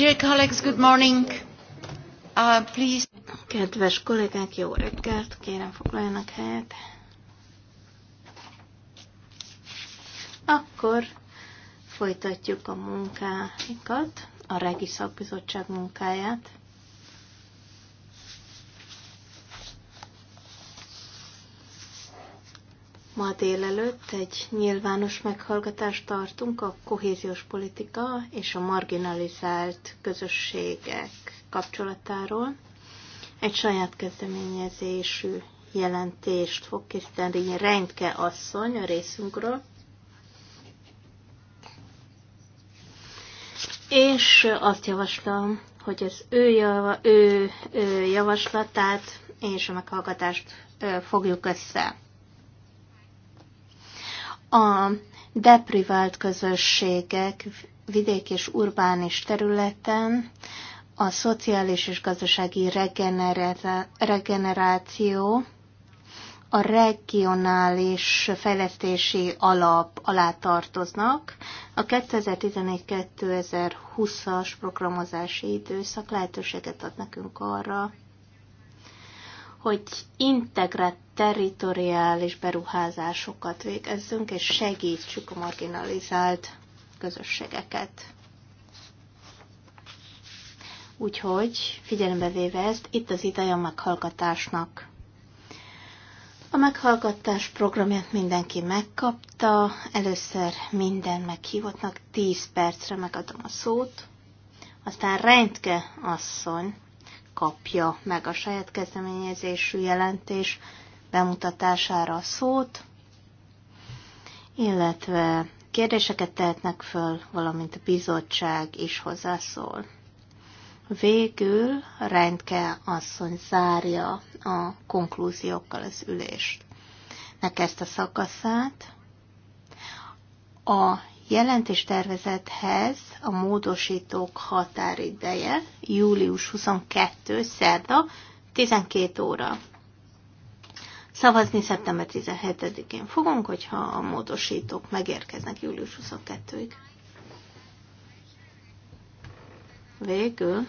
Dear colleagues, good morning. Uh, please. Kedves kollégák, jó reggelt, kérem foglaljanak helyet. Akkor folytatjuk a munkáinkat, a Regi Szakbizottság munkáját. Ma délelőtt egy nyilvános meghallgatást tartunk a kohéziós politika és a marginalizált közösségek kapcsolatáról. Egy saját kezdeményezésű jelentést fog készíteni rendke asszony a részünkről. És azt javaslom, hogy az ő, java, ő, ő javaslatát és a meghallgatást fogjuk össze a deprivált közösségek vidék és urbánis területen a szociális és gazdasági regeneráció a regionális fejlesztési alap alá tartoznak. A 2014-2020-as programozási időszak lehetőséget ad nekünk arra, hogy integrált territoriális beruházásokat végezzünk, és segítsük a marginalizált közösségeket. Úgyhogy figyelembe véve ezt, itt az ideje a meghallgatásnak. A meghallgatás programját mindenki megkapta, először minden meghívottnak 10 percre megadom a szót, aztán rendke asszony kapja meg a saját kezdeményezésű jelentés bemutatására a szót, illetve kérdéseket tehetnek föl, valamint a bizottság is hozzászól. Végül Reintke asszony zárja a konklúziókkal az ülést. Nek ezt a szakaszát a jelentéstervezethez a módosítók határideje július 22. szerda 12 óra. Szavazni szeptember 17-én fogunk, hogyha a módosítók megérkeznek július 22-ig. Végül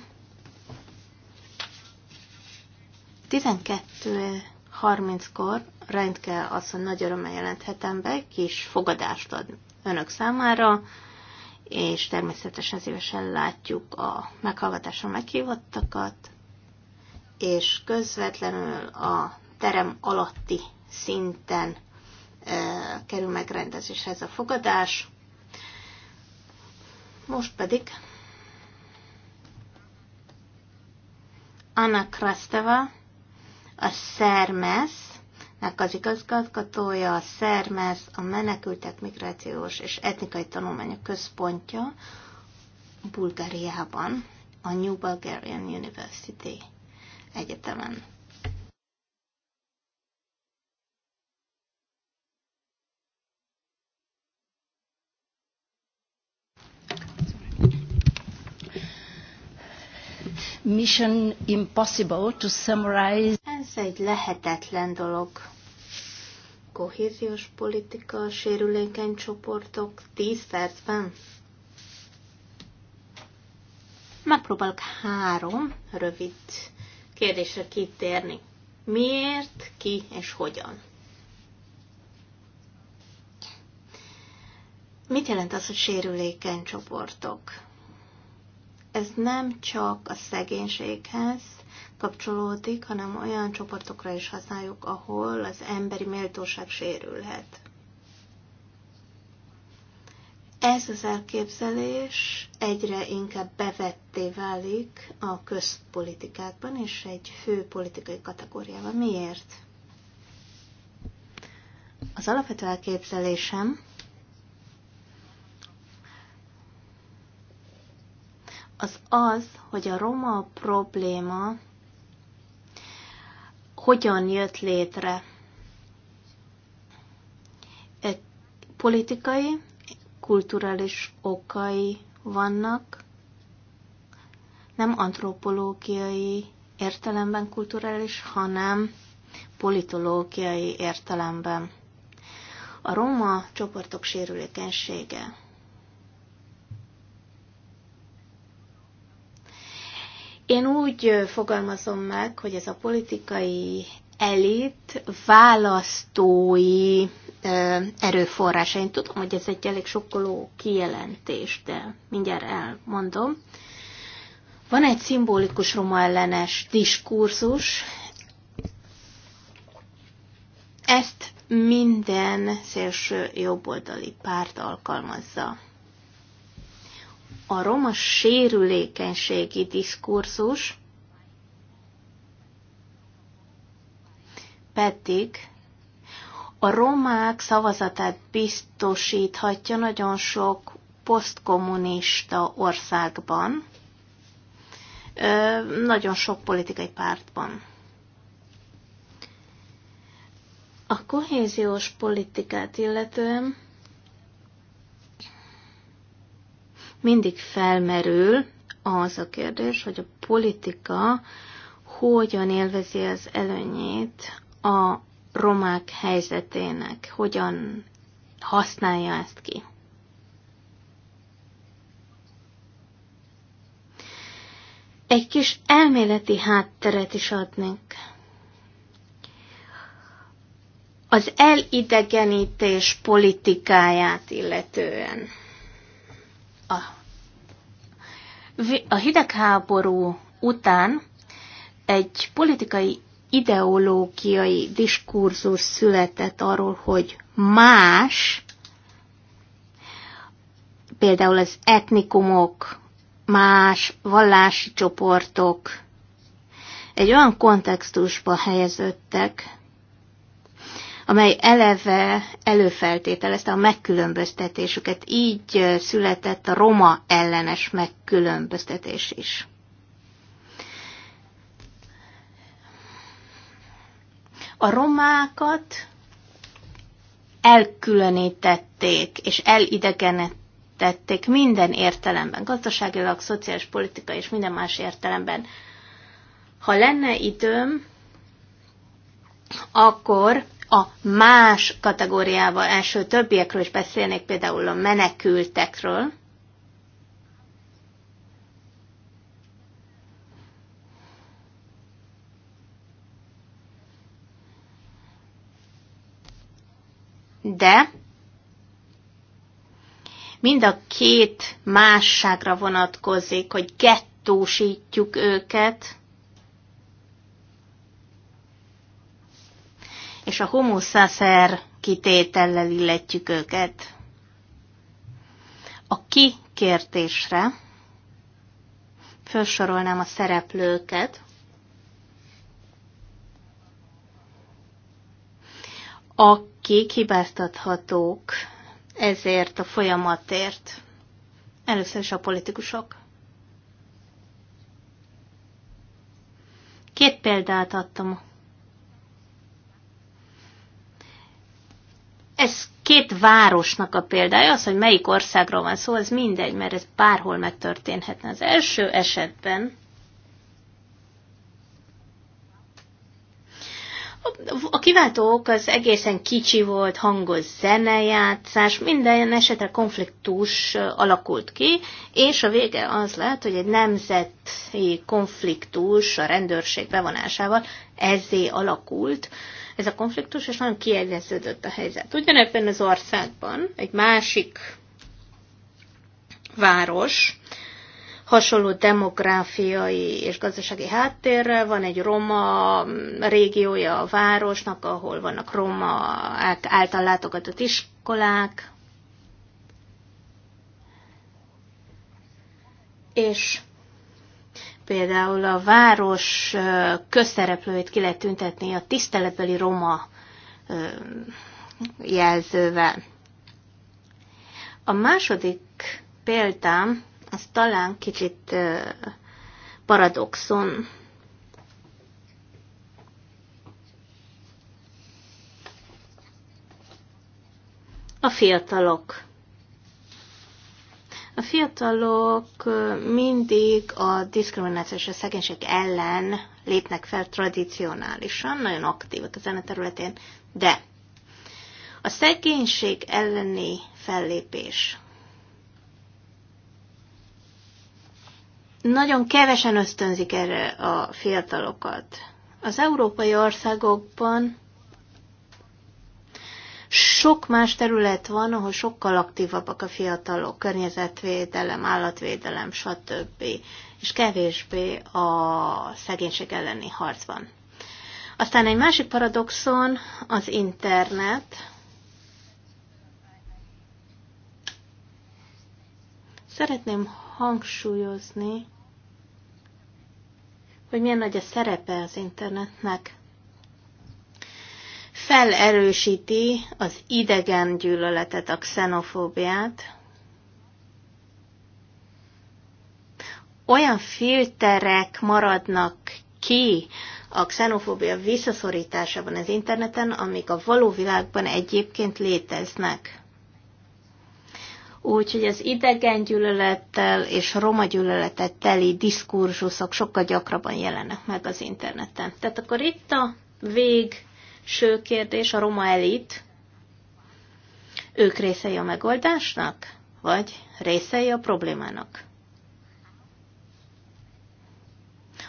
12.30-kor azt, hogy nagy örömmel jelenthetem be, kis fogadást adni önök számára, és természetesen szívesen látjuk a meghallgatásra meghívottakat, és közvetlenül a terem alatti szinten e, kerül megrendezéshez a fogadás. Most pedig Anna Krasteva, a Szermesz nek az igazgatója, a Szermez, a Menekültek Migrációs és Etnikai Tanulmányok Központja Bulgáriában, a New Bulgarian University Egyetemen. mission impossible to summarize. Ez egy lehetetlen dolog. Kohéziós politika, sérülékeny csoportok, 10 percben. Megpróbálok három rövid kérdésre kitérni. Miért, ki és hogyan? Mit jelent az, hogy sérülékeny csoportok? ez nem csak a szegénységhez kapcsolódik, hanem olyan csoportokra is használjuk, ahol az emberi méltóság sérülhet. Ez az elképzelés egyre inkább bevetté válik a közpolitikákban, és egy fő politikai kategóriában. Miért? Az alapvető elképzelésem, az az, hogy a roma probléma hogyan jött létre. Egy politikai, kulturális okai vannak, nem antropológiai értelemben kulturális, hanem politológiai értelemben. A roma csoportok sérülékenysége Én úgy fogalmazom meg, hogy ez a politikai elit választói erőforrása. Én tudom, hogy ez egy elég sokkoló kijelentés, de mindjárt elmondom. Van egy szimbolikus roma ellenes diskurzus, ezt minden szélső jobboldali párt alkalmazza a roma sérülékenységi diskurzus pedig a romák szavazatát biztosíthatja nagyon sok posztkommunista országban, nagyon sok politikai pártban. A kohéziós politikát illetően mindig felmerül az a kérdés, hogy a politika hogyan élvezi az előnyét a romák helyzetének, hogyan használja ezt ki. Egy kis elméleti hátteret is adnék. Az elidegenítés politikáját illetően a, a hidegháború után egy politikai ideológiai diskurzus született arról, hogy más, például az etnikumok, más vallási csoportok egy olyan kontextusba helyeződtek, amely eleve előfeltételezte a megkülönböztetésüket. Így született a roma ellenes megkülönböztetés is. A romákat elkülönítették és elidegenítették minden értelemben, gazdaságilag, szociális, politikai és minden más értelemben. Ha lenne időm, akkor a más kategóriával első többiekről is beszélnék, például a menekültekről, de mind a két másságra vonatkozik, hogy gettósítjuk őket, és a sacer kitétellel illetjük őket. A kikértésre felsorolnám a szereplőket. Akik hibáztathatók ezért a folyamatért. Először is a politikusok. Két példát adtam Ez két városnak a példája, az, hogy melyik országról van szó, ez mindegy, mert ez bárhol megtörténhetne. Az első esetben A kiváltó ok az egészen kicsi volt, hangos zenejátszás, minden esetre konfliktus alakult ki, és a vége az lett, hogy egy nemzeti konfliktus a rendőrség bevonásával ezzé alakult, ez a konfliktus, és nagyon kiegyeződött a helyzet. Ugyanebben az országban egy másik város, hasonló demográfiai és gazdasági háttérrel, van egy roma régiója a városnak, ahol vannak roma által látogatott iskolák, és például a város közszereplőit ki lehet tüntetni a tiszteletbeli roma jelzővel. A második példám, az talán kicsit paradoxon. A fiatalok a fiatalok mindig a diszkrimináció és a szegénység ellen lépnek fel tradicionálisan, nagyon aktívak ezen zene területén, de a szegénység elleni fellépés nagyon kevesen ösztönzik erre a fiatalokat. Az európai országokban sok más terület van, ahol sokkal aktívabbak a fiatalok, környezetvédelem, állatvédelem, stb. És kevésbé a szegénység elleni harcban. Aztán egy másik paradoxon az internet. Szeretném hangsúlyozni, hogy milyen nagy a szerepe az internetnek felerősíti az idegen gyűlöletet, a xenofóbiát, olyan filterek maradnak ki a xenofóbia visszaszorításában az interneten, amik a való világban egyébként léteznek. Úgyhogy az idegen gyűlölettel és roma gyűlöletet teli diskurzusok sokkal gyakrabban jelennek meg az interneten. Tehát akkor itt a vég első kérdés, a roma elit, ők részei a megoldásnak, vagy részei a problémának?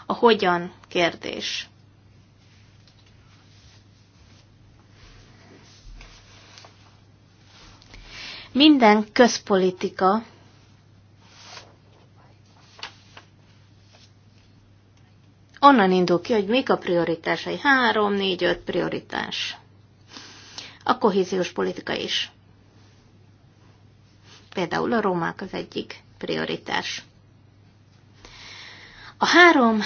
A hogyan kérdés. Minden közpolitika onnan indul ki, hogy mik a prioritásai. Három, négy, öt prioritás. A kohéziós politika is. Például a romák az egyik prioritás. A három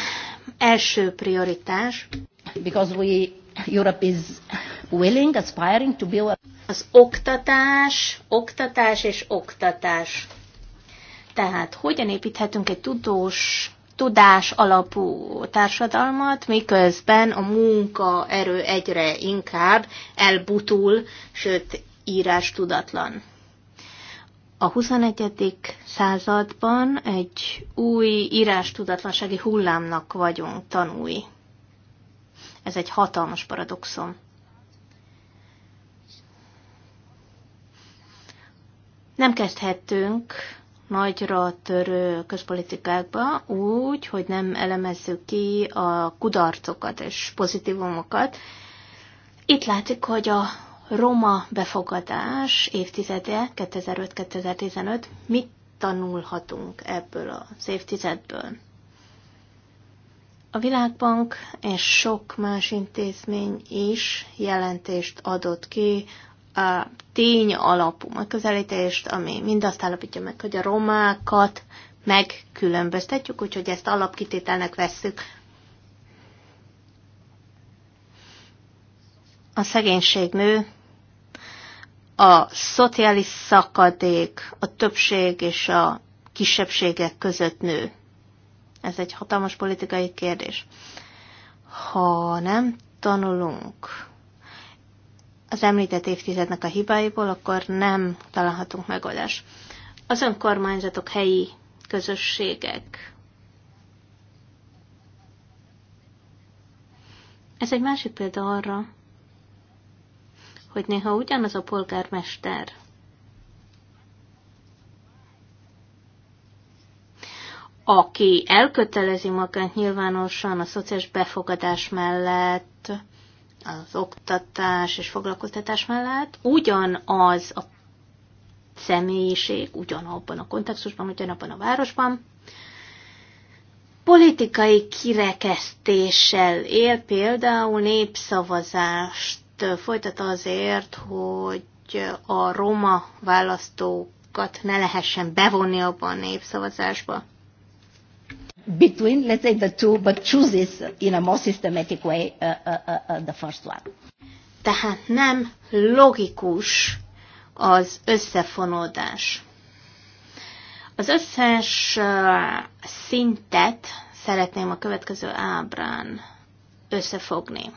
első prioritás. Because we, Europe is willing, aspiring to build. Az oktatás, oktatás és oktatás. Tehát hogyan építhetünk egy tudós tudás alapú társadalmat, miközben a munkaerő egyre inkább elbutul, sőt írás tudatlan. A XXI. században egy új írástudatlansági hullámnak vagyunk tanúi. Ez egy hatalmas paradoxon. Nem kezdhetünk nagyra törő közpolitikákba úgy, hogy nem elemezzük ki a kudarcokat és pozitívumokat. Itt látszik, hogy a roma befogadás évtizede 2005-2015 mit tanulhatunk ebből az évtizedből. A Világbank és sok más intézmény is jelentést adott ki a tény alapú megközelítést, ami mind azt állapítja meg, hogy a romákat megkülönböztetjük, úgyhogy ezt alapkitételnek vesszük. A szegénység nő, a szociális szakadék, a többség és a kisebbségek között nő. Ez egy hatalmas politikai kérdés. Ha nem tanulunk az említett évtizednek a hibáiból, akkor nem találhatunk megoldást. Az önkormányzatok, helyi közösségek. Ez egy másik példa arra, hogy néha ugyanaz a polgármester aki elkötelezi magát nyilvánosan a szociális befogadás mellett, az oktatás és foglalkoztatás mellett ugyanaz a személyiség, ugyanabban a kontextusban, ugyanabban a városban, politikai kirekesztéssel él, például népszavazást folytat azért, hogy a roma választókat ne lehessen bevonni abban a népszavazásba between, let's say, the two, but chooses in a more systematic way uh, uh, uh, uh, the first one. Tehát nem logikus az összefonódás. Az összes uh, szintet szeretném a következő ábrán összefogni.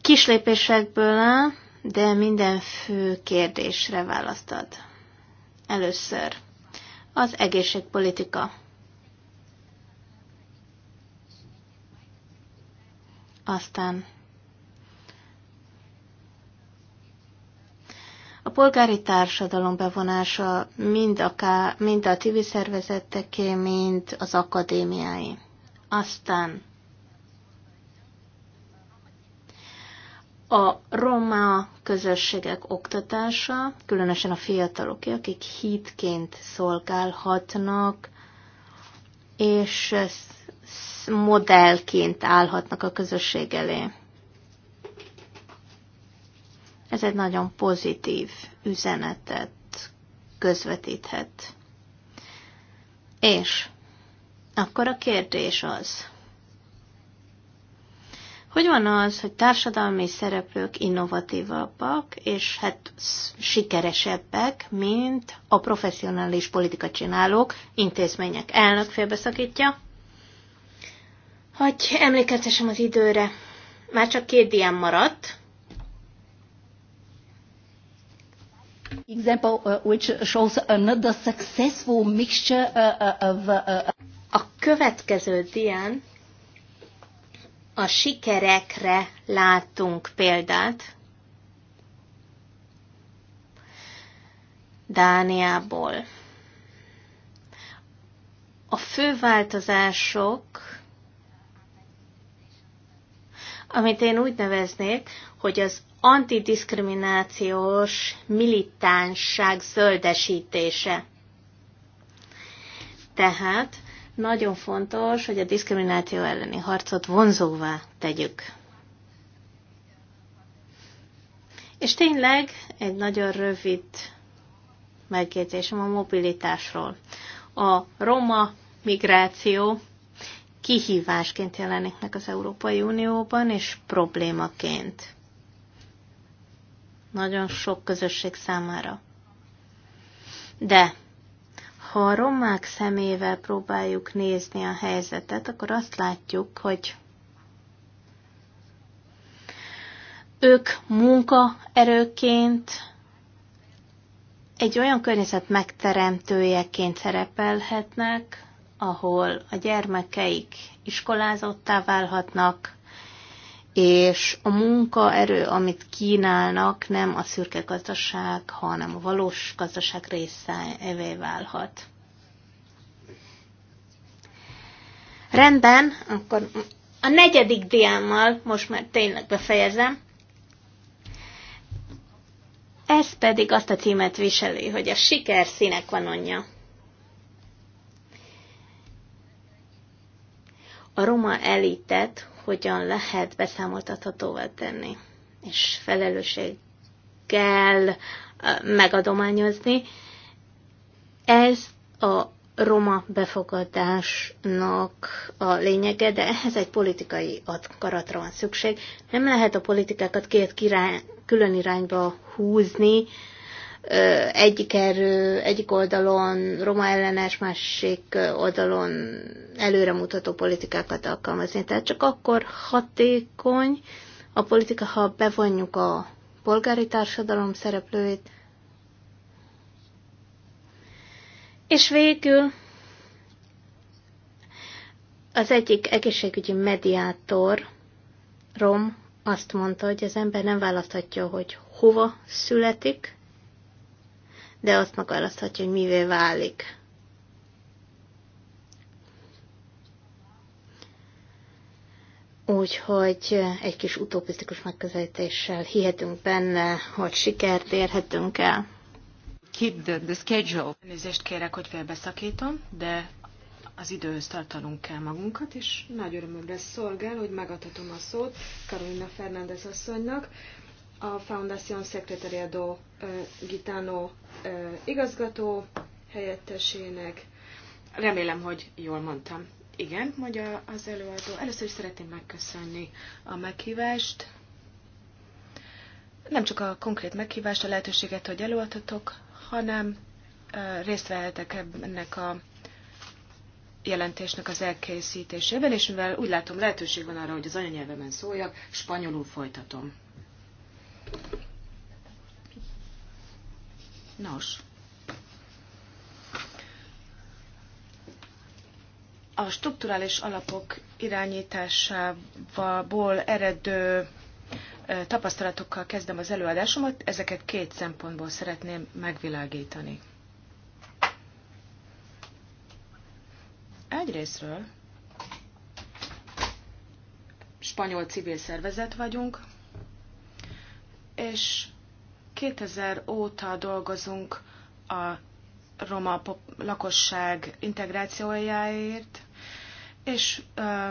Kislépésekből de minden fő kérdésre választad. Először az egészségpolitika. Aztán a polgári társadalom bevonása mind a, mind a civil szervezeteké, mind az akadémiái. Aztán a roma közösségek oktatása, különösen a fiatalok, akik hitként szolgálhatnak, és modellként állhatnak a közösség elé. Ez egy nagyon pozitív üzenetet közvetíthet. És akkor a kérdés az, hogy van az, hogy társadalmi szereplők innovatívabbak, és hát sikeresebbek, mint a professzionális politika csinálók, intézmények elnök félbeszakítja? Hogy emlékeztessem az időre, már csak két diám maradt. Example uh, which shows another successful mixture uh, uh of... Uh, uh, a következő dián a sikerekre láttunk példát. Dániából. A fő változások, amit én úgy neveznék, hogy az antidiszkriminációs militánság zöldesítése. Tehát nagyon fontos, hogy a diszkrimináció elleni harcot vonzóvá tegyük. És tényleg egy nagyon rövid megjegyzésem a mobilitásról. A roma migráció kihívásként jelenik meg az Európai Unióban, és problémaként. Nagyon sok közösség számára. De ha a romák szemével próbáljuk nézni a helyzetet, akkor azt látjuk, hogy ők munkaerőként egy olyan környezet megteremtőjeként szerepelhetnek, ahol a gyermekeik iskolázottá válhatnak, és a munkaerő, amit kínálnak, nem a szürke gazdaság, hanem a valós gazdaság evé válhat. Rendben, akkor a negyedik diámmal most már tényleg befejezem. Ez pedig azt a címet viseli, hogy a siker színek van anyja. A roma elitet hogyan lehet beszámoltathatóvá tenni, és felelősséggel megadományozni. Ez a roma befogadásnak a lényege, de ehhez egy politikai akaratra van szükség. Nem lehet a politikákat két király, külön irányba húzni, egyik erő, egyik oldalon roma ellenes, másik oldalon előremutató politikákat alkalmazni. Tehát csak akkor hatékony a politika, ha bevonjuk a polgári társadalom szereplőit. És végül az egyik egészségügyi mediátor, Rom, azt mondta, hogy az ember nem választhatja, hogy hova születik, de azt megválaszthatja, hogy mivé válik. Úgyhogy egy kis utopisztikus megközelítéssel hihetünk benne, hogy sikert érhetünk el. Keep the, the schedule. Elnézést kérek, hogy félbeszakítom, de az időhöz tartanunk kell magunkat, és nagy örömömre szolgál, hogy megadhatom a szót Karolina Fernández asszonynak a Foundation Secretariado Gitano igazgató helyettesének. Remélem, hogy jól mondtam. Igen, mondja az előadó. Először is szeretném megköszönni a meghívást. Nem csak a konkrét meghívást, a lehetőséget, hogy előadhatok, hanem részt vehetek ennek a jelentésnek az elkészítésében, és mivel úgy látom lehetőség van arra, hogy az anyanyelvemen szóljak, spanyolul folytatom. Nos, a strukturális alapok irányításából eredő tapasztalatokkal kezdem az előadásomat, ezeket két szempontból szeretném megvilágítani. Egyrésztről spanyol civil szervezet vagyunk, és 2000 óta dolgozunk a roma lakosság integrációjáért, és ö,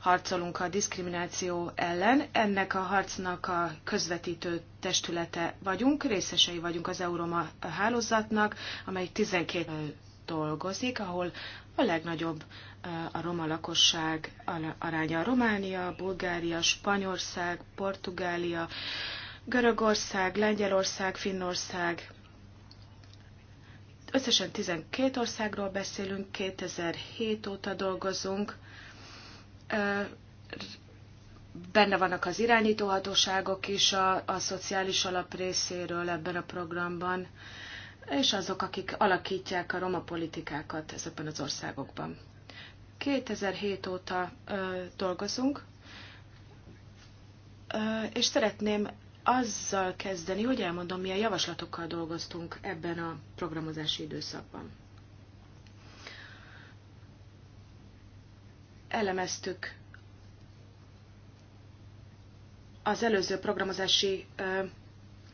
harcolunk a diszkrimináció ellen. Ennek a harcnak a közvetítő testülete vagyunk, részesei vagyunk az Euroma hálózatnak, amely 12 dolgozik, ahol a legnagyobb a roma lakosság aránya Románia, Bulgária, Spanyolország, Portugália, Görögország, Lengyelország, Finnország. Összesen 12 országról beszélünk, 2007 óta dolgozunk. Benne vannak az irányítóhatóságok is a, a szociális alap részéről ebben a programban, és azok, akik alakítják a roma politikákat ezekben az országokban. 2007 óta ö, dolgozunk, és szeretném azzal kezdeni, hogy elmondom, milyen javaslatokkal dolgoztunk ebben a programozási időszakban. Elemeztük az előző programozási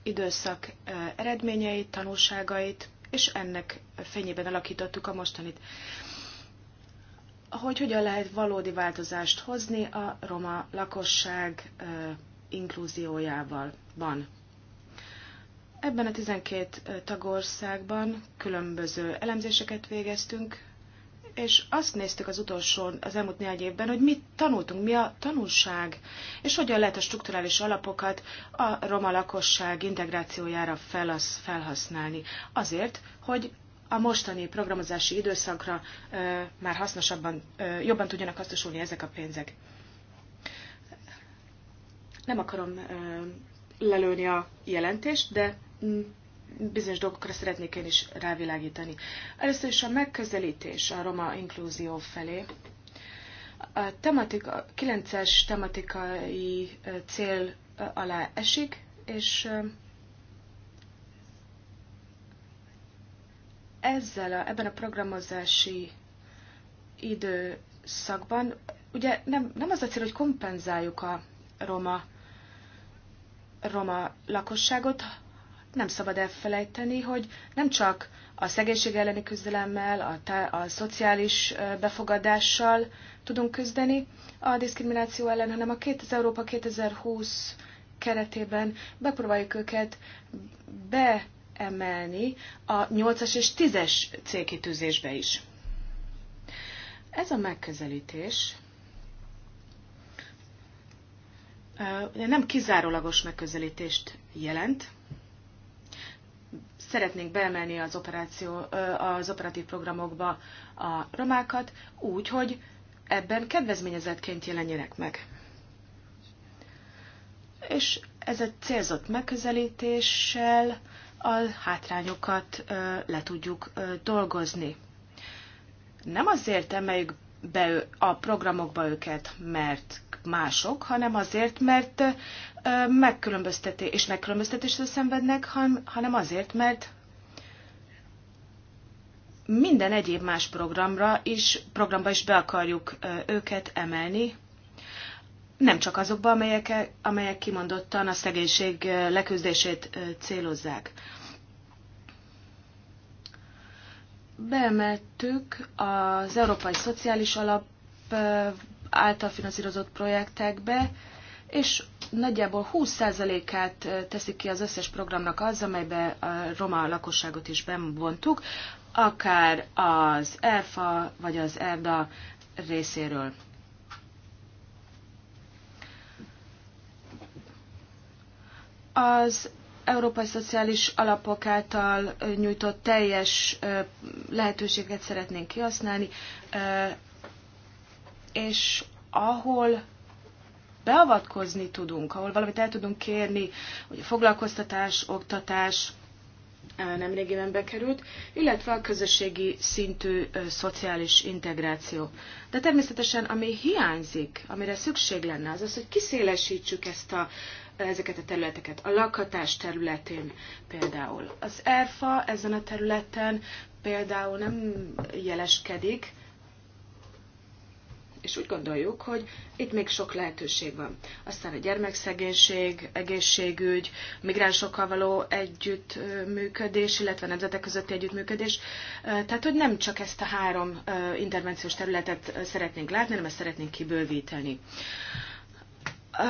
időszak eredményeit, tanulságait, és ennek fényében alakítottuk a mostanit. Hogy hogyan lehet valódi változást hozni a roma lakosság inkluziójával van. Ebben a 12 tagországban különböző elemzéseket végeztünk, és azt néztük az utolsó, az elmúlt néhány évben, hogy mit tanultunk, mi a tanulság, és hogyan lehet a strukturális alapokat a roma lakosság integrációjára felhasználni. Azért, hogy a mostani programozási időszakra uh, már hasznosabban, uh, jobban tudjanak hasznosulni ezek a pénzek. Nem akarom lelőni a jelentést, de mm, bizonyos dolgokra szeretnék én is rávilágítani. Először is a megközelítés a roma inkluzió felé. A tematika, 9-es tematikai cél alá esik, és ezzel a, ebben a programozási időszakban ugye nem, nem az a cél, hogy kompenzáljuk a roma roma lakosságot, nem szabad elfelejteni, hogy nem csak a szegénység elleni küzdelemmel, a, tá- a szociális befogadással tudunk küzdeni a diszkrimináció ellen, hanem a 2000 Európa 2020 keretében bepróbáljuk őket beemelni a 8-as és 10-es célkitűzésbe is. Ez a megközelítés nem kizárólagos megközelítést jelent. Szeretnénk beemelni az, operáció, az operatív programokba a romákat úgy, hogy ebben kedvezményezetként jelenjenek meg. És ez egy célzott megközelítéssel a hátrányokat le tudjuk dolgozni. Nem azért emeljük be a programokba őket, mert mások, hanem azért, mert megkülönböztetés, és megkülönböztetésre szenvednek, hanem azért, mert minden egyéb más programra is, programba is be akarjuk őket emelni, nem csak azokba, amelyek, amelyek kimondottan a szegénység leküzdését célozzák. Beemeltük az Európai Szociális Alap által finanszírozott projektekbe, és nagyjából 20%-át teszik ki az összes programnak az, amelybe a roma lakosságot is bevontuk, akár az ERFA vagy az ERDA részéről. Az Európai Szociális Alapok által nyújtott teljes lehetőséget szeretnénk kihasználni és ahol beavatkozni tudunk, ahol valamit el tudunk kérni, hogy a foglalkoztatás, oktatás nemrégiben bekerült, illetve a közösségi szintű ö, szociális integráció. De természetesen, ami hiányzik, amire szükség lenne, az az, hogy kiszélesítsük ezt a, ezeket a területeket. A lakhatás területén például. Az ERFA ezen a területen például nem jeleskedik, és úgy gondoljuk, hogy itt még sok lehetőség van. Aztán a gyermekszegénység, egészségügy, migránsokkal való együttműködés, illetve nemzetek közötti együttműködés. Tehát, hogy nem csak ezt a három intervenciós területet szeretnénk látni, hanem ezt szeretnénk kibővíteni. A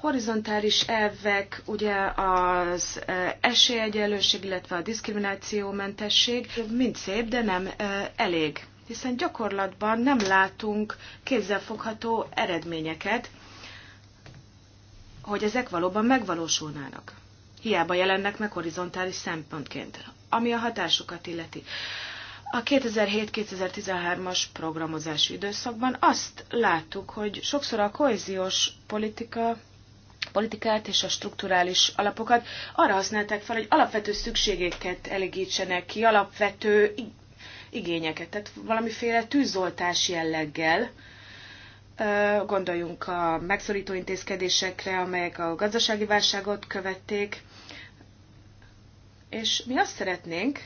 horizontális elvek, ugye az esélyegyenlőség, illetve a diszkriminációmentesség mind szép, de nem elég hiszen gyakorlatban nem látunk kézzelfogható eredményeket, hogy ezek valóban megvalósulnának. Hiába jelennek meg horizontális szempontként, ami a hatásokat illeti. A 2007-2013-as programozási időszakban azt láttuk, hogy sokszor a kohéziós politika politikát és a strukturális alapokat arra használták fel, hogy alapvető szükségeket elégítsenek ki, alapvető igényeket, tehát valamiféle tűzoltás jelleggel, gondoljunk a megszorító intézkedésekre, amelyek a gazdasági válságot követték, és mi azt szeretnénk,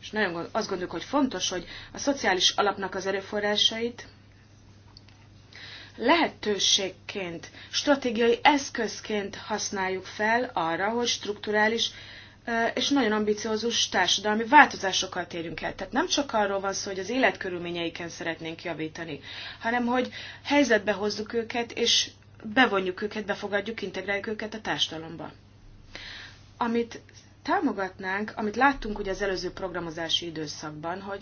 és nagyon azt gondoljuk, hogy fontos, hogy a szociális alapnak az erőforrásait lehetőségként, stratégiai eszközként használjuk fel arra, hogy strukturális és nagyon ambiciózus társadalmi változásokkal térjünk el. Tehát nem csak arról van szó, hogy az életkörülményeiken szeretnénk javítani, hanem hogy helyzetbe hozzuk őket, és bevonjuk őket, befogadjuk, integráljuk őket a társadalomba. Amit támogatnánk, amit láttunk ugye az előző programozási időszakban, hogy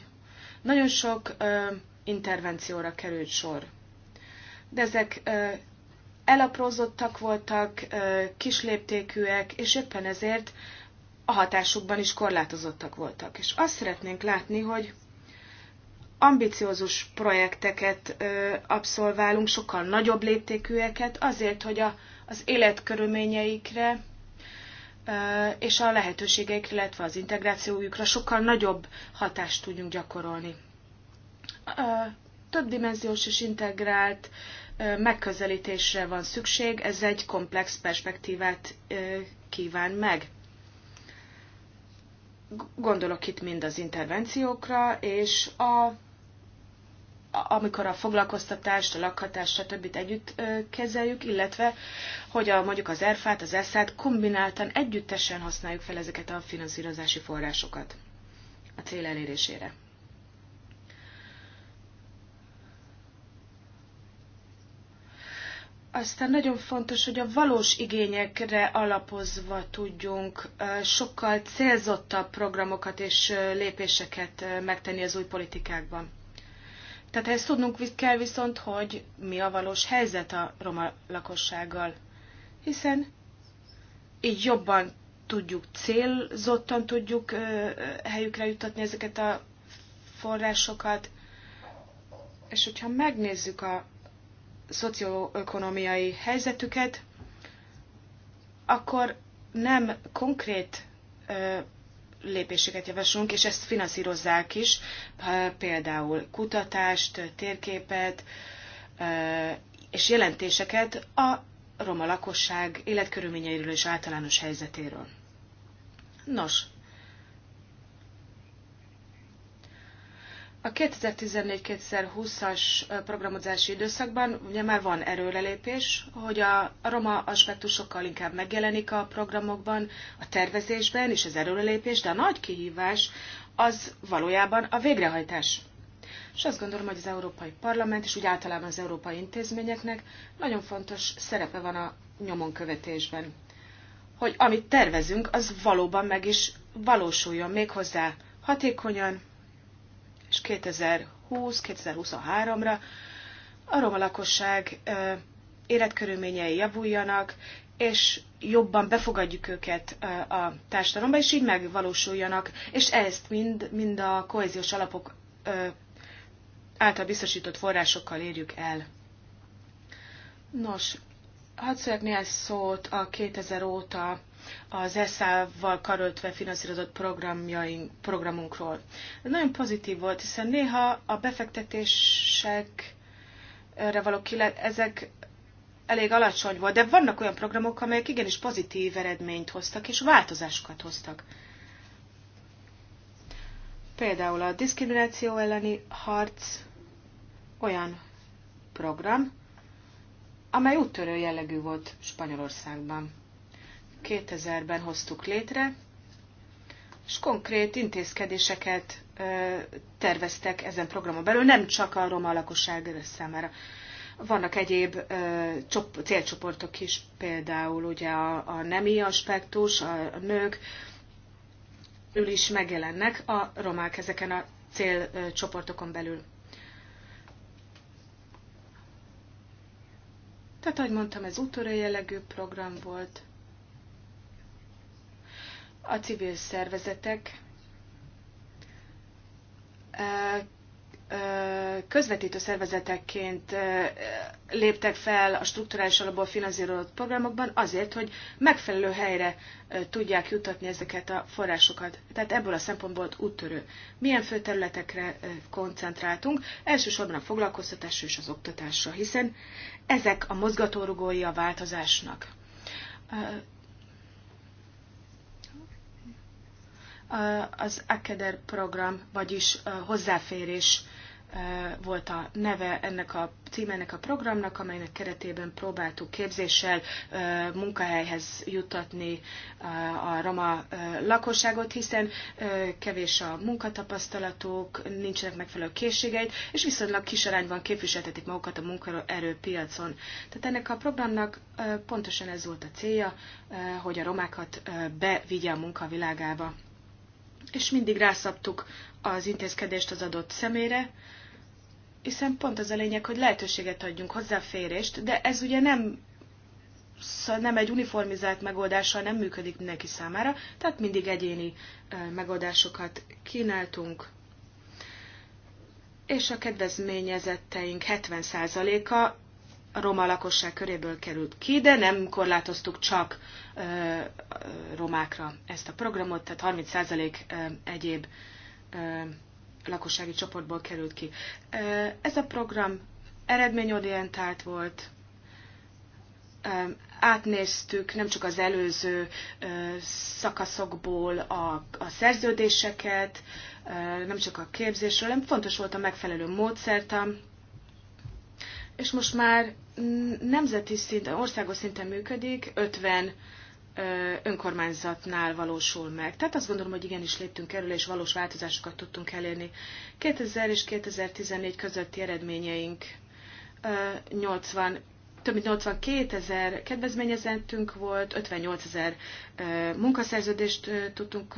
nagyon sok ö, intervencióra került sor. De ezek ö, elaprózottak voltak, ö, kisléptékűek, és éppen ezért a hatásukban is korlátozottak voltak. És azt szeretnénk látni, hogy ambiciózus projekteket ö, abszolválunk, sokkal nagyobb léptékűeket, azért, hogy a, az életkörülményeikre ö, és a lehetőségeikre, illetve az integrációjukra sokkal nagyobb hatást tudjunk gyakorolni. Ö, több dimenziós és integrált ö, megközelítésre van szükség, ez egy komplex perspektívát ö, kíván meg Gondolok itt mind az intervenciókra, és a amikor a foglalkoztatást, a lakhatást, stb. együtt kezeljük, illetve hogy a, mondjuk az erfát, az eszát kombináltan együttesen használjuk fel ezeket a finanszírozási forrásokat a cél elérésére. Aztán nagyon fontos, hogy a valós igényekre alapozva tudjunk sokkal célzottabb programokat és lépéseket megtenni az új politikákban. Tehát ezt tudnunk kell viszont, hogy mi a valós helyzet a roma lakossággal. Hiszen így jobban tudjuk, célzottan tudjuk helyükre juttatni ezeket a forrásokat, és hogyha megnézzük a szocioökonomiai helyzetüket, akkor nem konkrét lépéseket javaslunk, és ezt finanszírozzák is, például kutatást, térképet és jelentéseket a roma lakosság életkörülményeiről és általános helyzetéről. Nos, A 2014-2020-as programozási időszakban ugye már van erőrelépés, hogy a roma aspektusokkal inkább megjelenik a programokban, a tervezésben és az erőrelépés, de a nagy kihívás az valójában a végrehajtás. És azt gondolom, hogy az Európai Parlament és úgy általában az európai intézményeknek nagyon fontos szerepe van a nyomon követésben. Hogy amit tervezünk, az valóban meg is valósuljon méghozzá hatékonyan, és 2020-2023-ra a roma lakosság életkörülményei javuljanak, és jobban befogadjuk őket a társadalomba, és így megvalósuljanak, és ezt mind, mind a kohéziós alapok által biztosított forrásokkal érjük el. Nos, hadd szóljak néhány szót a 2000 óta az ESZÁ-val karöltve finanszírozott programjaink, programunkról. Ez nagyon pozitív volt, hiszen néha a befektetésekre való kilet, ezek elég alacsony volt, de vannak olyan programok, amelyek igenis pozitív eredményt hoztak, és változásokat hoztak. Például a diszkrimináció elleni harc olyan program, amely úttörő jellegű volt Spanyolországban. 2000-ben hoztuk létre, és konkrét intézkedéseket terveztek ezen programon belül, nem csak a roma lakosság számára. Vannak egyéb ö, célcsoportok is, például ugye a, a nemi aspektus, a, a nők, ül is megjelennek a romák ezeken a célcsoportokon belül. Tehát, ahogy mondtam, ez úttörő jellegű program volt, a civil szervezetek közvetítő szervezetekként léptek fel a strukturális alapból finanszírozott programokban azért, hogy megfelelő helyre tudják jutatni ezeket a forrásokat. Tehát ebből a szempontból úttörő. Milyen fő területekre koncentráltunk? Elsősorban a foglalkoztatásra és az oktatásra, hiszen ezek a mozgatórugói a változásnak az AKEDER program, vagyis hozzáférés volt a neve ennek a címenek a programnak, amelynek keretében próbáltuk képzéssel munkahelyhez jutatni a roma lakosságot, hiszen kevés a munkatapasztalatuk, nincsenek megfelelő készségeit, és viszonylag kis arányban képviseltetik magukat a munkaerőpiacon. Tehát ennek a programnak pontosan ez volt a célja, hogy a romákat bevigye a munkavilágába és mindig rászabtuk az intézkedést az adott szemére, hiszen pont az a lényeg, hogy lehetőséget adjunk hozzáférést, de ez ugye nem nem egy uniformizált megoldással nem működik neki számára, tehát mindig egyéni megoldásokat kínáltunk. És a kedvezményezetteink 70%-a a roma lakosság köréből került ki, de nem korlátoztuk csak ö, ö, romákra ezt a programot, tehát 30% egyéb ö, lakossági csoportból került ki. Ö, ez a program eredményorientált volt, ö, átnéztük nem csak az előző ö, szakaszokból a, a szerződéseket, ö, nem csak a képzésről, nem fontos volt a megfelelő módszertan, és most már nemzeti szinten, országos szinten működik, 50 önkormányzatnál valósul meg. Tehát azt gondolom, hogy igenis léptünk erről, és valós változásokat tudtunk elérni. 2000 és 2014 közötti eredményeink 80, több mint 82 ezer kedvezményezettünk volt, 58 ezer munkaszerződést tudtunk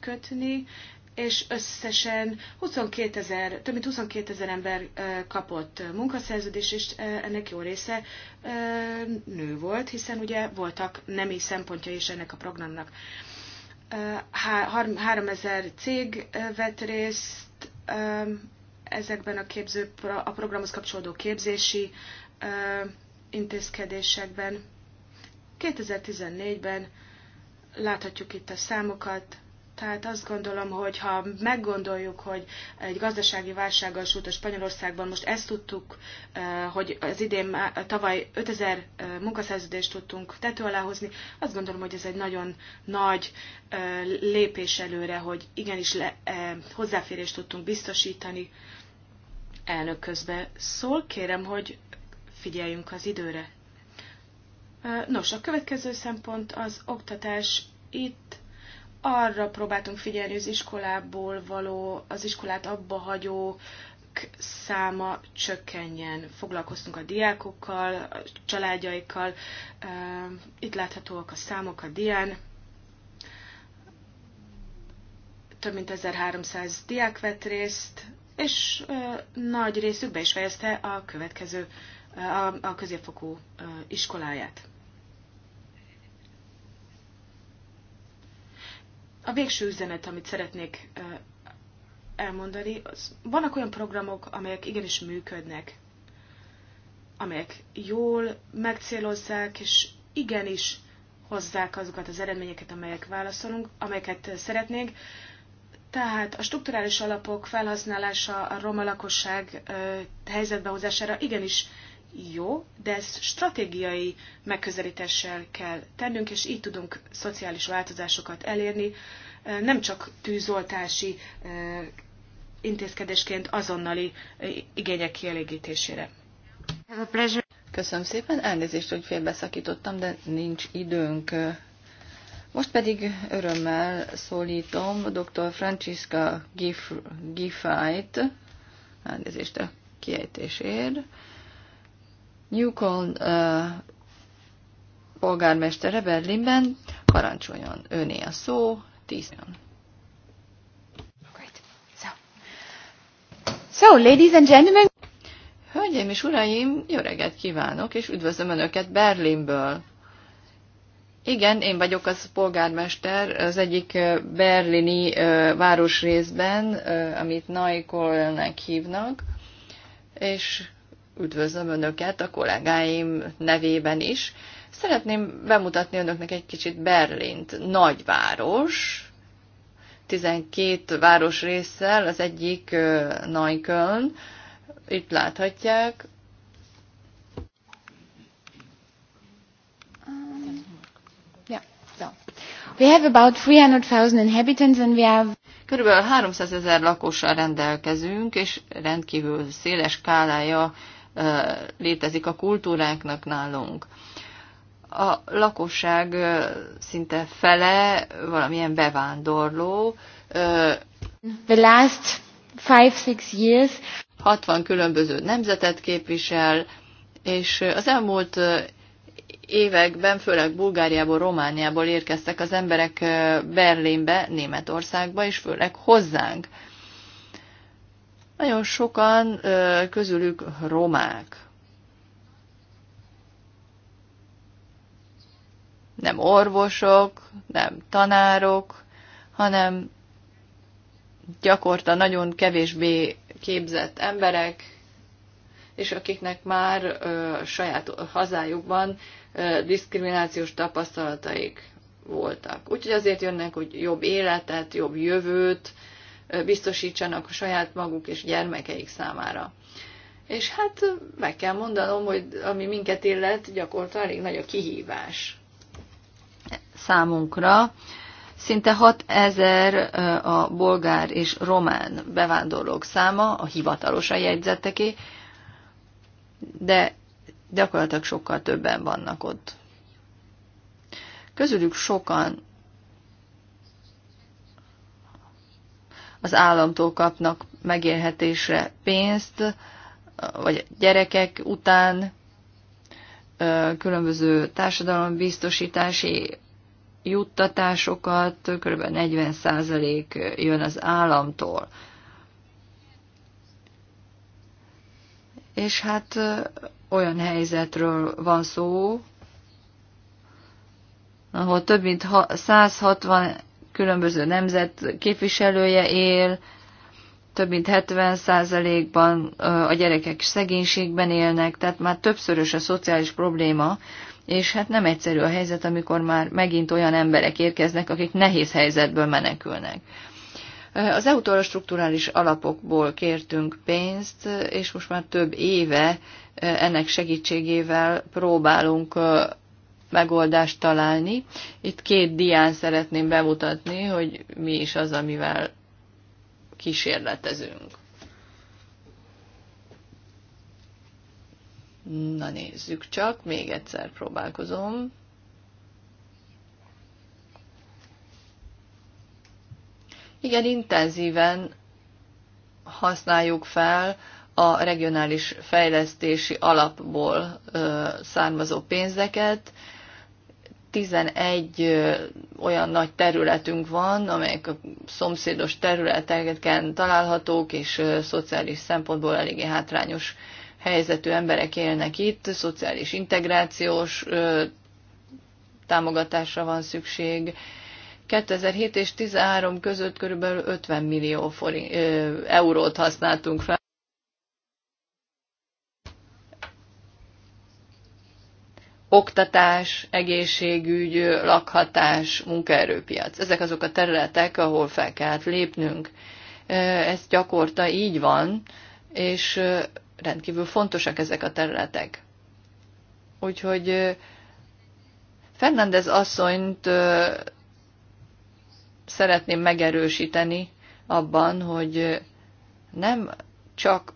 kötni, és összesen 22 ezer, több mint 22 ezer ember kapott munkaszerződést, és ennek jó része nő volt, hiszen ugye voltak nemi szempontja is ennek a programnak. 3 ezer cég vett részt ezekben a, képző, a programhoz kapcsolódó képzési intézkedésekben. 2014-ben láthatjuk itt a számokat, tehát azt gondolom, hogy ha meggondoljuk, hogy egy gazdasági válsággal sült a Spanyolországban, most ezt tudtuk, eh, hogy az idén tavaly 5000 eh, munkaszerződést tudtunk tető alá hozni, azt gondolom, hogy ez egy nagyon nagy eh, lépés előre, hogy igenis le, hozzáférést tudtunk biztosítani. Elnök közben szól, kérem, hogy figyeljünk az időre. Nos, a következő szempont az oktatás. Itt arra próbáltunk figyelni az iskolából való, az iskolát abba hagyó száma csökkenjen. Foglalkoztunk a diákokkal, a családjaikkal, ehm, itt láthatóak a számok a dián. Több mint 1300 diák vett részt, és nagy részük be is fejezte a következő, a, a középfokú iskoláját. a végső üzenet, amit szeretnék elmondani, az vannak olyan programok, amelyek igenis működnek, amelyek jól megcélozzák, és igenis hozzák azokat az eredményeket, amelyek válaszolunk, amelyeket szeretnénk. Tehát a strukturális alapok felhasználása a roma lakosság helyzetbehozására igenis jó, de ezt stratégiai megközelítéssel kell tennünk, és így tudunk szociális változásokat elérni, nem csak tűzoltási intézkedésként azonnali igények kielégítésére. Köszönöm szépen, elnézést, hogy félbeszakítottam, de nincs időnk. Most pedig örömmel szólítom dr. Francisca Giffájt, elnézést a kiejtésért, Newcon polgármestere Berlinben parancsoljon öné a szó, Great. So. so, ladies and gentlemen, Hölgyeim és uraim, jó reggelt kívánok, és üdvözlöm Önöket Berlinből. Igen, én vagyok az polgármester az egyik berlini városrészben, amit Naikolnak hívnak, és üdvözlöm Önöket a kollégáim nevében is. Szeretném bemutatni Önöknek egy kicsit Berlint, nagyváros, 12 város részsel, az egyik Neukölln, itt láthatják. We have about 300,000 inhabitants and we have Körülbelül 300 ezer lakossal rendelkezünk, és rendkívül széles skálája létezik a kultúránknak nálunk. A lakosság szinte fele valamilyen bevándorló. The last five, six years. 60 különböző nemzetet képvisel, és az elmúlt években, főleg Bulgáriából, Romániából érkeztek az emberek Berlinbe, Németországba, és főleg hozzánk. Nagyon sokan közülük romák. Nem orvosok, nem tanárok, hanem gyakorta nagyon kevésbé képzett emberek, és akiknek már ö, saját hazájukban ö, diszkriminációs tapasztalataik voltak. Úgyhogy azért jönnek, hogy jobb életet, jobb jövőt, biztosítsanak a saját maguk és gyermekeik számára. És hát meg kell mondanom, hogy ami minket illet, gyakorlatilag elég nagy a kihívás számunkra. Szinte 6 ezer a bolgár és román bevándorlók száma, a hivatalosan jegyzetteké, de gyakorlatilag sokkal többen vannak ott. Közülük sokan az államtól kapnak megélhetésre pénzt, vagy gyerekek után különböző társadalombiztosítási juttatásokat, kb. 40% jön az államtól. És hát olyan helyzetről van szó, ahol több mint 160 különböző nemzet képviselője él, több mint 70%-ban a gyerekek szegénységben élnek, tehát már többszörös a szociális probléma, és hát nem egyszerű a helyzet, amikor már megint olyan emberek érkeznek, akik nehéz helyzetből menekülnek. Az eu strukturális alapokból kértünk pénzt, és most már több éve ennek segítségével próbálunk megoldást találni. Itt két dián szeretném bemutatni, hogy mi is az, amivel kísérletezünk. Na nézzük csak, még egyszer próbálkozom. Igen, intenzíven használjuk fel a regionális fejlesztési alapból származó pénzeket, 11 olyan nagy területünk van, amelyek a szomszédos területeken találhatók, és szociális szempontból eléggé hátrányos helyzetű emberek élnek itt, szociális integrációs támogatásra van szükség. 2007 és 2013 között körülbelül 50 millió forint, eurót használtunk fel. oktatás, egészségügy, lakhatás, munkaerőpiac. Ezek azok a területek, ahol fel kellett lépnünk. Ez gyakorta így van, és rendkívül fontosak ezek a területek. Úgyhogy Fernández asszonyt szeretném megerősíteni abban, hogy nem csak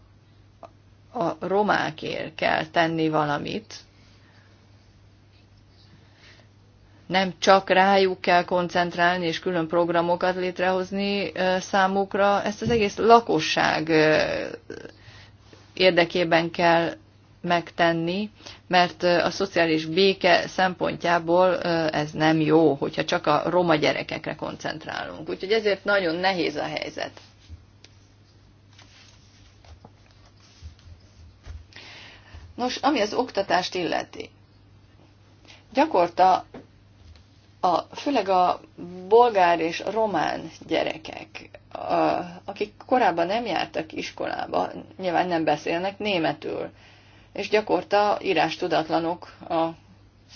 a romákért kell tenni valamit, nem csak rájuk kell koncentrálni és külön programokat létrehozni számukra, ezt az egész lakosság érdekében kell megtenni, mert a szociális béke szempontjából ez nem jó, hogyha csak a roma gyerekekre koncentrálunk. Úgyhogy ezért nagyon nehéz a helyzet. Nos, ami az oktatást illeti. Gyakorta a, főleg a bolgár és a román gyerekek, a, akik korábban nem jártak iskolába, nyilván nem beszélnek németül, és gyakorta írás tudatlanok a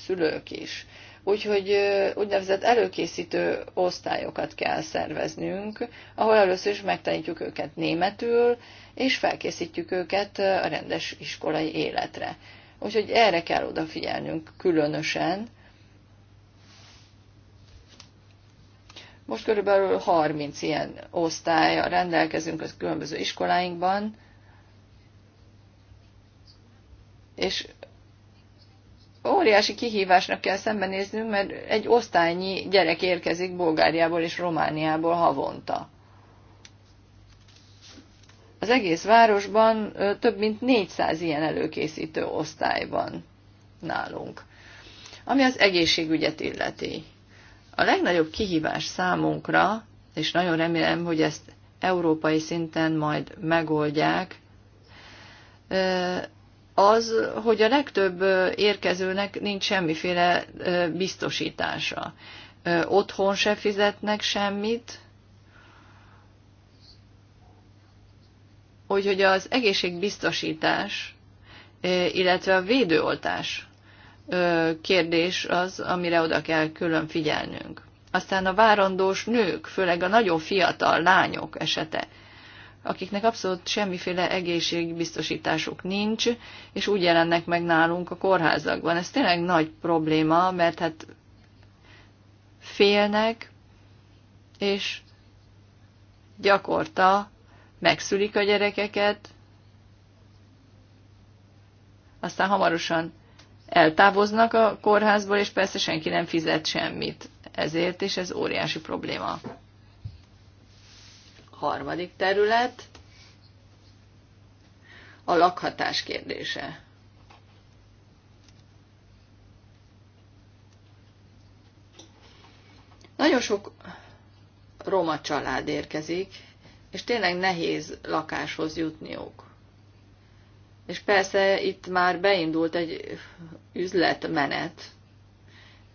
szülők is. Úgyhogy úgynevezett előkészítő osztályokat kell szerveznünk, ahol először is megtanítjuk őket németül, és felkészítjük őket a rendes iskolai életre. Úgyhogy erre kell odafigyelnünk különösen, Most körülbelül 30 ilyen osztály rendelkezünk az különböző iskoláinkban, és óriási kihívásnak kell szembenéznünk, mert egy osztálynyi gyerek érkezik Bulgáriából és Romániából havonta. Az egész városban több mint 400 ilyen előkészítő osztály van nálunk. Ami az egészségügyet illeti. A legnagyobb kihívás számunkra, és nagyon remélem, hogy ezt európai szinten majd megoldják, az, hogy a legtöbb érkezőnek nincs semmiféle biztosítása. Otthon se fizetnek semmit, úgyhogy az egészségbiztosítás, illetve a védőoltás kérdés az, amire oda kell külön figyelnünk. Aztán a várandós nők, főleg a nagyon fiatal lányok esete, akiknek abszolút semmiféle egészségbiztosításuk nincs, és úgy jelennek meg nálunk a kórházakban. Ez tényleg nagy probléma, mert hát félnek, és gyakorta megszülik a gyerekeket, aztán hamarosan eltávoznak a kórházból, és persze senki nem fizet semmit ezért, és ez óriási probléma. Harmadik terület a lakhatás kérdése. Nagyon sok roma család érkezik, és tényleg nehéz lakáshoz jutniuk. És persze itt már beindult egy üzletmenet.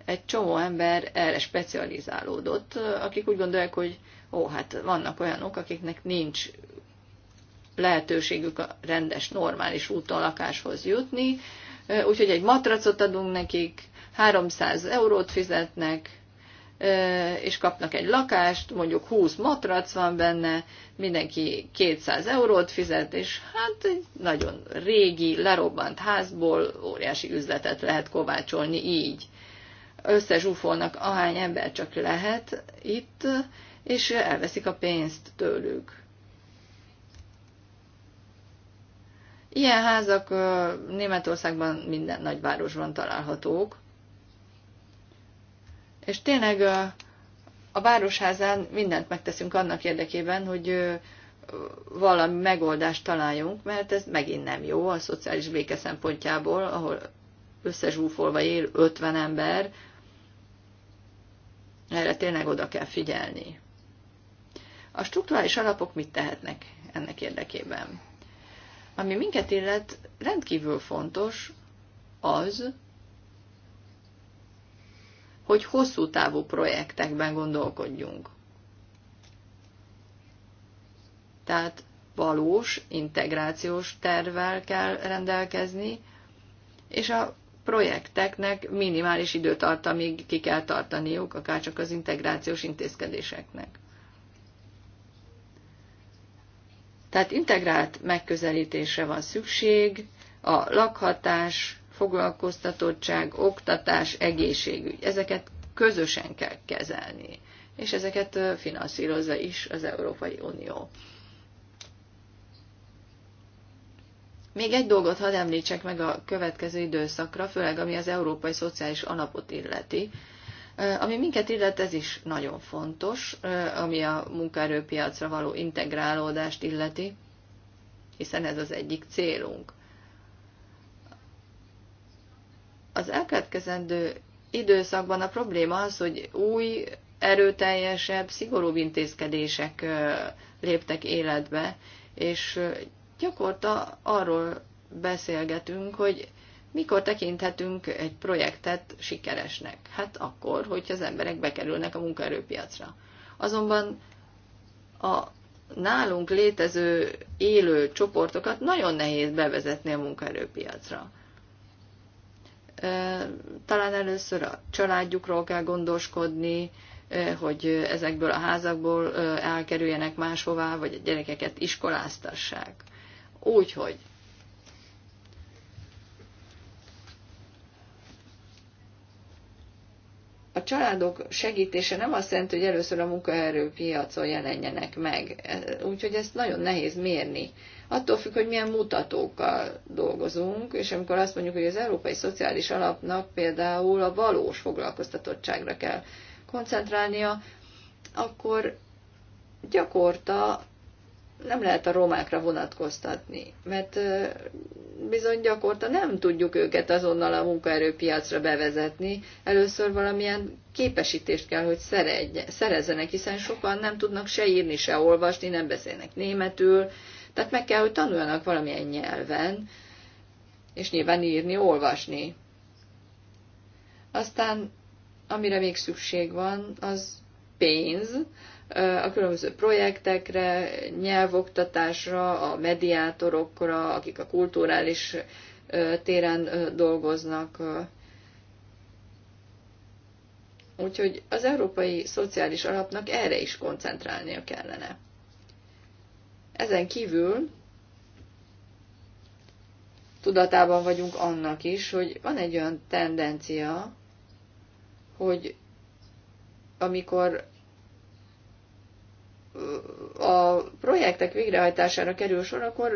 Egy csomó ember erre specializálódott, akik úgy gondolják, hogy ó, hát vannak olyanok, akiknek nincs lehetőségük a rendes, normális úton lakáshoz jutni, úgyhogy egy matracot adunk nekik, 300 eurót fizetnek, és kapnak egy lakást, mondjuk 20 matrac van benne, mindenki 200 eurót fizet, és hát egy nagyon régi, lerobbant házból óriási üzletet lehet kovácsolni így. Összezsúfolnak ahány ember csak lehet itt, és elveszik a pénzt tőlük. Ilyen házak Németországban minden nagyvárosban találhatók, és tényleg a városházán mindent megteszünk annak érdekében, hogy valami megoldást találjunk, mert ez megint nem jó a szociális béke szempontjából, ahol összezsúfolva él 50 ember, erre tényleg oda kell figyelni. A struktúrális alapok mit tehetnek ennek érdekében? Ami minket illet, rendkívül fontos az, hogy hosszú távú projektekben gondolkodjunk. Tehát valós integrációs tervvel kell rendelkezni, és a projekteknek minimális időtartamig ki kell tartaniuk, akárcsak az integrációs intézkedéseknek. Tehát integrált megközelítésre van szükség, a lakhatás, foglalkoztatottság, oktatás, egészségügy. Ezeket közösen kell kezelni, és ezeket finanszírozza is az Európai Unió. Még egy dolgot hadd említsek meg a következő időszakra, főleg ami az Európai Szociális Alapot illeti. Ami minket illet, ez is nagyon fontos, ami a munkaerőpiacra való integrálódást illeti, hiszen ez az egyik célunk. Az elkövetkezendő időszakban a probléma az, hogy új, erőteljesebb, szigorúbb intézkedések léptek életbe, és gyakorta arról beszélgetünk, hogy mikor tekinthetünk egy projektet sikeresnek? Hát akkor, hogyha az emberek bekerülnek a munkaerőpiacra. Azonban a nálunk létező élő csoportokat nagyon nehéz bevezetni a munkaerőpiacra talán először a családjukról kell gondoskodni, hogy ezekből a házakból elkerüljenek máshová, vagy a gyerekeket iskoláztassák. Úgyhogy a családok segítése nem azt jelenti, hogy először a munkaerőpiacon jelenjenek meg. Úgyhogy ezt nagyon nehéz mérni attól függ, hogy milyen mutatókkal dolgozunk, és amikor azt mondjuk, hogy az Európai Szociális Alapnak például a valós foglalkoztatottságra kell koncentrálnia, akkor gyakorta nem lehet a romákra vonatkoztatni, mert bizony gyakorta nem tudjuk őket azonnal a munkaerőpiacra bevezetni. Először valamilyen képesítést kell, hogy szerezzenek, hiszen sokan nem tudnak se írni, se olvasni, nem beszélnek németül, tehát meg kell, hogy tanuljanak valamilyen nyelven, és nyilván írni, olvasni. Aztán, amire még szükség van, az pénz a különböző projektekre, nyelvoktatásra, a mediátorokra, akik a kulturális téren dolgoznak. Úgyhogy az Európai Szociális Alapnak erre is koncentrálnia kellene. Ezen kívül tudatában vagyunk annak is, hogy van egy olyan tendencia, hogy amikor a projektek végrehajtására kerül sor, akkor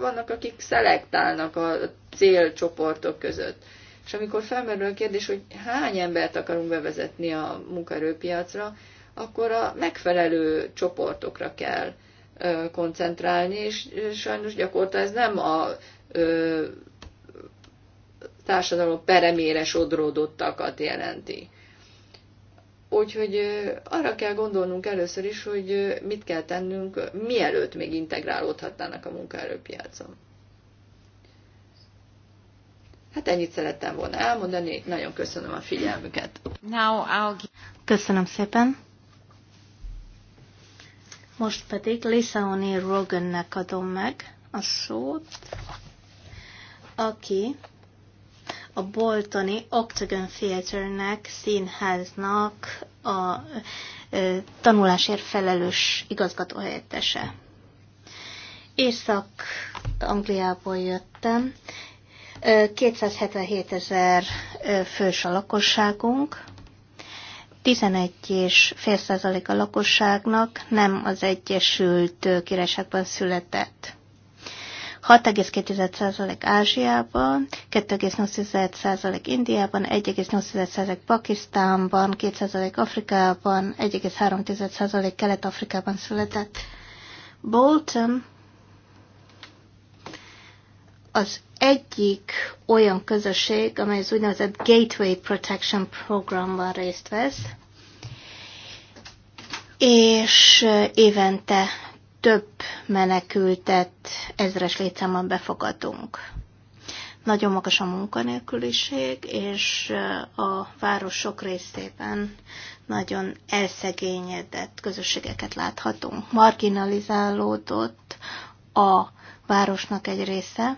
vannak, akik szelektálnak a célcsoportok között. És amikor felmerül a kérdés, hogy hány embert akarunk bevezetni a munkaerőpiacra, akkor a megfelelő csoportokra kell koncentrálni, és sajnos gyakorta ez nem a társadalom peremére sodródottakat jelenti. Úgyhogy arra kell gondolnunk először is, hogy mit kell tennünk, mielőtt még integrálódhatnának a munkaerőpiacon. Hát ennyit szerettem volna elmondani, nagyon köszönöm a figyelmüket. Köszönöm szépen. Most pedig Lisaoni Rogannek adom meg a szót, aki a Boltoni Octagon Theaternek, színháznak a ö, tanulásért felelős igazgatóhelyettese. Észak-Angliából jöttem. 277 ezer fős a lakosságunk, 11 a lakosságnak nem az Egyesült Királyságban született. 6,2% Ázsiában, 2,8% Indiában, 1,8% Pakisztánban, 2% Afrikában, 1,3% Kelet-Afrikában született. Bolton az egyik olyan közösség, amely az úgynevezett Gateway Protection Programban részt vesz, és évente több menekültet ezres létszámban befogadunk. Nagyon magas a munkanélküliség, és a város sok részében nagyon elszegényedett közösségeket láthatunk. Marginalizálódott a városnak egy része,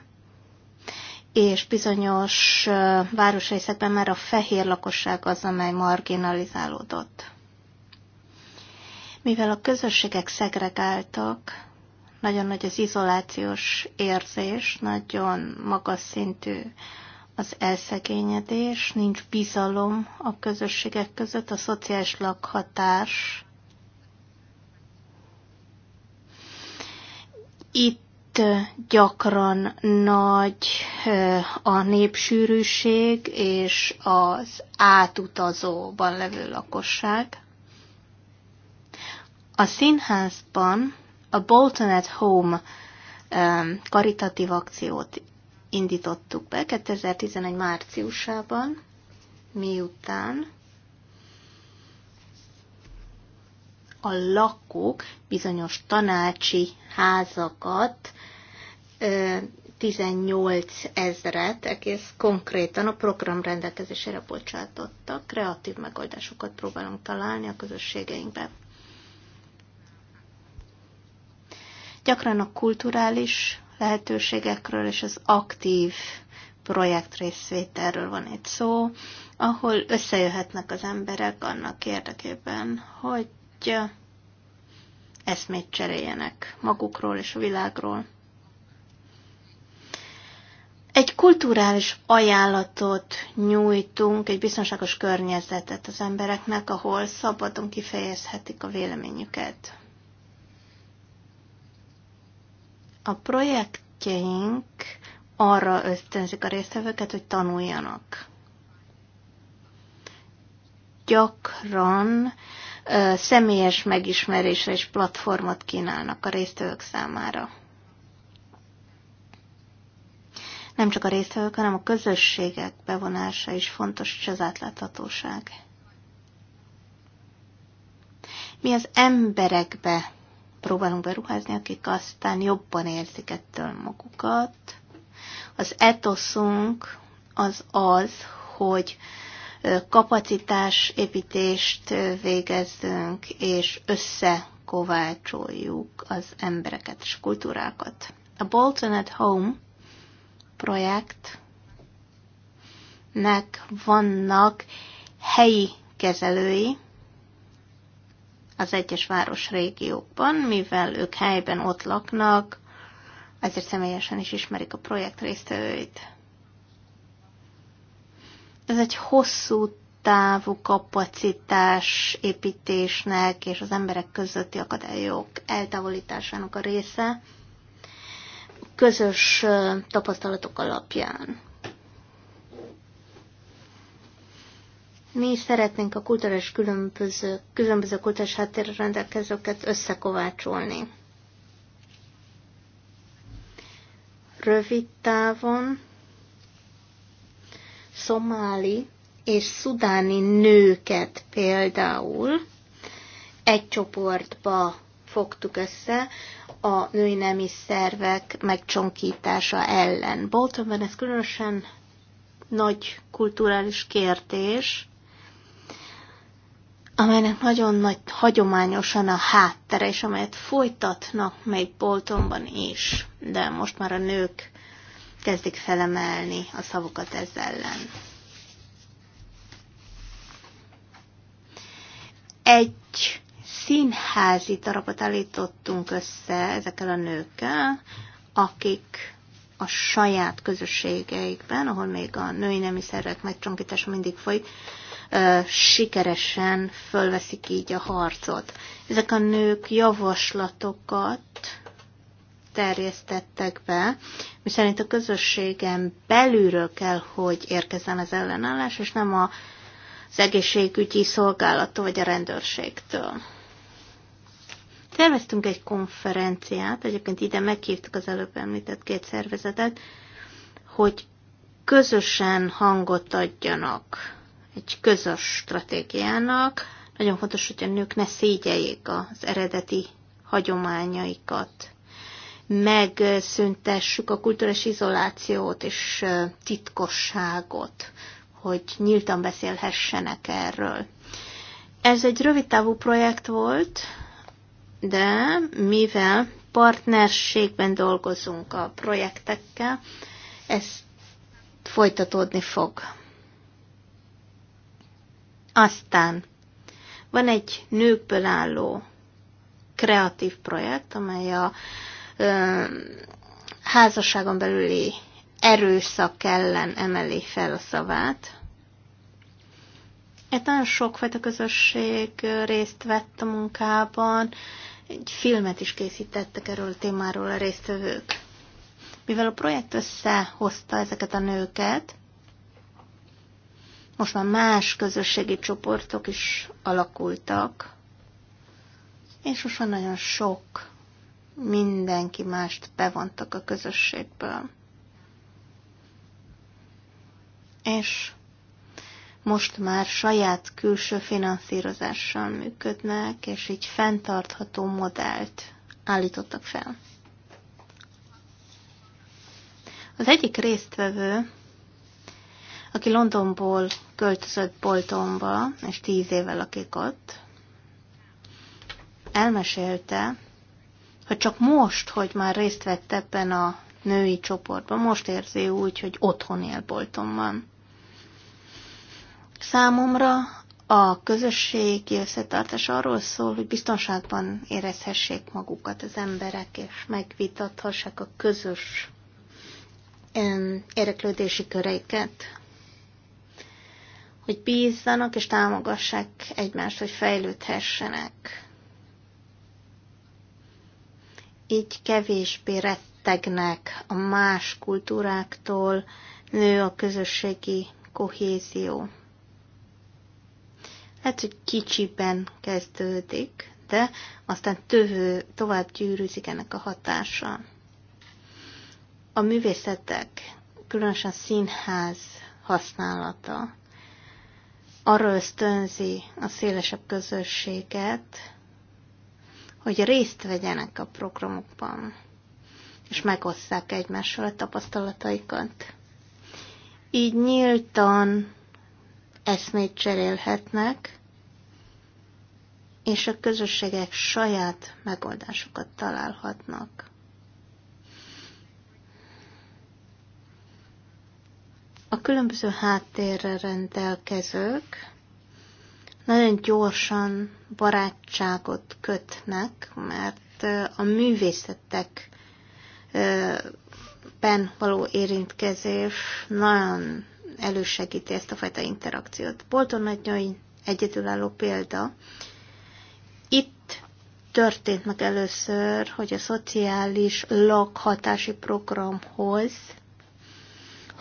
és bizonyos városrészekben már a fehér lakosság az, amely marginalizálódott. Mivel a közösségek szegregáltak, nagyon nagy az izolációs érzés, nagyon magas szintű az elszegényedés, nincs bizalom a közösségek között, a szociális lakhatás. Itt itt gyakran nagy a népsűrűség és az átutazóban levő lakosság. A színházban a Bolton at Home karitatív akciót indítottuk be 2011 márciusában, miután a lakók bizonyos tanácsi házakat, 18 ezeret egész konkrétan a program rendelkezésére bocsátottak. Kreatív megoldásokat próbálunk találni a közösségeinkben. Gyakran a kulturális lehetőségekről és az aktív projekt részvételről van itt szó, ahol összejöhetnek az emberek annak érdekében, hogy hogy eszmét cseréljenek magukról és a világról. Egy kulturális ajánlatot nyújtunk, egy biztonságos környezetet az embereknek, ahol szabadon kifejezhetik a véleményüket. A projektjeink arra ösztönzik a résztvevőket, hogy tanuljanak. Gyakran személyes megismerésre és platformot kínálnak a résztvevők számára. Nem csak a résztvevők, hanem a közösségek bevonása is fontos, és az átláthatóság. Mi az emberekbe próbálunk beruházni, akik aztán jobban érzik ettől magukat. Az etoszunk az az, hogy kapacitásépítést építést végezzünk, és összekovácsoljuk az embereket és kultúrákat. A Bolton at Home projektnek vannak helyi kezelői az egyes város régiókban, mivel ők helyben ott laknak, ezért személyesen is ismerik a projekt résztvevőit ez egy hosszú távú kapacitás építésnek és az emberek közötti akadályok eltávolításának a része közös tapasztalatok alapján. Mi szeretnénk a kulturális különböző, különböző kulturális háttérre rendelkezőket összekovácsolni. Rövid távon szomáli és szudáni nőket például egy csoportba fogtuk össze a női nemi szervek megcsonkítása ellen. Boltonban ez különösen nagy kulturális kérdés, amelynek nagyon nagy hagyományosan a háttere, és amelyet folytatnak még Boltonban is, de most már a nők kezdik felemelni a szavukat ezzel ellen. Egy színházi darabot állítottunk össze ezekkel a nőkkel, akik a saját közösségeikben, ahol még a női nemi szervek megcsonkítása mindig folyik, sikeresen fölveszik így a harcot. Ezek a nők javaslatokat terjesztettek be, miszerint a közösségen belülről kell, hogy érkezzen az ellenállás, és nem a, az egészségügyi szolgálattól vagy a rendőrségtől. Szerveztünk egy konferenciát, egyébként ide meghívtuk az előbb említett két szervezetet, hogy közösen hangot adjanak egy közös stratégiának. Nagyon fontos, hogy a nők ne szégyeljék az eredeti hagyományaikat megszüntessük a kulturális izolációt és titkosságot, hogy nyíltan beszélhessenek erről. Ez egy rövid távú projekt volt, de mivel partnerségben dolgozunk a projektekkel, ez folytatódni fog. Aztán van egy nőkből álló kreatív projekt, amely a házasságon belüli erőszak ellen emeli fel a szavát. Egy nagyon sokfajta közösség részt vett a munkában, egy filmet is készítettek erről a témáról a résztvevők. Mivel a projekt összehozta ezeket a nőket, most már más közösségi csoportok is alakultak, és most már nagyon sok mindenki mást bevontak a közösségből. És most már saját külső finanszírozással működnek, és így fenntartható modellt állítottak fel. Az egyik résztvevő, aki Londonból költözött Boltonba, és tíz éve lakik ott, elmesélte, hogy csak most, hogy már részt vett ebben a női csoportban, most érzi úgy, hogy otthon él boltomban. Számomra a közösségi összetartás arról szól, hogy biztonságban érezhessék magukat az emberek, és megvitathassák a közös érdeklődési köreiket, hogy bízzanak és támogassák egymást, hogy fejlődhessenek így kevésbé rettegnek a más kultúráktól, nő a közösségi kohézió. Lehet, hogy kicsiben kezdődik, de aztán tövő, tovább gyűrűzik ennek a hatása. A művészetek, különösen a színház használata arra ösztönzi a szélesebb közösséget, hogy részt vegyenek a programokban, és megosszák egymással a tapasztalataikat. Így nyíltan eszmét cserélhetnek, és a közösségek saját megoldásokat találhatnak. A különböző háttérre rendelkezők nagyon gyorsan barátságot kötnek, mert a művészetek ben való érintkezés nagyon elősegíti ezt a fajta interakciót. Bolton nagyjai egyedülálló példa. Itt történt meg először, hogy a szociális lakhatási programhoz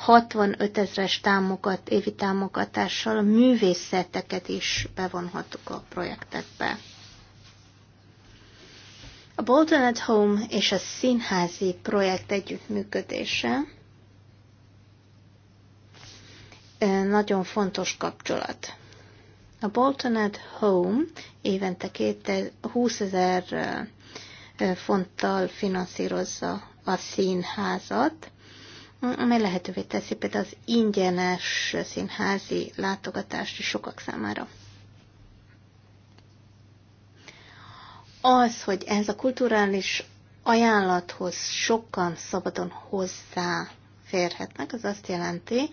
65 ezres támogat, évi támogatással a művészeteket is bevonhattuk a projektekbe. A Bolton at Home és a színházi projekt együttműködése nagyon fontos kapcsolat. A Bolton at Home évente 20 ezer fonttal finanszírozza a színházat, amely lehetővé teszi például az ingyenes színházi látogatást is sokak számára. Az, hogy ez a kulturális ajánlathoz sokan szabadon hozzá férhetnek, az azt jelenti,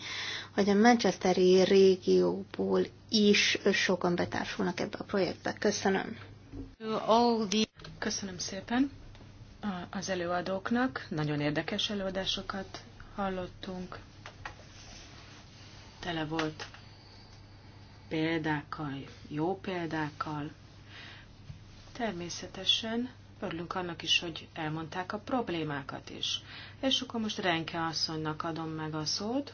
hogy a Manchesteri régióból is sokan betársulnak ebbe a projektbe. Köszönöm. Köszönöm szépen az előadóknak, nagyon érdekes előadásokat hallottunk, tele volt példákkal, jó példákkal. Természetesen örülünk annak is, hogy elmondták a problémákat is. És akkor most Renke asszonynak adom meg a szót,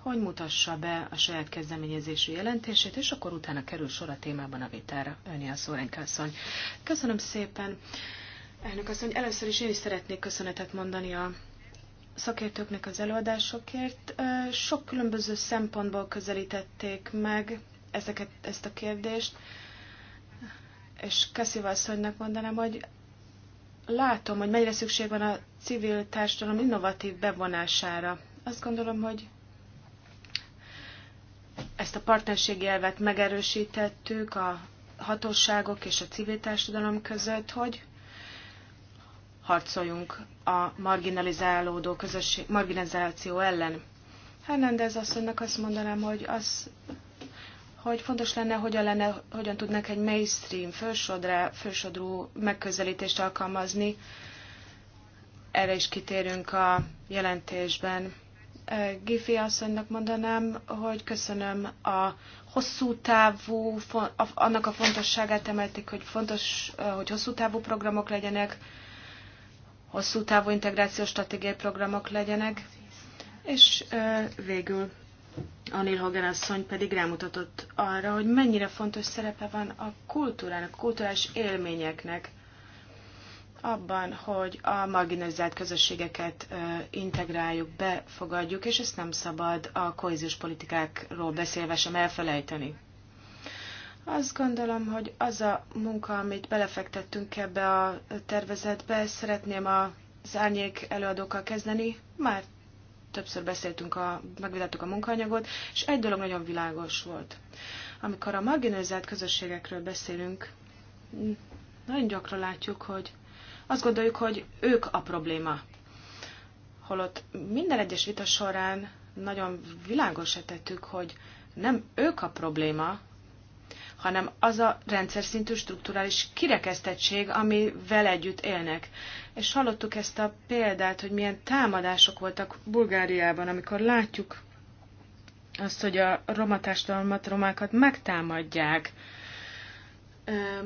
hogy mutassa be a saját kezdeményezésű jelentését, és akkor utána kerül sor a témában a vitára. Önni a szó, Renke asszony. Köszönöm szépen. Elnök asszony, először is én is szeretnék köszönetet mondani a szakértőknek az előadásokért. Sok különböző szempontból közelítették meg ezeket, ezt a kérdést, és Kassziva asszonynak mondanám, hogy látom, hogy mennyire szükség van a civil társadalom innovatív bevonására. Azt gondolom, hogy ezt a partnerségi elvet megerősítettük a hatóságok és a civil társadalom között, hogy harcoljunk a marginalizálódó közösség, marginalizáció ellen. Hernández asszonynak azt mondanám, hogy az hogy fontos lenne, hogyan, lenne, hogyan tudnak egy mainstream felsodra fősodrú megközelítést alkalmazni. Erre is kitérünk a jelentésben. Eh, Gifi asszonynak mondanám, hogy köszönöm a hosszú távú, annak a fontosságát emelték, hogy fontos, eh, hogy hosszú távú programok legyenek, hosszú távú integrációs stratégiai programok legyenek, és végül a Hogan asszony pedig rámutatott arra, hogy mennyire fontos szerepe van a kultúrának, a kulturális élményeknek abban, hogy a marginalizált közösségeket integráljuk, befogadjuk, és ezt nem szabad a kohéziós politikákról beszélve sem elfelejteni. Azt gondolom, hogy az a munka, amit belefektettünk ebbe a tervezetbe, szeretném az árnyék előadókkal kezdeni. Már többször beszéltünk, a, megvitattuk a munkaanyagot, és egy dolog nagyon világos volt. Amikor a marginalizált közösségekről beszélünk, nagyon gyakran látjuk, hogy azt gondoljuk, hogy ők a probléma. Holott minden egyes vita során nagyon világos tettük, hogy nem ők a probléma, hanem az a rendszer szintű strukturális kirekesztettség, amivel együtt élnek. És hallottuk ezt a példát, hogy milyen támadások voltak Bulgáriában, amikor látjuk azt, hogy a roma társadalmat, romákat megtámadják,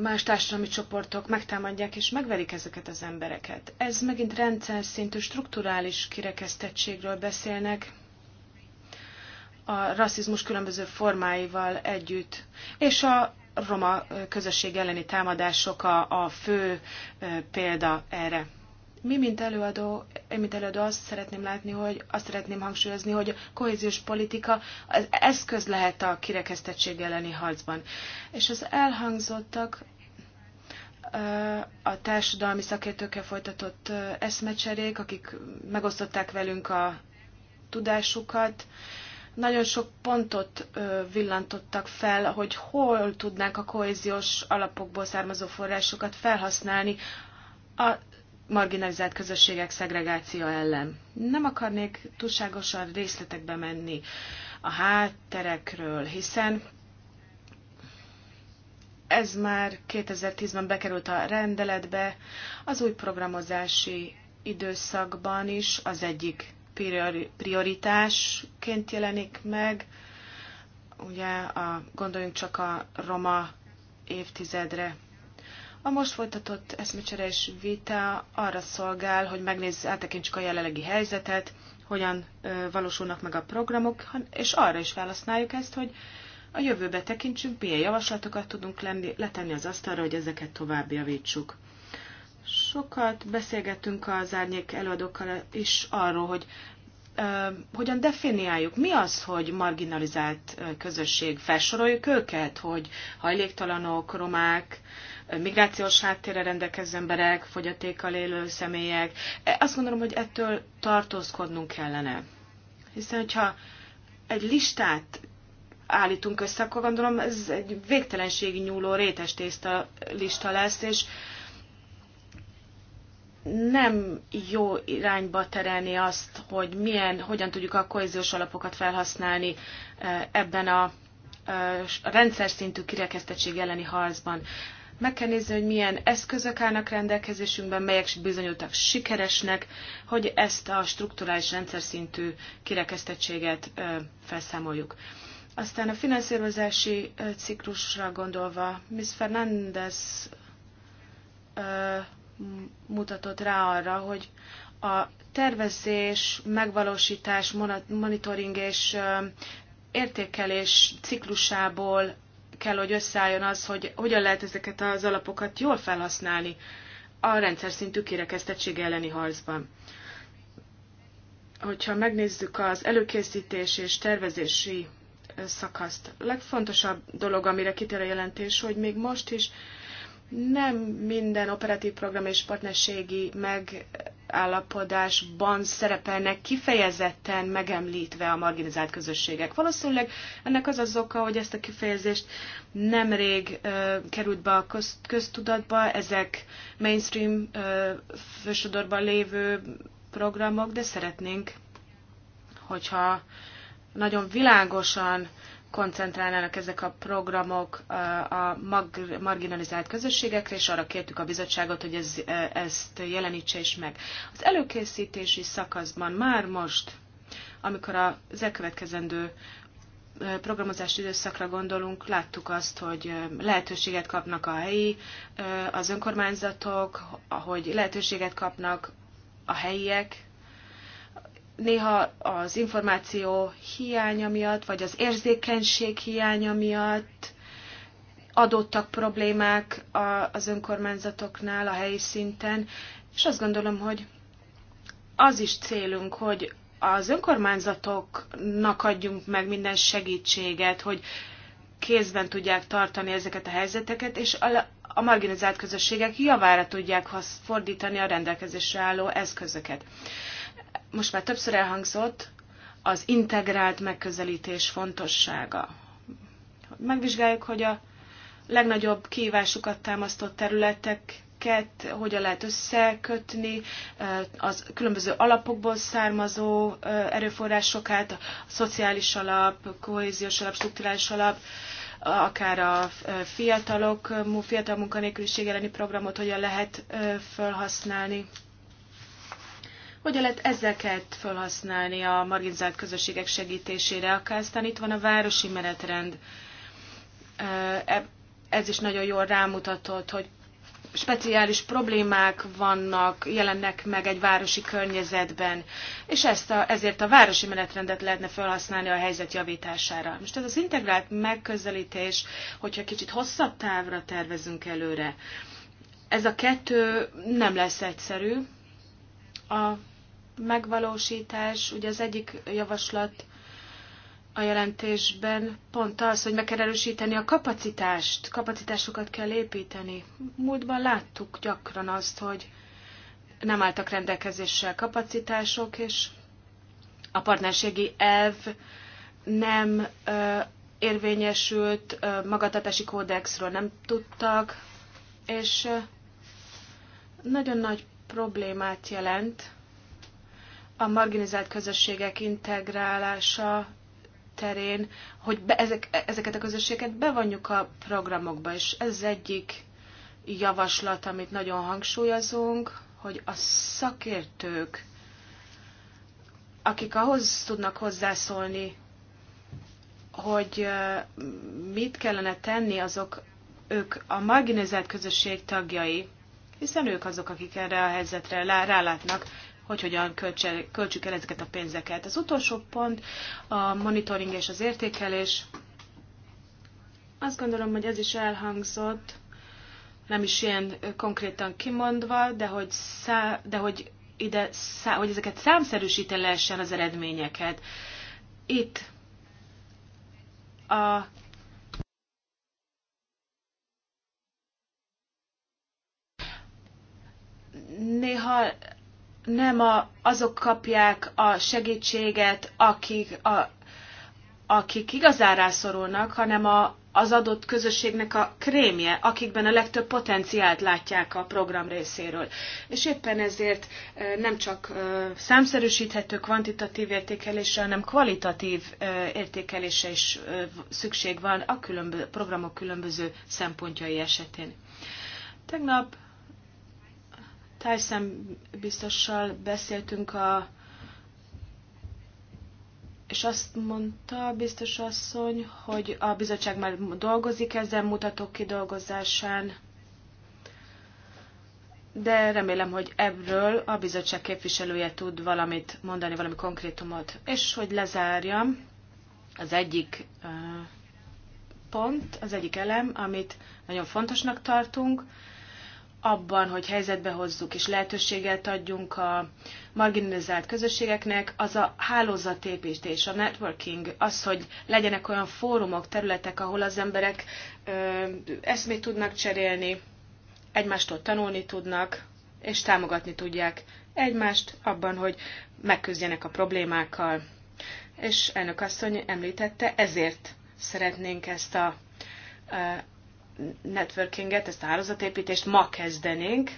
más társadalmi csoportok megtámadják és megverik ezeket az embereket. Ez megint rendszer szintű strukturális kirekesztettségről beszélnek, a rasszizmus különböző formáival együtt, és a roma közösség elleni támadások a, a fő példa erre. Mi, mint előadó, én mint előadó azt szeretném látni, hogy azt szeretném hangsúlyozni, hogy a kohéziós politika az eszköz lehet a kirekesztettség elleni harcban. És az elhangzottak a társadalmi szakértőkkel folytatott eszmecserék, akik megosztották velünk a tudásukat, nagyon sok pontot villantottak fel, hogy hol tudnánk a kohéziós alapokból származó forrásokat felhasználni a marginalizált közösségek szegregáció ellen. Nem akarnék túlságosan részletekbe menni a hátterekről, hiszen ez már 2010-ben bekerült a rendeletbe, az új programozási időszakban is az egyik prioritásként jelenik meg. Ugye a, gondoljunk csak a roma évtizedre. A most folytatott eszmecsere és vita arra szolgál, hogy megnézz, áttekintsük a jelenlegi helyzetet, hogyan ö, valósulnak meg a programok, és arra is felhasználjuk ezt, hogy a jövőbe tekintsünk, milyen javaslatokat tudunk lenni, letenni az asztalra, hogy ezeket tovább javítsuk. Sokat beszélgettünk az árnyék előadókkal is arról, hogy hogyan definiáljuk, mi az, hogy marginalizált közösség, felsoroljuk őket, hogy hajléktalanok, romák, migrációs háttérre rendelkező emberek, fogyatékkal élő személyek. E, azt gondolom, hogy ettől tartózkodnunk kellene. Hiszen, hogyha egy listát állítunk össze, akkor gondolom ez egy végtelenségi nyúló rétes tészta lista lesz, és nem jó irányba terelni azt, hogy milyen, hogyan tudjuk a kohéziós alapokat felhasználni eh, ebben a, eh, a rendszer szintű kirekesztettség elleni harcban. Meg kell nézni, hogy milyen eszközök állnak rendelkezésünkben, melyek bizonyultak sikeresnek, hogy ezt a strukturális rendszer szintű kirekesztettséget eh, felszámoljuk. Aztán a finanszírozási ciklusra gondolva, Ms. Fernández mutatott rá arra, hogy a tervezés, megvalósítás, monitoring és értékelés ciklusából kell, hogy összeálljon az, hogy hogyan lehet ezeket az alapokat jól felhasználni a rendszer szintű kirekesztettség elleni harcban. Hogyha megnézzük az előkészítés és tervezési szakaszt, legfontosabb dolog, amire kitér a jelentés, hogy még most is nem minden operatív program és partnerségi megállapodásban szerepelnek kifejezetten megemlítve a marginalizált közösségek. Valószínűleg ennek az az oka, hogy ezt a kifejezést nemrég ö, került be a köz, köztudatba, ezek mainstream ö, fősodorban lévő programok, de szeretnénk, hogyha nagyon világosan koncentrálnának ezek a programok a mag- marginalizált közösségekre, és arra kértük a bizottságot, hogy ez, ezt jelenítse is meg. Az előkészítési szakaszban már most, amikor az elkövetkezendő programozási időszakra gondolunk, láttuk azt, hogy lehetőséget kapnak a helyi, az önkormányzatok, hogy lehetőséget kapnak a helyiek, néha az információ hiánya miatt, vagy az érzékenység hiánya miatt adottak problémák az önkormányzatoknál, a helyi szinten, és azt gondolom, hogy az is célunk, hogy az önkormányzatoknak adjunk meg minden segítséget, hogy kézben tudják tartani ezeket a helyzeteket, és a marginalizált közösségek javára tudják fordítani a rendelkezésre álló eszközöket most már többször elhangzott az integrált megközelítés fontossága. Megvizsgáljuk, hogy a legnagyobb kívásukat támasztott területeket hogyan lehet összekötni, eh, az különböző alapokból származó eh, erőforrásokat, a szociális alap, kohéziós alap, struktúrális alap, akár a eh, fiatalok, fiatal munkanélküliség elleni programot hogyan lehet felhasználni hogyan lehet ezeket felhasználni a marginalizált közösségek segítésére? Akár aztán itt van a városi menetrend. E, ez is nagyon jól rámutatott, hogy speciális problémák vannak, jelennek meg egy városi környezetben, és ezt a, ezért a városi menetrendet lehetne felhasználni a helyzet javítására. Most ez az integrált megközelítés, hogyha kicsit hosszabb távra tervezünk előre, ez a kettő nem lesz egyszerű. A megvalósítás, ugye az egyik javaslat a jelentésben pont az, hogy meg kell erősíteni a kapacitást, kapacitásokat kell építeni. Múltban láttuk gyakran azt, hogy nem álltak rendelkezéssel kapacitások, és a partnerségi elv nem ö, érvényesült, ö, magatartási kódexről nem tudtak, és ö, nagyon nagy problémát jelent a marginalizált közösségek integrálása terén, hogy be, ezek, ezeket a közösségeket bevonjuk a programokba, és ez az egyik javaslat, amit nagyon hangsúlyozunk, hogy a szakértők, akik ahhoz tudnak hozzászólni, hogy mit kellene tenni azok, ők a marginalizált közösség tagjai, hiszen ők azok, akik erre a helyzetre rálátnak, hogy hogyan költsük el ezeket a pénzeket. Az utolsó pont a monitoring és az értékelés. Azt gondolom, hogy ez is elhangzott, nem is ilyen konkrétan kimondva, de hogy, szá, de hogy ide, szá, hogy ezeket számszerűsíteni lehessen az eredményeket. Itt a néha nem a, azok kapják a segítséget, akik, a, akik igazán rászorulnak, hanem a, az adott közösségnek a krémje, akikben a legtöbb potenciált látják a program részéről. És éppen ezért nem csak számszerűsíthető kvantitatív értékelése, hanem kvalitatív értékelése is szükség van a különböző, programok különböző szempontjai esetén. Tegnap Tyson biztossal beszéltünk a és azt mondta a biztos asszony, hogy a bizottság már dolgozik ezzel, mutatók kidolgozásán, de remélem, hogy ebből a bizottság képviselője tud valamit mondani, valami konkrétumot. És hogy lezárjam, az egyik pont, az egyik elem, amit nagyon fontosnak tartunk, abban, hogy helyzetbe hozzuk és lehetőséget adjunk a marginalizált közösségeknek, az a hálózatépítés, a networking, az, hogy legyenek olyan fórumok, területek, ahol az emberek ö, eszmét tudnak cserélni, egymástól tanulni tudnak, és támogatni tudják egymást abban, hogy megküzdjenek a problémákkal. És elnök asszony említette, ezért szeretnénk ezt a networkinget, ezt a hálózatépítést ma kezdenénk,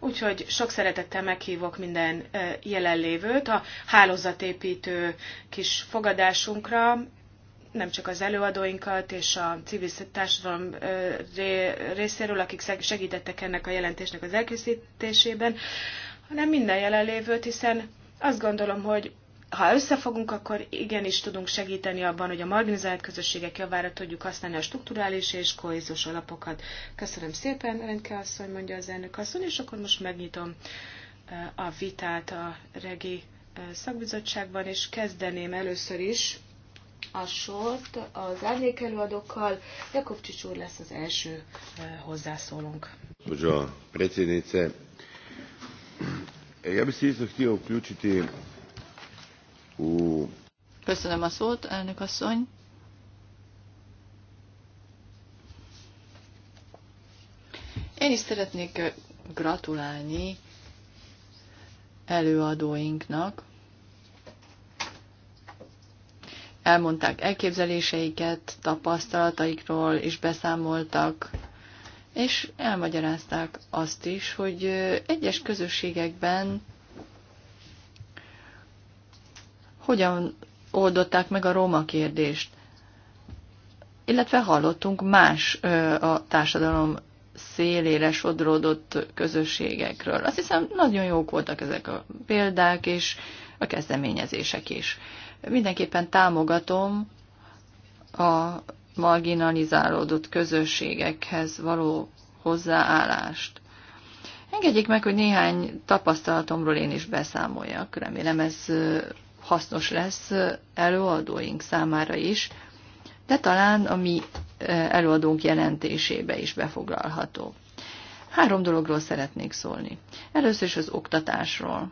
Úgyhogy sok szeretettel meghívok minden jelenlévőt a hálózatépítő kis fogadásunkra, nem csak az előadóinkat és a civil társadalom részéről, akik segítettek ennek a jelentésnek az elkészítésében, hanem minden jelenlévőt, hiszen azt gondolom, hogy ha összefogunk, akkor igenis tudunk segíteni abban, hogy a marginalizált közösségek javára tudjuk használni a strukturális és kohéziós alapokat. Köszönöm szépen, Rendke asszony, mondja az elnök asszony, és akkor most megnyitom eh, a vitát a regi eh, szakbizottságban, és kezdeném először is a sort az árnyékelőadókkal. Jakob Csics úr lesz az első eh, hozzászólónk. Gospođo predsjednice, ja bih se isto htio uključiti Köszönöm a szót, elnök asszony. Én is szeretnék gratulálni előadóinknak. Elmondták elképzeléseiket, tapasztalataikról is beszámoltak, és elmagyarázták azt is, hogy egyes közösségekben hogyan oldották meg a roma kérdést. Illetve hallottunk más a társadalom szélére sodródott közösségekről. Azt hiszem, nagyon jók voltak ezek a példák és a kezdeményezések is. Mindenképpen támogatom a marginalizálódott közösségekhez való hozzáállást. Engedjék meg, hogy néhány tapasztalatomról én is beszámoljak. Remélem ez hasznos lesz előadóink számára is, de talán a mi előadónk jelentésébe is befoglalható. Három dologról szeretnék szólni. Először is az oktatásról.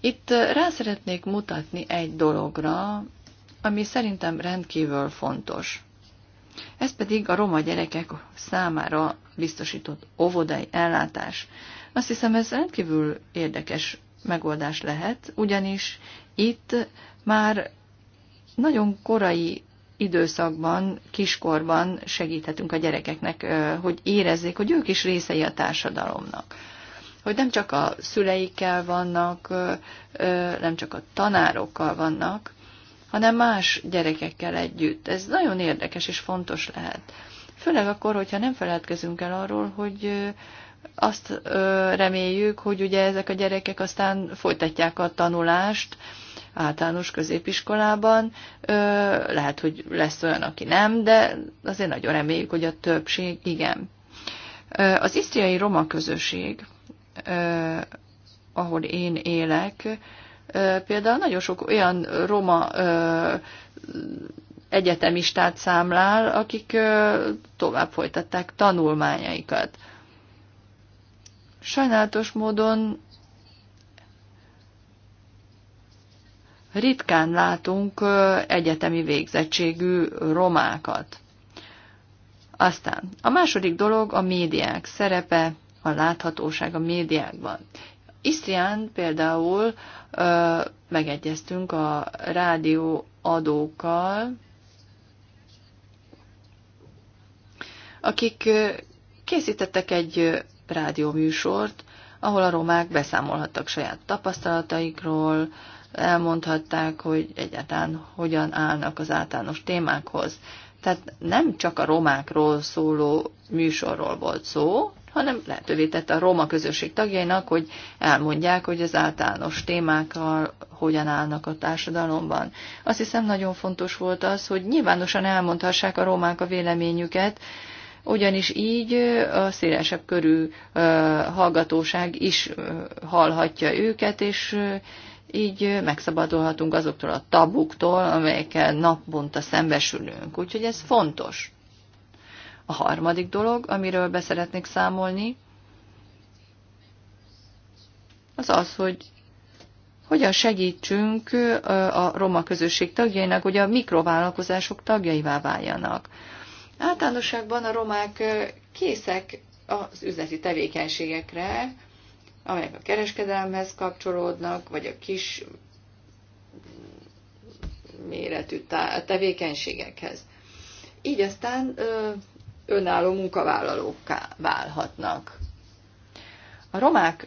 Itt rá szeretnék mutatni egy dologra, ami szerintem rendkívül fontos. Ez pedig a roma gyerekek számára biztosított óvodai ellátás. Azt hiszem, ez rendkívül érdekes megoldás lehet, ugyanis itt már nagyon korai időszakban, kiskorban segíthetünk a gyerekeknek, hogy érezzék, hogy ők is részei a társadalomnak. Hogy nem csak a szüleikkel vannak, nem csak a tanárokkal vannak, hanem más gyerekekkel együtt. Ez nagyon érdekes és fontos lehet. Főleg akkor, hogyha nem feledkezünk el arról, hogy azt reméljük, hogy ugye ezek a gyerekek aztán folytatják a tanulást általános középiskolában. Lehet, hogy lesz olyan, aki nem, de azért nagyon reméljük, hogy a többség igen. Az isztriai roma közösség, ahol én élek, például nagyon sok olyan roma egyetemistát számlál, akik tovább folytatták tanulmányaikat. Sajnálatos módon ritkán látunk egyetemi végzettségű romákat. Aztán a második dolog a médiák szerepe, a láthatóság a médiákban. Isztrián például ö, megegyeztünk a rádió adókkal, akik készítettek egy rádióműsort, ahol a romák beszámolhattak saját tapasztalataikról, elmondhatták, hogy egyáltalán hogyan állnak az általános témákhoz. Tehát nem csak a romákról szóló műsorról volt szó, hanem lehetővé tette a roma közösség tagjainak, hogy elmondják, hogy az általános témákkal hogyan állnak a társadalomban. Azt hiszem nagyon fontos volt az, hogy nyilvánosan elmondhassák a romák a véleményüket, ugyanis így a szélesebb körű hallgatóság is hallhatja őket, és így megszabadulhatunk azoktól a tabuktól, amelyekkel naponta szembesülünk. Úgyhogy ez fontos. A harmadik dolog, amiről beszeretnék számolni, az az, hogy hogyan segítsünk a roma közösség tagjainak, hogy a mikrovállalkozások tagjaivá váljanak. Általánosságban a romák készek az üzleti tevékenységekre, amelyek a kereskedelemhez kapcsolódnak, vagy a kis méretű tevékenységekhez. Így aztán önálló munkavállalókká válhatnak. A romák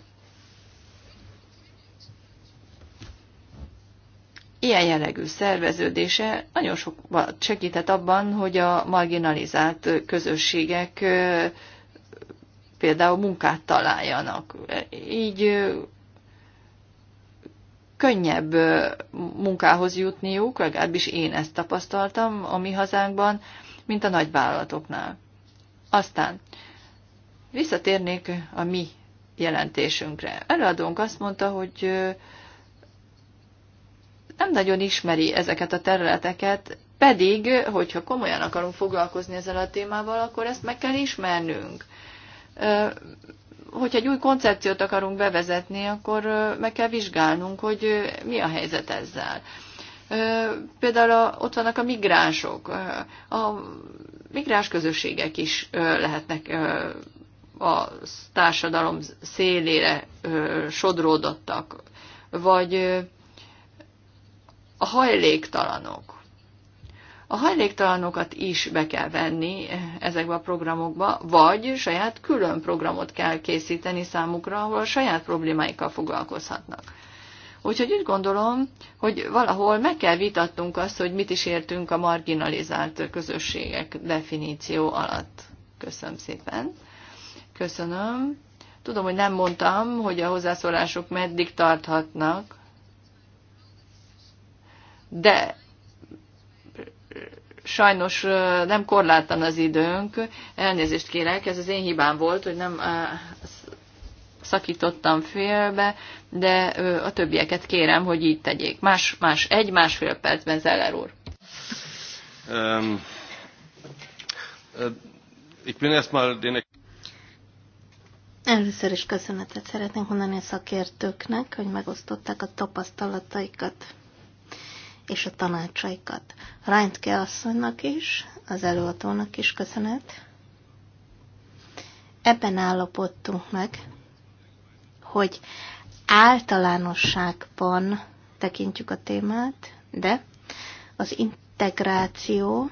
ilyen jellegű szerveződése nagyon sok segített abban, hogy a marginalizált közösségek például munkát találjanak. Így könnyebb munkához jutniuk, legalábbis én ezt tapasztaltam a mi hazánkban, mint a nagyvállalatoknál. Aztán visszatérnék a mi jelentésünkre. Előadónk azt mondta, hogy nem nagyon ismeri ezeket a területeket, pedig, hogyha komolyan akarunk foglalkozni ezzel a témával, akkor ezt meg kell ismernünk. Hogyha egy új koncepciót akarunk bevezetni, akkor meg kell vizsgálnunk, hogy mi a helyzet ezzel. Például ott vannak a migránsok. A migráns közösségek is lehetnek a társadalom szélére sodródottak, vagy a hajléktalanok. A hajléktalanokat is be kell venni ezekbe a programokba, vagy saját külön programot kell készíteni számukra, ahol a saját problémáikkal foglalkozhatnak. Úgyhogy úgy gondolom, hogy valahol meg kell vitatnunk azt, hogy mit is értünk a marginalizált közösségek definíció alatt. Köszönöm szépen. Köszönöm. Tudom, hogy nem mondtam, hogy a hozzászólások meddig tarthatnak de sajnos nem korlátlan az időnk, elnézést kérek, ez az én hibám volt, hogy nem szakítottam félbe, de a többieket kérem, hogy így tegyék. Más, más, egy-másfél percben, Zeller úr. Um, uh, ich bin erstmal den Először is köszönetet szeretnénk mondani a szakértőknek, hogy megosztották a tapasztalataikat és a tanácsaikat. Reintke asszonynak is, az előadónak is köszönet. Ebben állapodtunk meg, hogy általánosságban tekintjük a témát, de az integráció,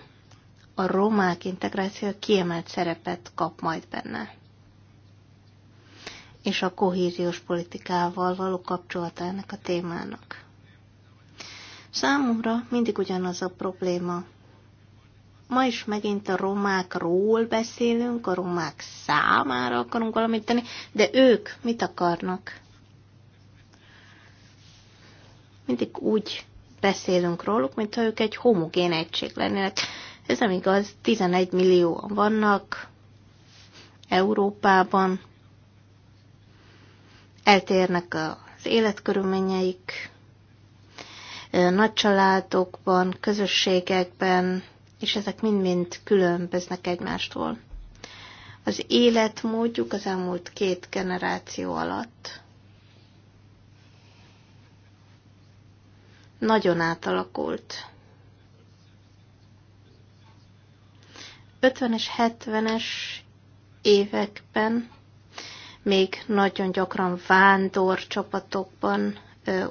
a romák integráció kiemelt szerepet kap majd benne. És a kohéziós politikával való kapcsolata ennek a témának. Számomra mindig ugyanaz a probléma. Ma is megint a romákról beszélünk, a romák számára akarunk valamit tenni, de ők mit akarnak? Mindig úgy beszélünk róluk, mintha ők egy homogén egység lennének. Ez nem igaz, 11 millióan vannak Európában, eltérnek az életkörülményeik, nagy családokban, közösségekben, és ezek mind-mind különböznek egymástól. Az életmódjuk az elmúlt két generáció alatt nagyon átalakult. 50-es, 70-es években még nagyon gyakran vándor csapatokban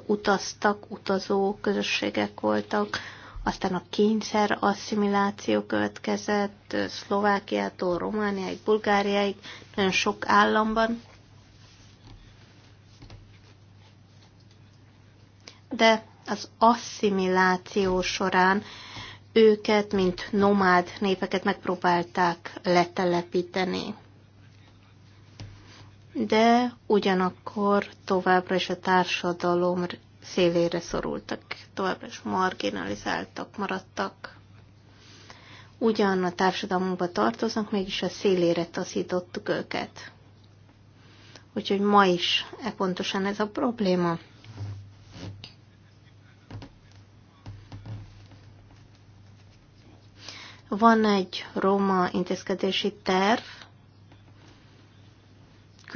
utaztak, utazó közösségek voltak, aztán a kényszer asszimiláció következett Szlovákiától, Romániáig, Bulgáriáig, nagyon sok államban. De az asszimiláció során őket, mint nomád népeket megpróbálták letelepíteni de ugyanakkor továbbra is a társadalom szélére szorultak, továbbra is marginalizáltak, maradtak. Ugyan a társadalmunkba tartoznak, mégis a szélére taszítottuk őket. Úgyhogy ma is e pontosan ez a probléma. Van egy roma intézkedési terv,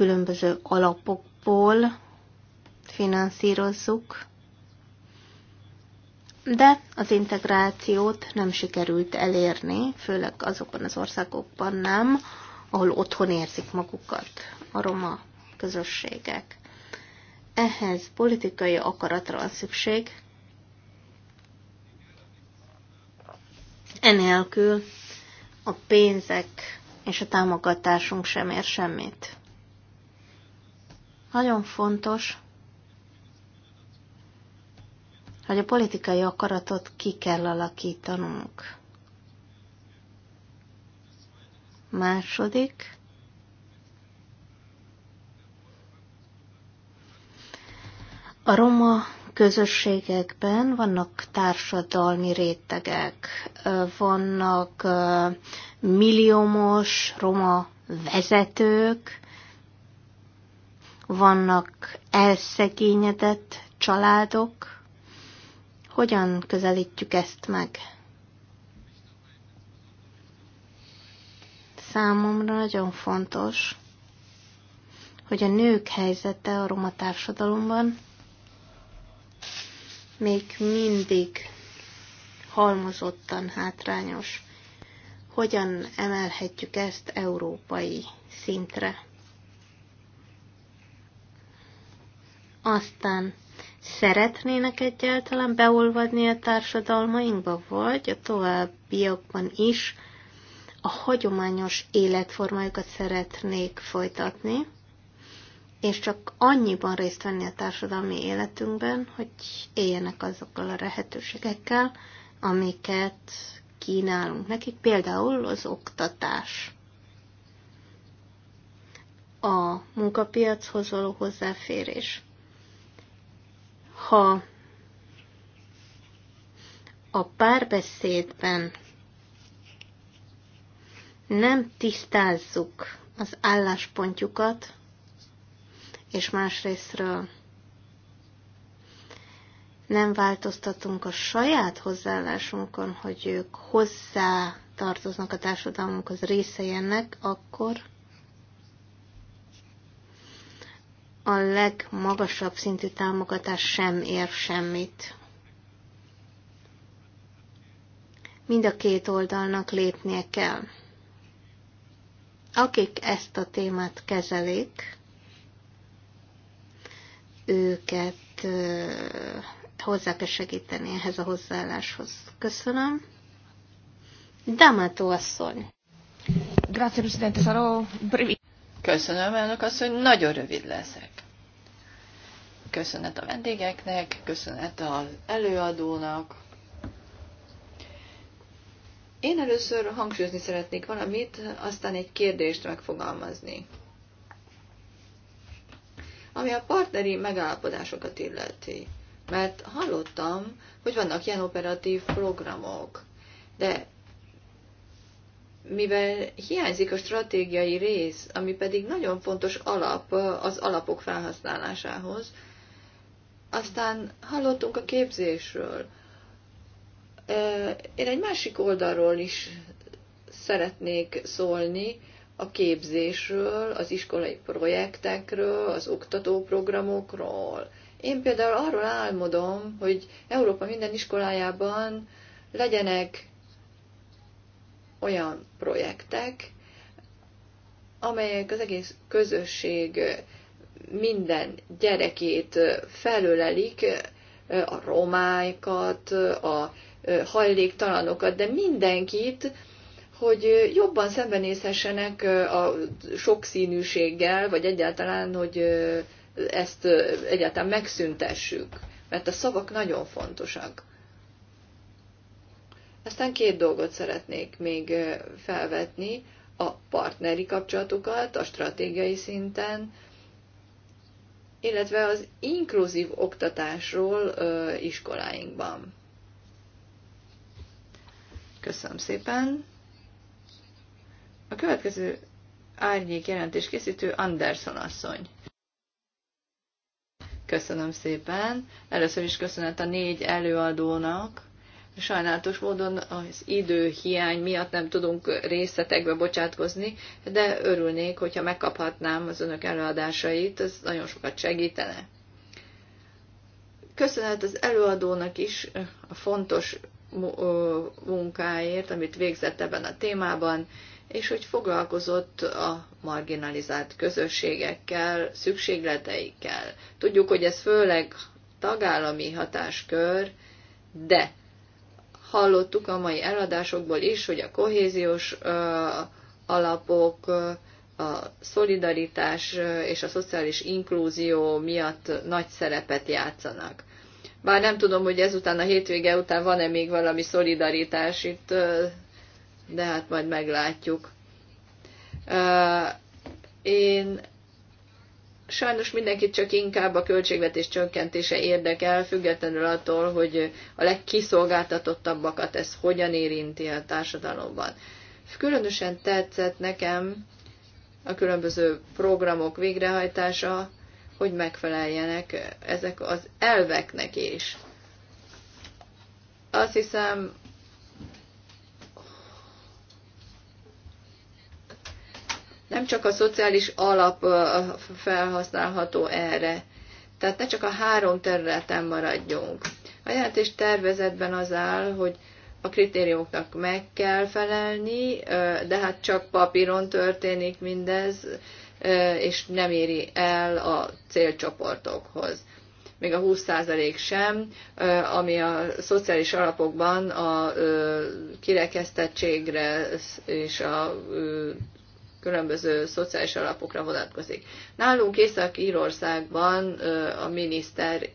különböző alapokból finanszírozzuk, de az integrációt nem sikerült elérni, főleg azokban az országokban nem, ahol otthon érzik magukat a roma közösségek. Ehhez politikai akaratra van szükség, enélkül a pénzek és a támogatásunk sem ér semmit. Nagyon fontos, hogy a politikai akaratot ki kell alakítanunk. Második, a roma közösségekben vannak társadalmi rétegek, vannak milliómos roma vezetők, vannak elszegényedett családok. Hogyan közelítjük ezt meg? Számomra nagyon fontos, hogy a nők helyzete a roma társadalomban még mindig halmozottan hátrányos. Hogyan emelhetjük ezt európai szintre? Aztán szeretnének egyáltalán beolvadni a társadalmainkba, vagy a továbbiakban is a hagyományos életformájukat szeretnék folytatni, és csak annyiban részt venni a társadalmi életünkben, hogy éljenek azokkal a lehetőségekkel, amiket kínálunk nekik, például az oktatás. A munkapiachoz való hozzáférés ha a párbeszédben nem tisztázzuk az álláspontjukat, és másrésztről nem változtatunk a saját hozzáállásunkon, hogy ők hozzá tartoznak a társadalmunkhoz részei ennek, akkor a legmagasabb szintű támogatás sem ér semmit. Mind a két oldalnak lépnie kell. Akik ezt a témát kezelik, őket hozzá kell segíteni ehhez a hozzáálláshoz. Köszönöm. Damato asszony. Grazie, Presidente, sarò Köszönöm, elnök asszony, nagyon rövid leszek. Köszönet a vendégeknek, köszönet az előadónak. Én először hangsúlyozni szeretnék valamit, aztán egy kérdést megfogalmazni. Ami a partneri megállapodásokat illeti. Mert hallottam, hogy vannak ilyen operatív programok, de mivel hiányzik a stratégiai rész, ami pedig nagyon fontos alap az alapok felhasználásához, aztán hallottunk a képzésről. Én egy másik oldalról is szeretnék szólni, a képzésről, az iskolai projektekről, az oktatóprogramokról. Én például arról álmodom, hogy Európa minden iskolájában legyenek olyan projektek, amelyek az egész közösség minden gyerekét felölelik, a romáikat, a hajléktalanokat, de mindenkit, hogy jobban szembenézhessenek a sokszínűséggel, vagy egyáltalán, hogy ezt egyáltalán megszüntessük, mert a szavak nagyon fontosak. Aztán két dolgot szeretnék még felvetni, a partneri kapcsolatokat a stratégiai szinten, illetve az inkluzív oktatásról iskoláinkban. Köszönöm szépen. A következő árnyék jelentés készítő Anderson asszony. Köszönöm szépen. Először is köszönet a négy előadónak Sajnálatos módon az időhiány miatt nem tudunk részletekbe bocsátkozni, de örülnék, hogyha megkaphatnám az önök előadásait, ez nagyon sokat segítene. Köszönet az előadónak is a fontos munkáért, amit végzett ebben a témában, és hogy foglalkozott a marginalizált közösségekkel, szükségleteikkel. Tudjuk, hogy ez főleg tagállami hatáskör, de Hallottuk a mai eladásokból is, hogy a kohéziós alapok, a szolidaritás és a szociális inklúzió miatt nagy szerepet játszanak. Bár nem tudom, hogy ezután a hétvége után van-e még valami szolidaritás itt, de hát majd meglátjuk. Én sajnos mindenkit csak inkább a költségvetés csökkentése érdekel, függetlenül attól, hogy a legkiszolgáltatottabbakat ez hogyan érinti a társadalomban. Különösen tetszett nekem a különböző programok végrehajtása, hogy megfeleljenek ezek az elveknek is. Azt hiszem, nem csak a szociális alap felhasználható erre. Tehát ne csak a három területen maradjunk. A jelentés tervezetben az áll, hogy a kritériumoknak meg kell felelni, de hát csak papíron történik mindez, és nem éri el a célcsoportokhoz. Még a 20% sem, ami a szociális alapokban a kirekesztettségre és a különböző szociális alapokra vonatkozik. Nálunk Észak-Írországban a miniszter,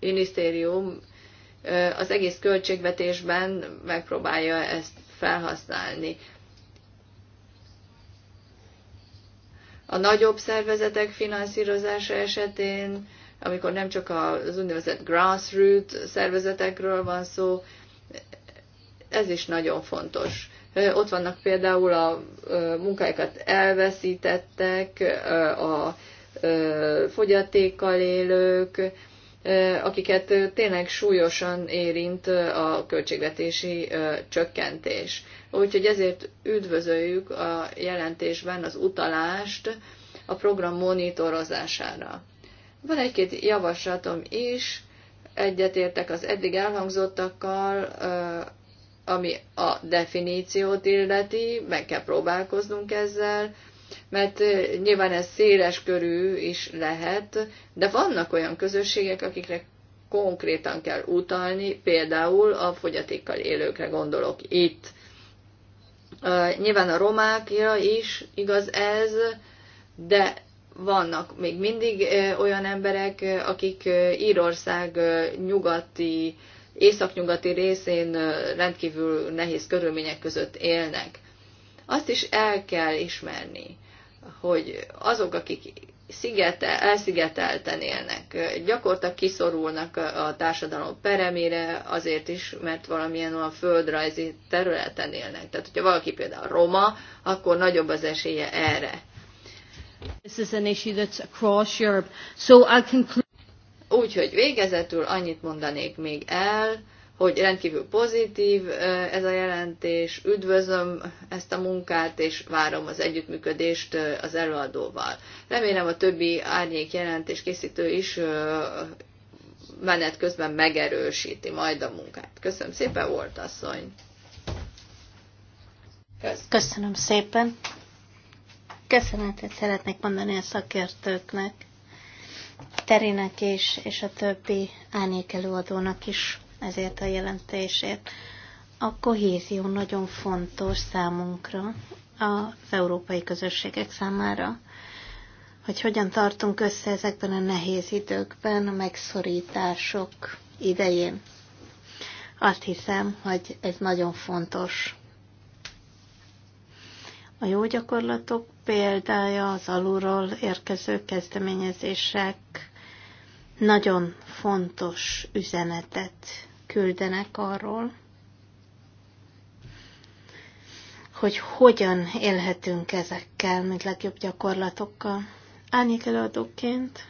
minisztérium az egész költségvetésben megpróbálja ezt felhasználni. A nagyobb szervezetek finanszírozása esetén, amikor nem csak az úgynevezett grassroots szervezetekről van szó, ez is nagyon fontos. Ott vannak például a munkáikat elveszítettek, a fogyatékkal élők, akiket tényleg súlyosan érint a költségvetési csökkentés. Úgyhogy ezért üdvözöljük a jelentésben az utalást a program monitorozására. Van egy-két javaslatom is, egyetértek az eddig elhangzottakkal ami a definíciót illeti, meg kell próbálkoznunk ezzel, mert nyilván ez széles körű is lehet, de vannak olyan közösségek, akikre konkrétan kell utalni, például a fogyatékkal élőkre gondolok itt. Nyilván a romákra is igaz ez, de vannak még mindig olyan emberek, akik Írország nyugati északnyugati részén rendkívül nehéz körülmények között élnek. Azt is el kell ismerni, hogy azok, akik szigete, elszigetelten élnek, gyakorta kiszorulnak a társadalom peremére, azért is, mert valamilyen olyan földrajzi területen élnek. Tehát, hogyha valaki például roma, akkor nagyobb az esélye erre. This is an issue that's across Europe. So I'll conclude Úgyhogy végezetül annyit mondanék még el, hogy rendkívül pozitív ez a jelentés, üdvözlöm ezt a munkát, és várom az együttműködést az előadóval. Remélem a többi árnyék jelentés készítő is menet közben megerősíti majd a munkát. Köszönöm szépen, volt asszony! Köszönöm. Köszönöm szépen! Köszönetet szeretnék mondani a szakértőknek Terinek és, és a többi árnyékelőadónak is ezért a jelentésért. A kohézió nagyon fontos számunkra, az európai közösségek számára, hogy hogyan tartunk össze ezekben a nehéz időkben, a megszorítások idején. Azt hiszem, hogy ez nagyon fontos. A jó gyakorlatok példája az alulról érkező kezdeményezések nagyon fontos üzenetet küldenek arról, hogy hogyan élhetünk ezekkel, mint legjobb gyakorlatokkal. Árnyék előadóként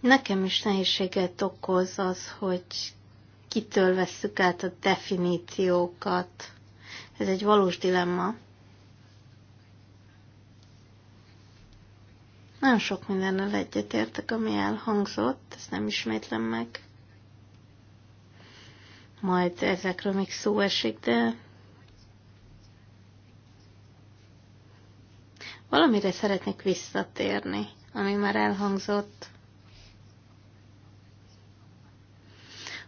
nekem is nehézséget okoz az, hogy kitől vesszük át a definíciókat. Ez egy valós dilemma. Nagyon sok mindennel egyetértek, ami elhangzott, ezt nem ismétlem meg. Majd ezekről még szó esik, de valamire szeretnék visszatérni, ami már elhangzott.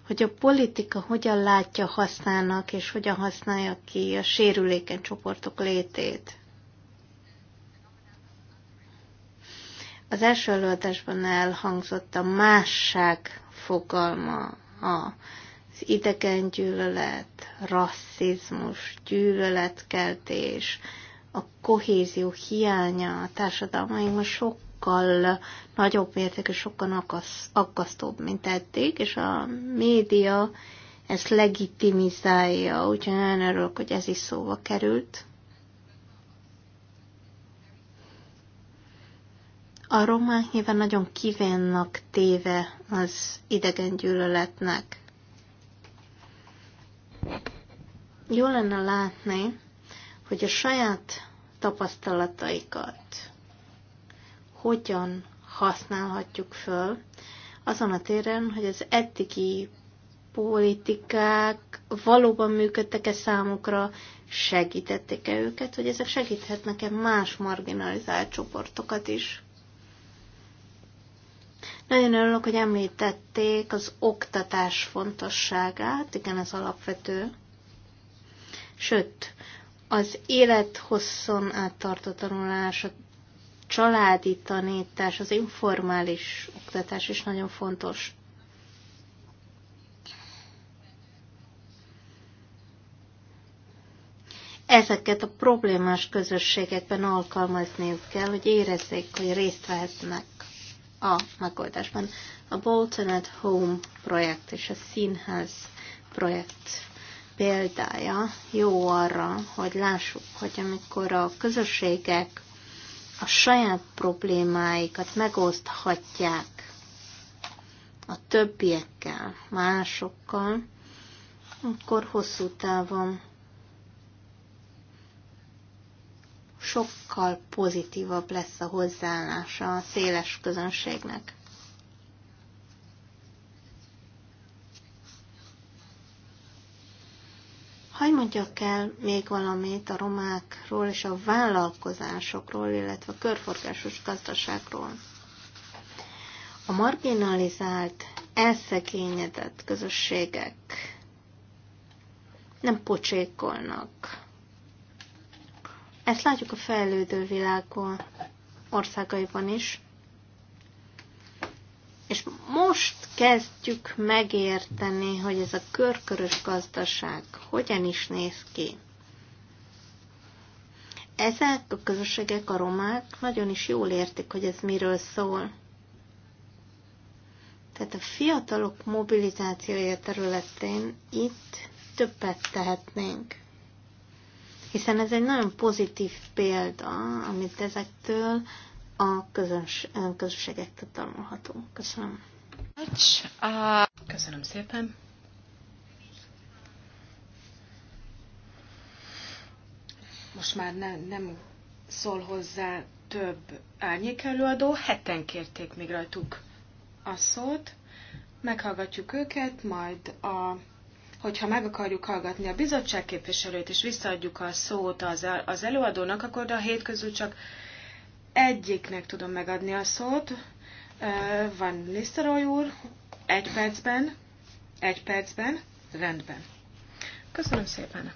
hogy a politika hogyan látja használnak, és hogyan használja ki a sérülékeny csoportok létét. Az első előadásban elhangzott a másság fogalma, az idegen gyűlölet, rasszizmus, gyűlöletkeltés, a kohézió hiánya a társadalmainkban sok sokkal nagyobb mértékű, sokkal aggasztóbb, mint eddig, és a média ezt legitimizálja, úgyhogy nagyon örülök, hogy ez is szóba került. A román nyilván nagyon kivénnak téve az idegen gyűlöletnek. Jó lenne látni, hogy a saját tapasztalataikat hogyan használhatjuk föl azon a téren, hogy az etiki politikák valóban működtek-e számukra, segítették-e őket, hogy ezek segíthetnek-e más marginalizált csoportokat is. Nagyon örülök, hogy említették az oktatás fontosságát, igen, ez alapvető. Sőt, az élethosszon áttartó tanulás, a családi tanítás, az informális oktatás is nagyon fontos. Ezeket a problémás közösségekben alkalmazniuk kell, hogy érezzék, hogy részt vehetnek a megoldásban. A Bolton at Home projekt és a Színház projekt példája jó arra, hogy lássuk, hogy amikor a közösségek a saját problémáikat megoszthatják a többiekkel, másokkal, akkor hosszú távon sokkal pozitívabb lesz a hozzáállása a széles közönségnek. Hogy mondjak el még valamit a romákról és a vállalkozásokról, illetve a körforgásos gazdaságról. A marginalizált, elszegényedett közösségek nem pocsékolnak. Ezt látjuk a fejlődő világon országaiban is, és most kezdjük megérteni, hogy ez a körkörös gazdaság hogyan is néz ki. Ezek a közösségek, a romák nagyon is jól értik, hogy ez miről szól. Tehát a fiatalok mobilizációja területén itt többet tehetnénk. Hiszen ez egy nagyon pozitív példa, amit ezektől a közöns, közösségektől tanulhatunk. Köszönöm. Köszönöm szépen. Most már ne, nem szól hozzá több árnyék előadó, heten kérték még rajtuk a szót. Meghallgatjuk őket, majd a hogyha meg akarjuk hallgatni a bizottság képviselőt, és visszaadjuk a szót az, az előadónak, akkor a hét közül csak egyiknek tudom megadni a szót. Van Lisztaroly úr, egy percben, egy percben, rendben. Köszönöm szépen.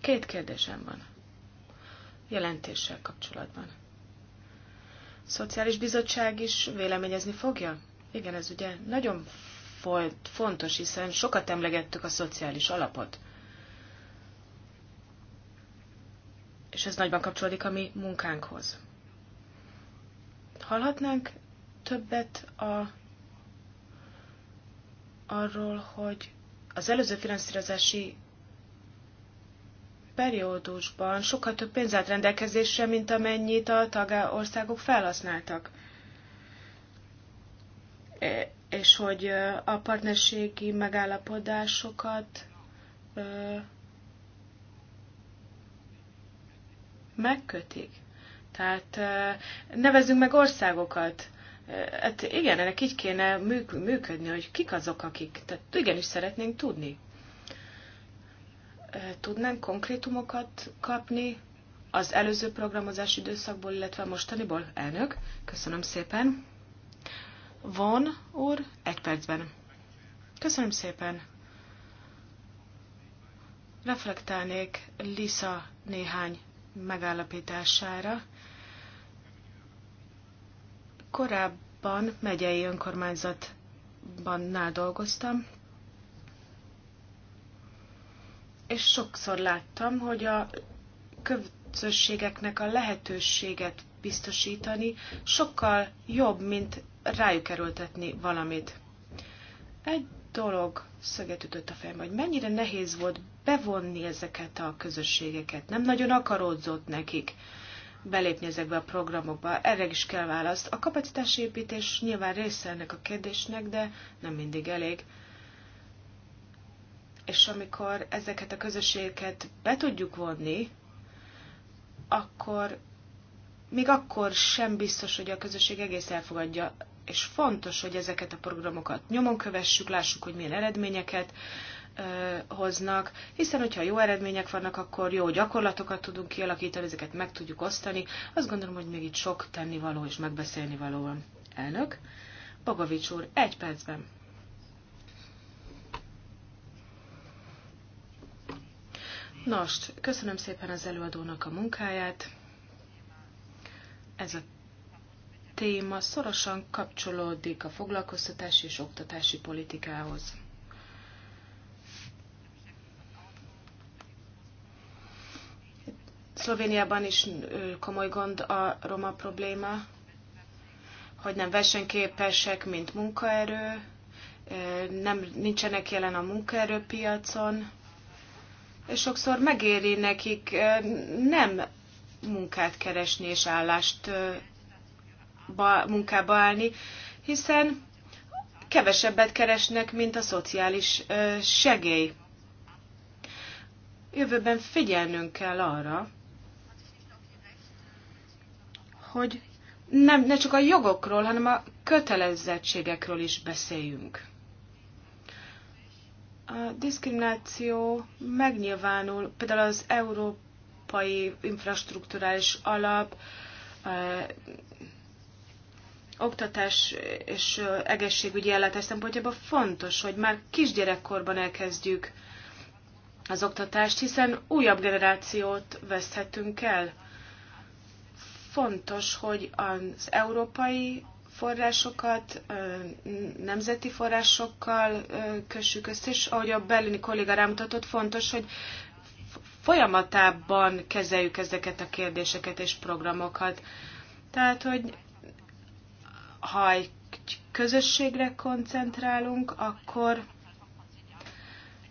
Két kérdésem van. Jelentéssel kapcsolatban. Szociális Bizottság is véleményezni fogja? Igen, ez ugye nagyon fontos, hiszen sokat emlegettük a szociális alapot. És ez nagyban kapcsolódik a mi munkánkhoz hallhatnánk többet a, arról, hogy az előző finanszírozási periódusban sokkal több pénz állt rendelkezésre, mint amennyit a tagországok felhasználtak. E, és hogy a partnerségi megállapodásokat megkötik. Tehát nevezzünk meg országokat. Hát igen, ennek így kéne működni, hogy kik azok, akik. Tehát igenis szeretnénk tudni. Tudnánk konkrétumokat kapni az előző programozási időszakból, illetve mostaniból? Elnök, köszönöm szépen. Von úr, egy percben. Köszönöm szépen. Reflektálnék Lisa néhány megállapítására, Korábban megyei önkormányzatban dolgoztam, és sokszor láttam, hogy a közösségeknek a lehetőséget biztosítani sokkal jobb, mint rájuk erőltetni valamit. Egy dolog szöget ütött a fejembe, hogy mennyire nehéz volt bevonni ezeket a közösségeket. Nem nagyon akaródzott nekik belépni ezekbe a programokba. Erre is kell választ. A kapacitásépítés nyilván része ennek a kérdésnek, de nem mindig elég. És amikor ezeket a közösségeket be tudjuk vonni, akkor még akkor sem biztos, hogy a közösség egész elfogadja, és fontos, hogy ezeket a programokat nyomon kövessük, lássuk, hogy milyen eredményeket hoznak, hiszen hogyha jó eredmények vannak, akkor jó gyakorlatokat tudunk kialakítani, ezeket meg tudjuk osztani. Azt gondolom, hogy még itt sok tennivaló és megbeszélni való van. Elnök, Bogovics úr, egy percben. Nos, köszönöm szépen az előadónak a munkáját. Ez a téma szorosan kapcsolódik a foglalkoztatási és oktatási politikához. Szlovéniában is komoly gond a roma probléma, hogy nem versenyképesek, mint munkaerő, nem, nincsenek jelen a munkaerőpiacon, és sokszor megéri nekik nem munkát keresni és állást munkába állni, hiszen kevesebbet keresnek, mint a szociális segély. Jövőben figyelnünk kell arra, hogy nem, ne csak a jogokról, hanem a kötelezettségekről is beszéljünk. A diszkrimináció megnyilvánul például az európai infrastruktúrális alap, oktatás és egészségügyi ellátás szempontjából fontos, hogy már kisgyerekkorban elkezdjük az oktatást, hiszen újabb generációt veszhetünk el fontos, hogy az európai forrásokat nemzeti forrásokkal kössük össze, és ahogy a berlini kolléga rámutatott, fontos, hogy folyamatában kezeljük ezeket a kérdéseket és programokat. Tehát, hogy ha egy közösségre koncentrálunk, akkor,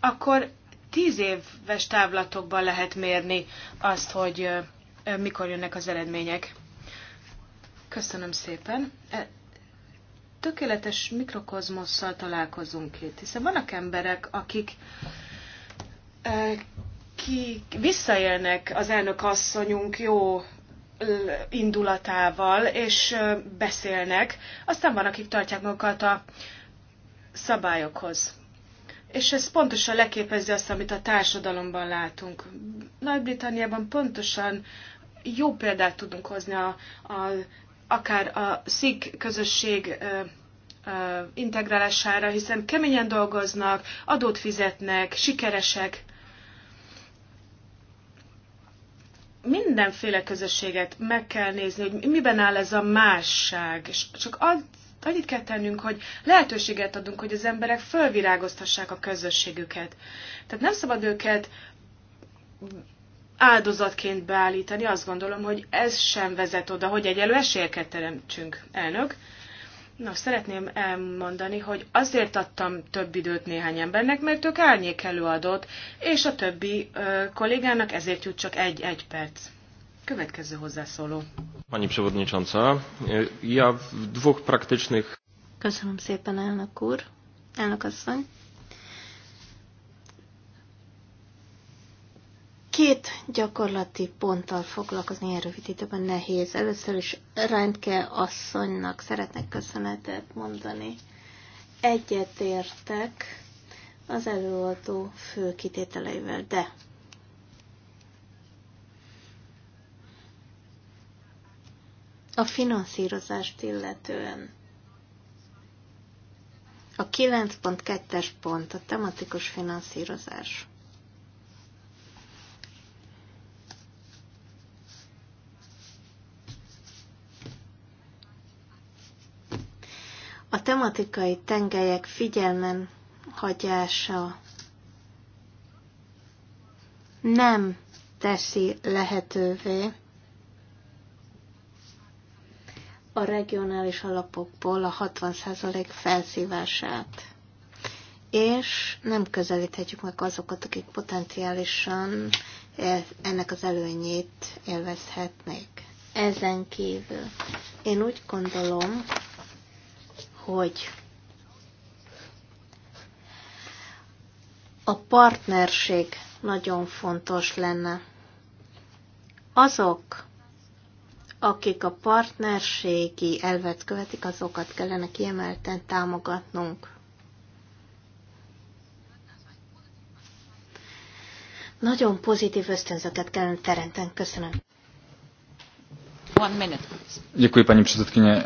akkor tíz éves távlatokban lehet mérni azt, hogy Eh, mikor jönnek az eredmények. Köszönöm szépen. Eh, tökéletes mikrokozmosszal találkozunk itt, hiszen vannak emberek, akik eh, ki visszaélnek az elnök asszonyunk jó indulatával, és beszélnek, aztán van, akik tartják magukat a szabályokhoz. És ez pontosan leképezi azt, amit a társadalomban látunk. Nagy-Britanniában pontosan jó példát tudunk hozni a, a, akár a szik közösség ö, ö, integrálására, hiszen keményen dolgoznak, adót fizetnek, sikeresek. Mindenféle közösséget meg kell nézni, hogy miben áll ez a másság. És csak az annyit kell tennünk, hogy lehetőséget adunk, hogy az emberek fölvirágoztassák a közösségüket. Tehát nem szabad őket áldozatként beállítani, azt gondolom, hogy ez sem vezet oda, hogy egyelő esélyeket teremtsünk, elnök. Na, szeretném elmondani, hogy azért adtam több időt néhány embernek, mert ők árnyék előadott, és a többi ö, kollégának ezért jut csak egy-egy perc. Következő hozzászóló. Pani Przewodnicząca, ja w dwóch praktycznych... Köszönöm szépen, elnök úr, elnök asszony. Két gyakorlati ponttal foglalkozni ilyen rövid időben nehéz. Először is Rendke asszonynak szeretnék köszönetet mondani. Egyetértek az előadó fő kitételeivel, de A finanszírozást illetően. A 9.2-es pont a tematikus finanszírozás. A tematikai tengelyek figyelmen hagyása nem teszi lehetővé, a regionális alapokból a 60% felszívását. És nem közelíthetjük meg azokat, akik potenciálisan e, ennek az előnyét élvezhetnék. Ezen kívül én úgy gondolom, hogy a partnerség nagyon fontos lenne. Azok, akik a partnerségi elvet követik, azokat kellene kiemelten támogatnunk. Nagyon pozitív ösztönzöket kellene teremteni. Köszönöm. Děkuji, paní předsedkyně.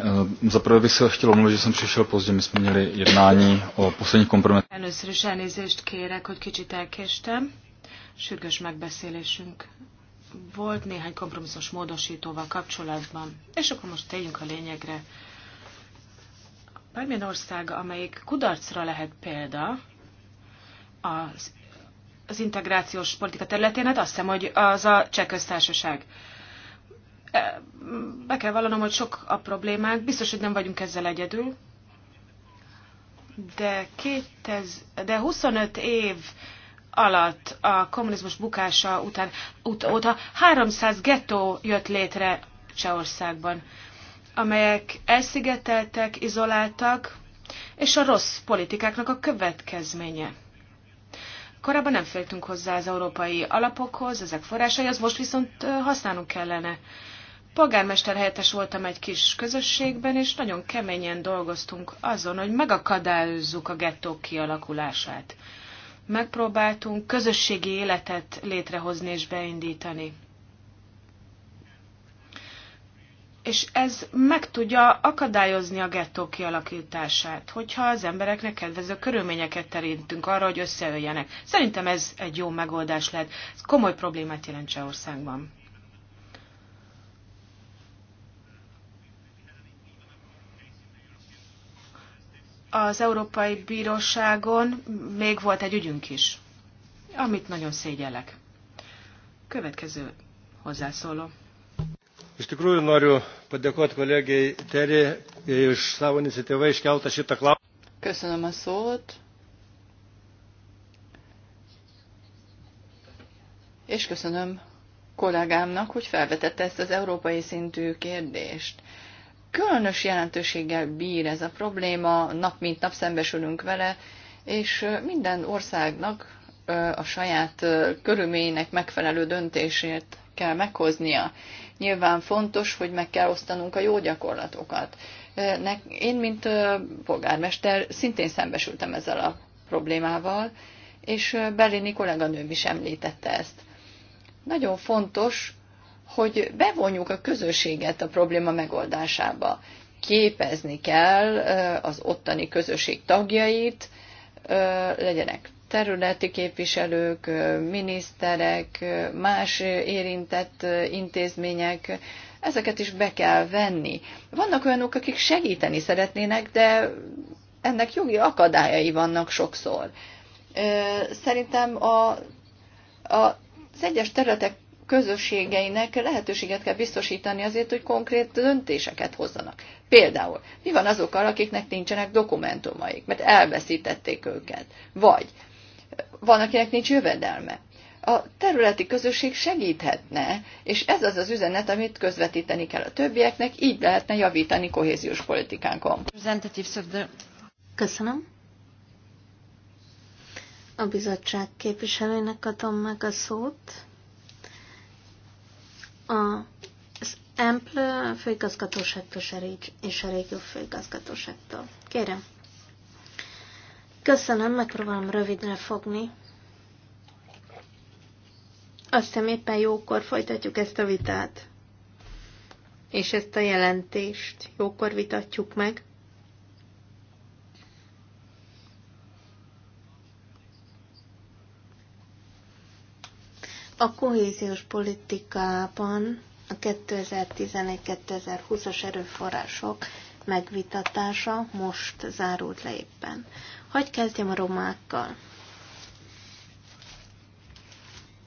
prvé bych se chtěl omluvit, že jsem přišel pozdě. My jsme měli jednání o posledních kompromisech. Először is elnézést kérek, hogy kicsit elkéstem. Sürgős megbeszélésünk volt néhány kompromisszos módosítóval kapcsolatban. És akkor most tegyünk a lényegre. Bármilyen ország, amelyik kudarcra lehet példa az, az integrációs politika területén, hát azt hiszem, hogy az a cseh köztársaság. E, be kell vallanom, hogy sok a problémánk, biztos, hogy nem vagyunk ezzel egyedül, de, 2000, de 25 év alatt, a kommunizmus bukása után, ut- óta 300 gettó jött létre Csehországban, amelyek elszigeteltek, izoláltak, és a rossz politikáknak a következménye. Korábban nem féltünk hozzá az európai alapokhoz, ezek forrásai, az most viszont használnunk kellene. Polgármester helyettes voltam egy kis közösségben, és nagyon keményen dolgoztunk azon, hogy megakadályozzuk a gettók kialakulását megpróbáltunk közösségi életet létrehozni és beindítani. És ez meg tudja akadályozni a gettó kialakítását, hogyha az embereknek kedvező körülményeket terintünk arra, hogy összeöljenek. Szerintem ez egy jó megoldás lehet. Ez komoly problémát jelent Csehországban. az Európai Bíróságon még volt egy ügyünk is, amit nagyon szégyellek. Következő hozzászóló. Iš tikrųjų noriu padėkoti kolegijai Terė iš savo iniciatyvą iškeltą šitą klausimą. Köszönöm a szót. És köszönöm kollégámnak, hogy felvetette ezt az európai szintű kérdést különös jelentőséggel bír ez a probléma, nap mint nap szembesülünk vele, és minden országnak a saját körülménynek megfelelő döntését kell meghoznia. Nyilván fontos, hogy meg kell osztanunk a jó gyakorlatokat. Én, mint polgármester, szintén szembesültem ezzel a problémával, és Berlini kolléganőm is említette ezt. Nagyon fontos, hogy bevonjuk a közösséget a probléma megoldásába. Képezni kell az ottani közösség tagjait, legyenek területi képviselők, miniszterek, más érintett intézmények, ezeket is be kell venni. Vannak olyanok, akik segíteni szeretnének, de ennek jogi akadályai vannak sokszor. Szerintem a, a, az egyes területek közösségeinek lehetőséget kell biztosítani azért, hogy konkrét döntéseket hozzanak. Például, mi van azokkal, akiknek nincsenek dokumentumaik, mert elveszítették őket, vagy van, akinek nincs jövedelme. A területi közösség segíthetne, és ez az az üzenet, amit közvetíteni kell a többieknek, így lehetne javítani kohéziós politikánkon. Köszönöm. A bizottság képviselőinek adom meg a szót az Ample főigazgatóságtól és a régió főigazgatóságtól. Kérem. Köszönöm, megpróbálom rövidre fogni. Azt hiszem éppen jókor folytatjuk ezt a vitát. És ezt a jelentést jókor vitatjuk meg. A kohéziós politikában a 2011-2020-as erőforrások megvitatása most zárult le éppen. Hogy kezdjem a romákkal?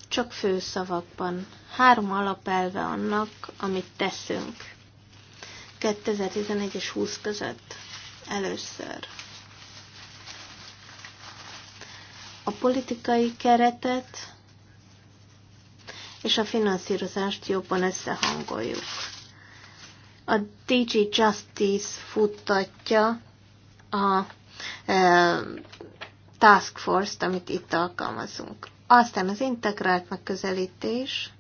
Csak főszavakban. Három alapelve annak, amit teszünk. 2011 és 20 között először. A politikai keretet és a finanszírozást jobban összehangoljuk. A DG Justice futtatja a e, task force-t, amit itt alkalmazunk. Aztán az integrált megközelítés,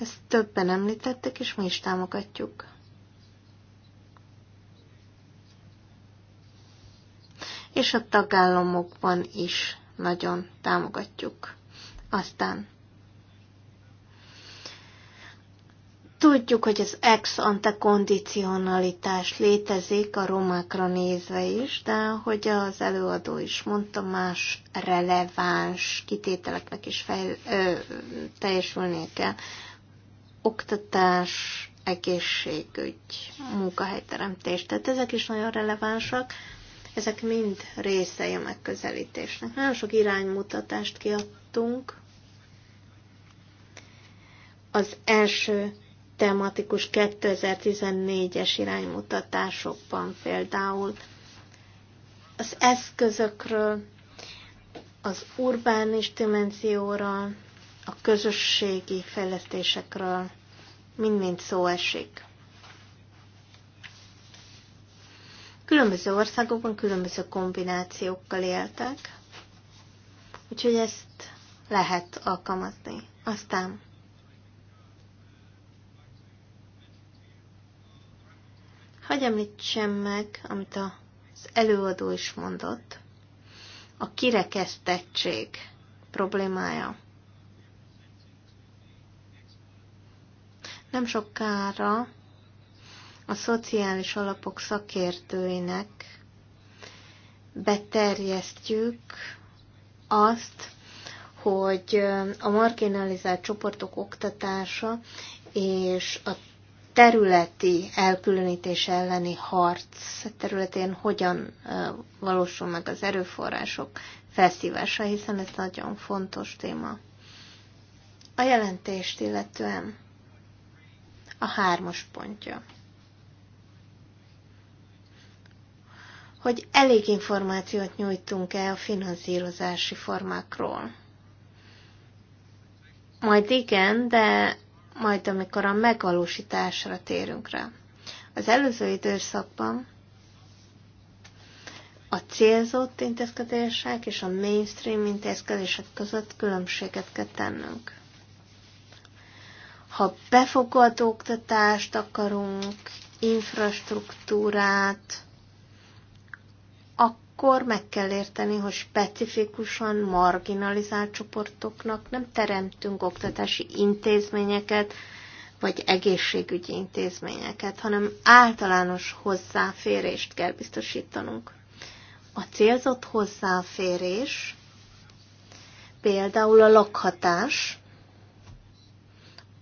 ezt többen említettek, és mi is támogatjuk. És a tagállamokban is nagyon támogatjuk. Aztán Tudjuk, hogy az ex ante kondicionalitás létezik a romákra nézve is, de hogy az előadó is mondta, más releváns kitételeknek is fejl, ö, teljesülnie kell. Oktatás, egészségügy, munkahelyteremtés, tehát ezek is nagyon relevánsak. Ezek mind részei a megközelítésnek. Nagyon sok iránymutatást kiadtunk. Az első tematikus 2014-es iránymutatásokban például az eszközökről, az urbánis dimenzióra, a közösségi fejlesztésekről mind-mind szó esik. Különböző országokban különböző kombinációkkal éltek, úgyhogy ezt lehet alkalmazni. Aztán hagyj említsem meg, amit az előadó is mondott, a kirekesztettség problémája. Nem sokára a szociális alapok szakértőinek beterjesztjük azt, hogy a marginalizált csoportok oktatása és a területi elkülönítés elleni harc területén hogyan valósul meg az erőforrások felszívása, hiszen ez nagyon fontos téma. A jelentést illetően a hármas pontja. Hogy elég információt nyújtunk-e a finanszírozási formákról. Majd igen, de majd amikor a megvalósításra térünk rá. Az előző időszakban a célzott intézkedések és a mainstream intézkedések között különbséget kell tennünk. Ha befogadó oktatást akarunk, infrastruktúrát, akkor meg kell érteni, hogy specifikusan marginalizált csoportoknak nem teremtünk oktatási intézményeket, vagy egészségügyi intézményeket, hanem általános hozzáférést kell biztosítanunk. A célzott hozzáférés például a lakhatás,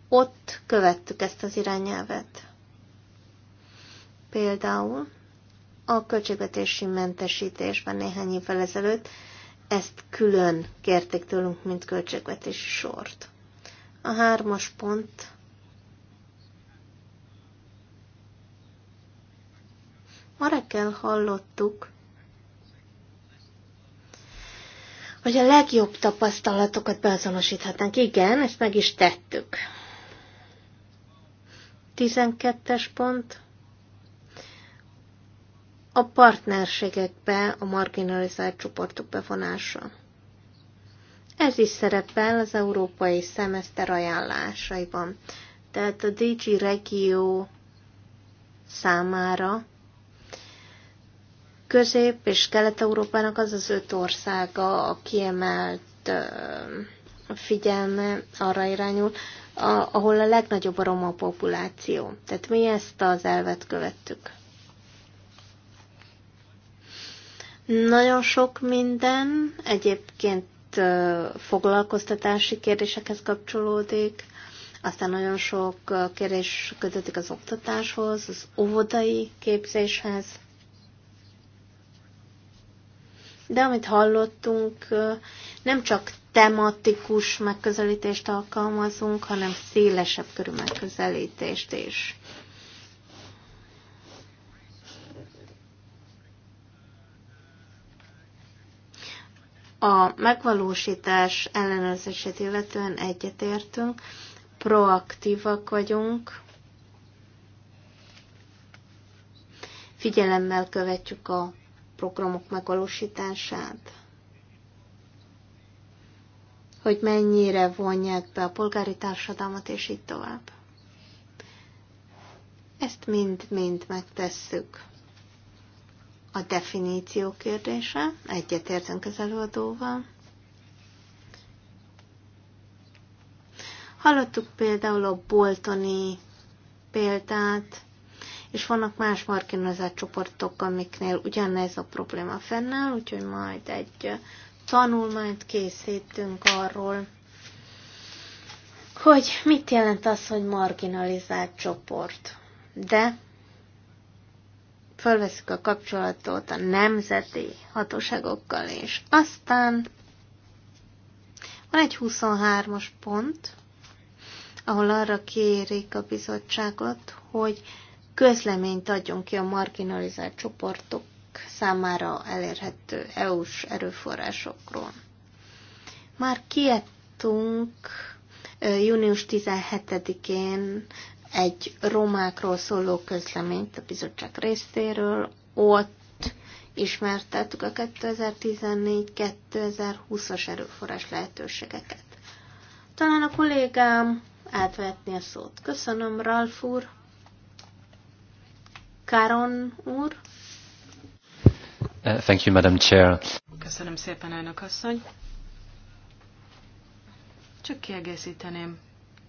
ott követtük ezt az irányelvet. Például a költségvetési mentesítésben néhány évvel ezelőtt ezt külön kérték tőlünk, mint költségvetési sort. A hármas pont Ma reggel hallottuk, hogy a legjobb tapasztalatokat beazonosíthatnánk. Igen, ezt meg is tettük. 12-es pont a partnerségekbe a marginalizált csoportok bevonása. Ez is szerepel az európai szemeszter ajánlásaiban. Tehát a DG Regió számára Közép- és Kelet-Európának az az öt országa a kiemelt figyelme arra irányul, ahol a legnagyobb a roma populáció. Tehát mi ezt az elvet követtük. Nagyon sok minden egyébként foglalkoztatási kérdésekhez kapcsolódik, aztán nagyon sok kérdés kötődik az oktatáshoz, az óvodai képzéshez. De amit hallottunk, nem csak tematikus megközelítést alkalmazunk, hanem szélesebb körű megközelítést is. A megvalósítás ellenőrzését illetően egyetértünk, proaktívak vagyunk, figyelemmel követjük a programok megvalósítását, hogy mennyire vonják be a polgári társadalmat, és így tovább. Ezt mind-mind megtesszük a definíció kérdése, egyetértünk az előadóval. Hallottuk például a boltoni példát, és vannak más marginalizált csoportok, amiknél ugyanez a probléma fennáll, úgyhogy majd egy tanulmányt készítünk arról, hogy mit jelent az, hogy marginalizált csoport. De felveszik a kapcsolatot a nemzeti hatóságokkal, és aztán van egy 23-as pont, ahol arra kérik a bizottságot, hogy közleményt adjon ki a marginalizált csoportok számára elérhető EU-s erőforrásokról. Már kiettünk június 17-én egy romákról szóló közleményt a bizottság részéről. Ott ismertettük a 2014-2020-as erőforrás lehetőségeket. Talán a kollégám átvetni a szót. Köszönöm, Ralf úr. Karon úr. Uh, thank you, Madam Chair. Köszönöm szépen, elnök asszony. Csak kiegészíteném,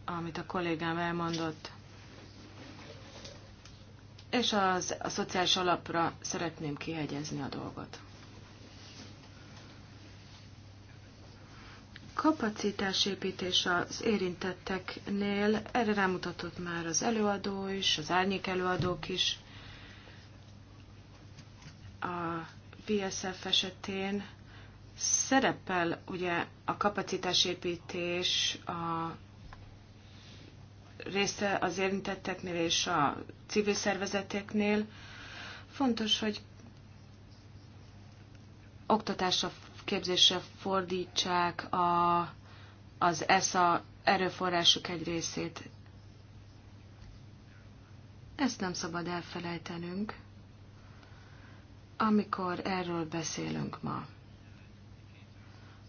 amit a kollégám elmondott és az, a szociális alapra szeretném kihegyezni a dolgot. kapacitásépítés az érintetteknél, erre rámutatott már az előadó is, az árnyék előadók is. A VSF esetén szerepel ugye a kapacitásépítés a része az érintetteknél és a civil szervezeteknél. Fontos, hogy oktatásra, képzésre fordítsák a, az ESA erőforrásuk egy részét. Ezt nem szabad elfelejtenünk, amikor erről beszélünk ma.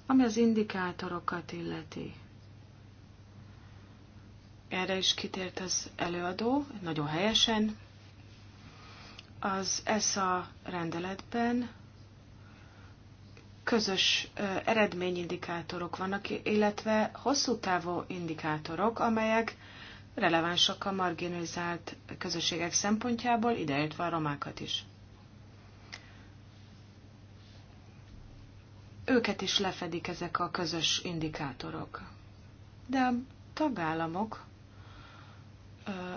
Ami az indikátorokat illeti erre is kitért az előadó, nagyon helyesen. Az ESA rendeletben közös eredményindikátorok vannak, illetve hosszú távú indikátorok, amelyek relevánsak a marginalizált közösségek szempontjából, ideértve a romákat is. Őket is lefedik ezek a közös indikátorok. De a tagállamok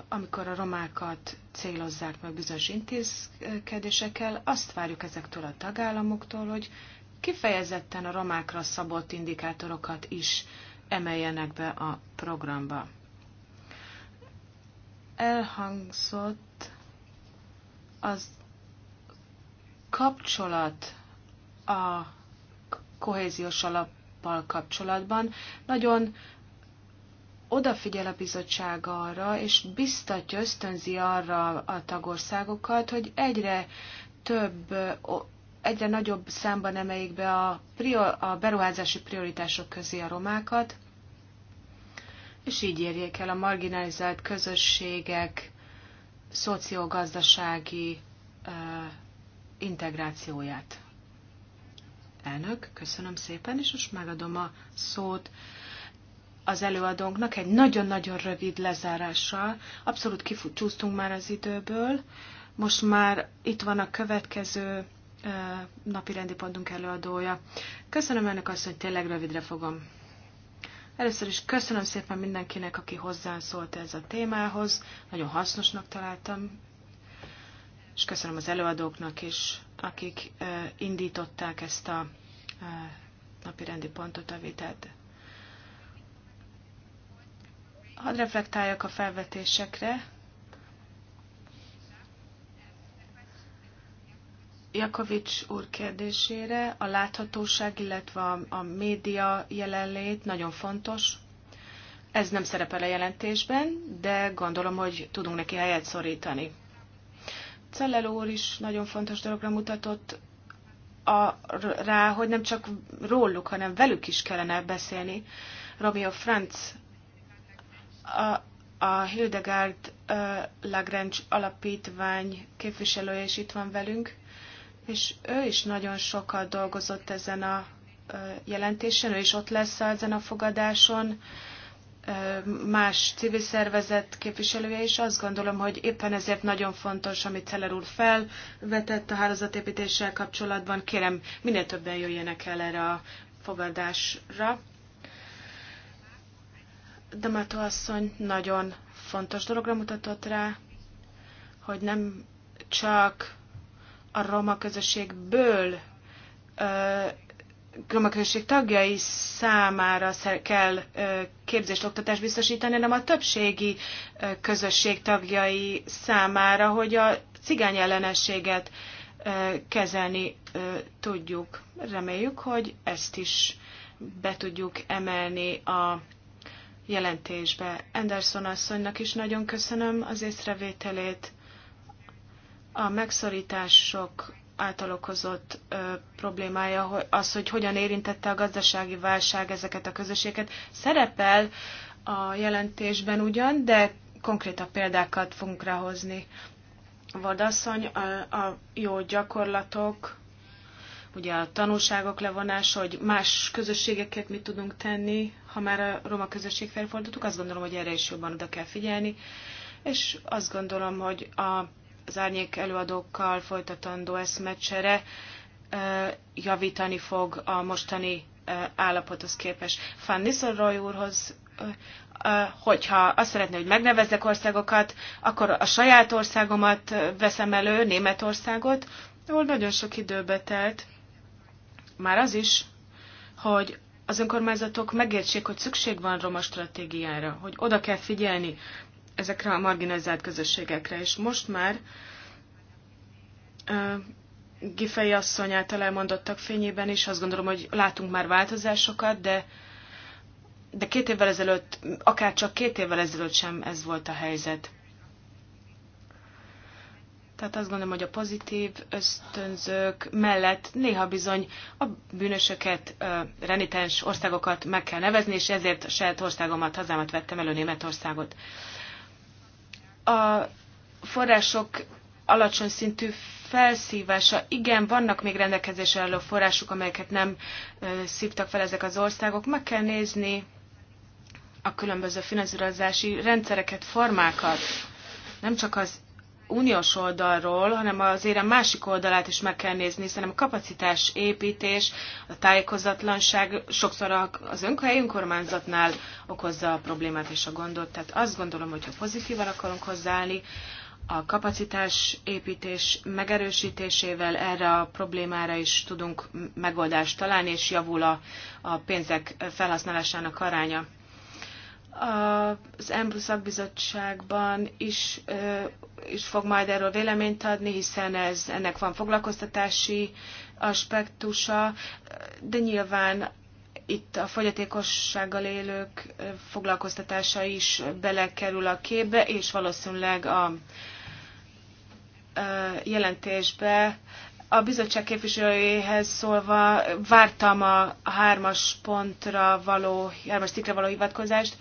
amikor a romákat célozzák meg bizonyos intézkedésekkel, azt várjuk ezektől a tagállamoktól, hogy kifejezetten a romákra szabott indikátorokat is emeljenek be a programba. Elhangzott az kapcsolat a kohéziós alappal kapcsolatban. Nagyon odafigyel a bizottság arra, és biztatja, ösztönzi arra a tagországokat, hogy egyre több, egyre nagyobb számban emeljék be a, prior, a beruházási prioritások közé a romákat, és így érjék el a marginalizált közösségek szociogazdasági uh, integrációját. Elnök, köszönöm szépen, és most megadom a szót az előadónknak egy nagyon-nagyon rövid lezárással. Abszolút kicsúsztunk már az időből. Most már itt van a következő napi rendi pontunk előadója. Köszönöm önök azt, hogy tényleg rövidre fogom. Először is köszönöm szépen mindenkinek, aki hozzászólt ez a témához. Nagyon hasznosnak találtam, és köszönöm az előadóknak is, akik indították ezt a napi rendi pontot, a vitát. Hadd reflektáljak a felvetésekre. Jakovics úr kérdésére a láthatóság, illetve a, a média jelenlét nagyon fontos. Ez nem szerepel a jelentésben, de gondolom, hogy tudunk neki helyet szorítani. Cellel úr is nagyon fontos dologra mutatott a, rá, hogy nem csak róluk, hanem velük is kellene beszélni. Romeo Franz a, a Hildegard uh, Lagrange alapítvány képviselője is itt van velünk, és ő is nagyon sokat dolgozott ezen a uh, jelentésen, ő is ott lesz ezen a fogadáson, uh, más civil szervezet képviselője is. Azt gondolom, hogy éppen ezért nagyon fontos, amit Celer úr felvetett a hálózatépítéssel kapcsolatban. Kérem, minél többen jöjjenek el erre a fogadásra Damato asszony nagyon fontos dologra mutatott rá, hogy nem csak a roma közösségből roma közösség tagjai számára kell képzést, oktatást biztosítani, hanem a többségi közösség tagjai számára, hogy a cigány ellenességet kezelni tudjuk. Reméljük, hogy ezt is be tudjuk emelni a jelentésbe. Anderson asszonynak is nagyon köszönöm az észrevételét. A megszorítások által okozott ö, problémája az, hogy hogyan érintette a gazdasági válság ezeket a közösséget. Szerepel a jelentésben ugyan, de konkrétabb példákat fogunk ráhozni. Vadasszony, a, a jó gyakorlatok, ugye a tanulságok levonása, hogy más közösségeket mit tudunk tenni, ha már a roma közösség felfordultuk, azt gondolom, hogy erre is jobban oda kell figyelni, és azt gondolom, hogy a, az árnyék előadókkal folytatandó eszmecsere javítani fog a mostani állapothoz képest. Fanny Nisselroy úrhoz hogyha azt szeretné, hogy megnevezzek országokat, akkor a saját országomat veszem elő, Németországot, ahol nagyon sok időbe telt, már az is, hogy az önkormányzatok megértsék, hogy szükség van roma stratégiára, hogy oda kell figyelni ezekre a marginalizált közösségekre, és most már uh, Gifei asszony által elmondottak fényében is azt gondolom, hogy látunk már változásokat, de, de két évvel ezelőtt, akár csak két évvel ezelőtt sem ez volt a helyzet. Tehát azt gondolom, hogy a pozitív ösztönzők mellett néha bizony a bűnösöket, renitens országokat meg kell nevezni, és ezért a saját országomat, hazámat vettem elő Németországot. A források alacsony szintű felszívása. Igen, vannak még rendelkezésre álló források, amelyeket nem szívtak fel ezek az országok. Meg kell nézni a különböző finanszírozási rendszereket, formákat. Nem csak az uniós oldalról, hanem az érem másik oldalát is meg kell nézni, hiszen a kapacitás építés, a tájékozatlanság sokszor az önkhelyi önkormányzatnál okozza a problémát és a gondot. Tehát azt gondolom, hogy ha pozitívan akarunk hozzáállni, a kapacitás építés megerősítésével erre a problémára is tudunk megoldást találni, és javul a, a pénzek felhasználásának aránya az EMBU szakbizottságban is, is fog majd erről véleményt adni, hiszen ez, ennek van foglalkoztatási aspektusa, de nyilván itt a fogyatékossággal élők foglalkoztatása is belekerül a képbe, és valószínűleg a jelentésbe a bizottság képviselőjéhez szólva vártam a hármas pontra való, hármas cikkre való hivatkozást,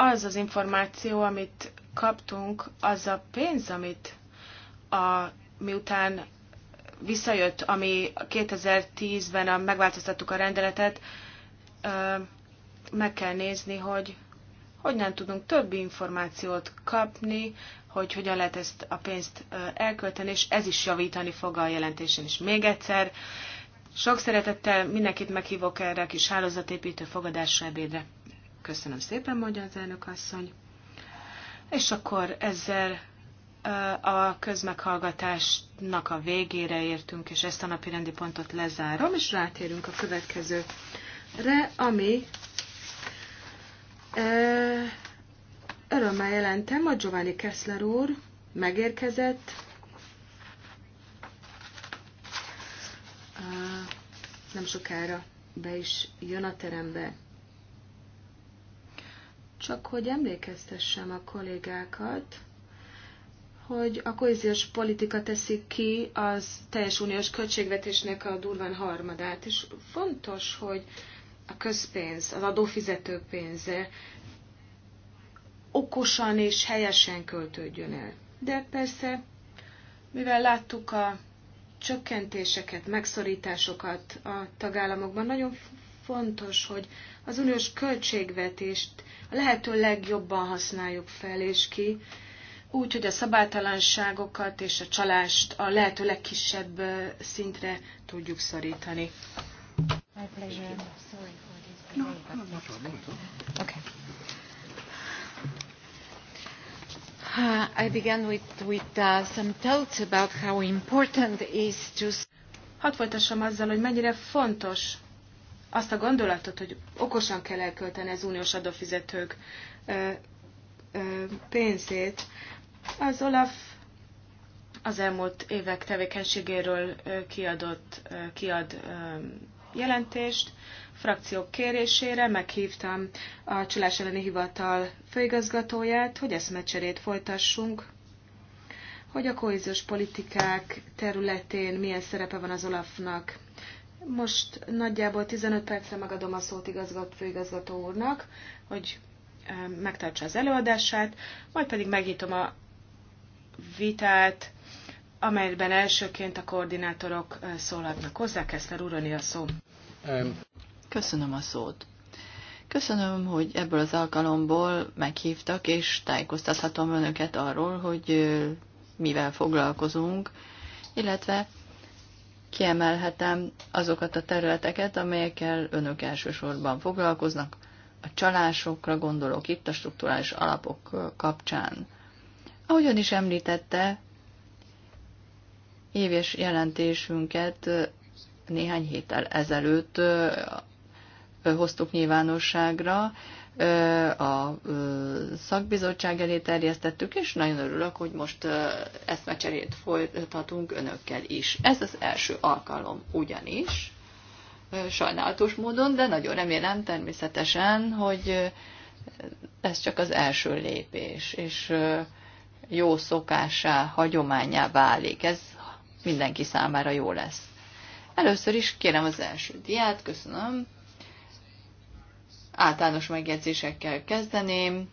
az az információ, amit kaptunk, az a pénz, amit a, miután visszajött, ami 2010-ben megváltoztattuk a rendeletet, meg kell nézni, hogy hogyan tudunk több információt kapni, hogy hogyan lehet ezt a pénzt elkölteni, és ez is javítani fog a jelentésen is. Még egyszer, sok szeretettel mindenkit meghívok erre a kis hálózatépítő fogadásra ebédre. Köszönöm szépen, mondja az elnök asszony. És akkor ezzel a közmeghallgatásnak a végére értünk, és ezt a napi rendi pontot lezárom, és rátérünk a következőre, ami örömmel jelentem, a Giovanni Kessler úr megérkezett, nem sokára be is jön a terembe. Csak hogy emlékeztessem a kollégákat, hogy a kohéziós politika teszi ki az teljes uniós költségvetésnek a durván harmadát, és fontos, hogy a közpénz, az adófizető pénze okosan és helyesen költődjön el. De persze, mivel láttuk a csökkentéseket, megszorításokat a tagállamokban, nagyon fontos, hogy az uniós költségvetést a lehető legjobban használjuk fel és ki, úgy, hogy a szabálytalanságokat és a csalást a lehető legkisebb szintre tudjuk szorítani. I with, with uh, some thoughts about how important is to... Hadd folytassam azzal, hogy mennyire fontos azt a gondolatot, hogy okosan kell elkölteni az uniós adófizetők pénzét, az Olaf az elmúlt évek tevékenységéről kiadott, kiad jelentést, frakciók kérésére meghívtam a csalás elleni hivatal főigazgatóját, hogy eszmecserét folytassunk, hogy a kohéziós politikák területén milyen szerepe van az Olafnak most nagyjából 15 percre megadom a szót igazgató, főigazgató úrnak, hogy megtartsa az előadását, majd pedig megnyitom a vitát, amelyben elsőként a koordinátorok szólhatnak hozzá. Keszler úr, a szó. Köszönöm a szót. Köszönöm, hogy ebből az alkalomból meghívtak, és tájékoztathatom önöket arról, hogy mivel foglalkozunk, illetve kiemelhetem azokat a területeket, amelyekkel önök elsősorban foglalkoznak. A csalásokra gondolok itt a strukturális alapok kapcsán. Ahogyan is említette, éves jelentésünket néhány héttel ezelőtt hoztuk nyilvánosságra, a szakbizottság elé terjesztettük, és nagyon örülök, hogy most eszmecserét folytatunk önökkel is. Ez az első alkalom ugyanis, sajnálatos módon, de nagyon remélem természetesen, hogy ez csak az első lépés, és jó szokásá, hagyományá válik. Ez mindenki számára jó lesz. Először is kérem az első diát, köszönöm. Általános megjegyzésekkel kezdeném.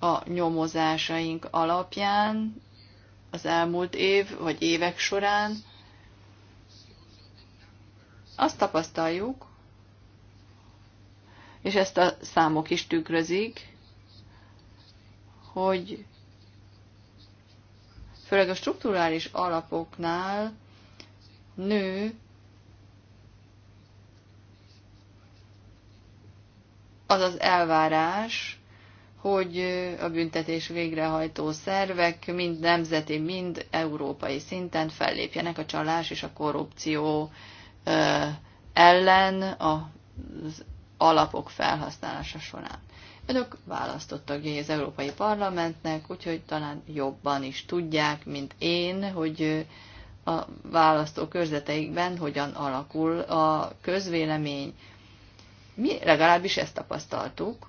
A nyomozásaink alapján az elmúlt év vagy évek során azt tapasztaljuk, és ezt a számok is tükrözik, hogy főleg a strukturális alapoknál nő az az elvárás, hogy a büntetés végrehajtó szervek mind nemzeti, mind európai szinten fellépjenek a csalás és a korrupció ellen az alapok felhasználása során. Önök választottak az Európai Parlamentnek, úgyhogy talán jobban is tudják, mint én, hogy a körzeteikben hogyan alakul a közvélemény, mi legalábbis ezt tapasztaltuk,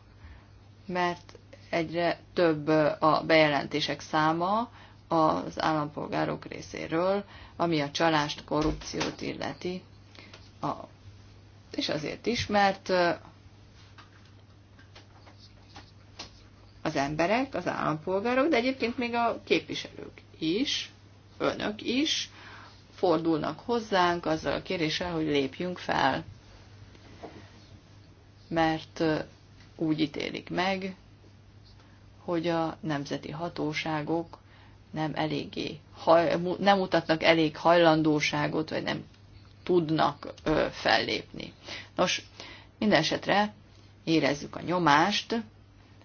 mert egyre több a bejelentések száma az állampolgárok részéről, ami a csalást, korrupciót illeti. A, és azért is, mert az emberek, az állampolgárok, de egyébként még a képviselők is, önök is fordulnak hozzánk azzal a kéréssel, hogy lépjünk fel mert úgy ítélik meg, hogy a nemzeti hatóságok nem eléggé, nem mutatnak elég hajlandóságot, vagy nem tudnak fellépni. Nos, minden esetre érezzük a nyomást,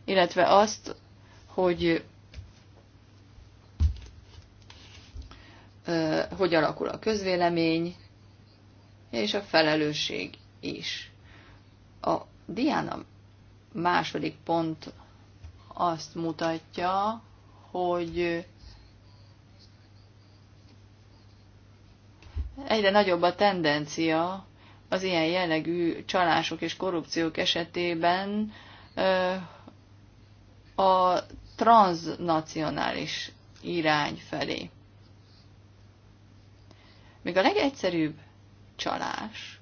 illetve azt, hogy hogy alakul a közvélemény, és a felelősség is. A dián a második pont azt mutatja, hogy egyre nagyobb a tendencia az ilyen jellegű csalások és korrupciók esetében a transnacionális irány felé. Még a legegyszerűbb csalás,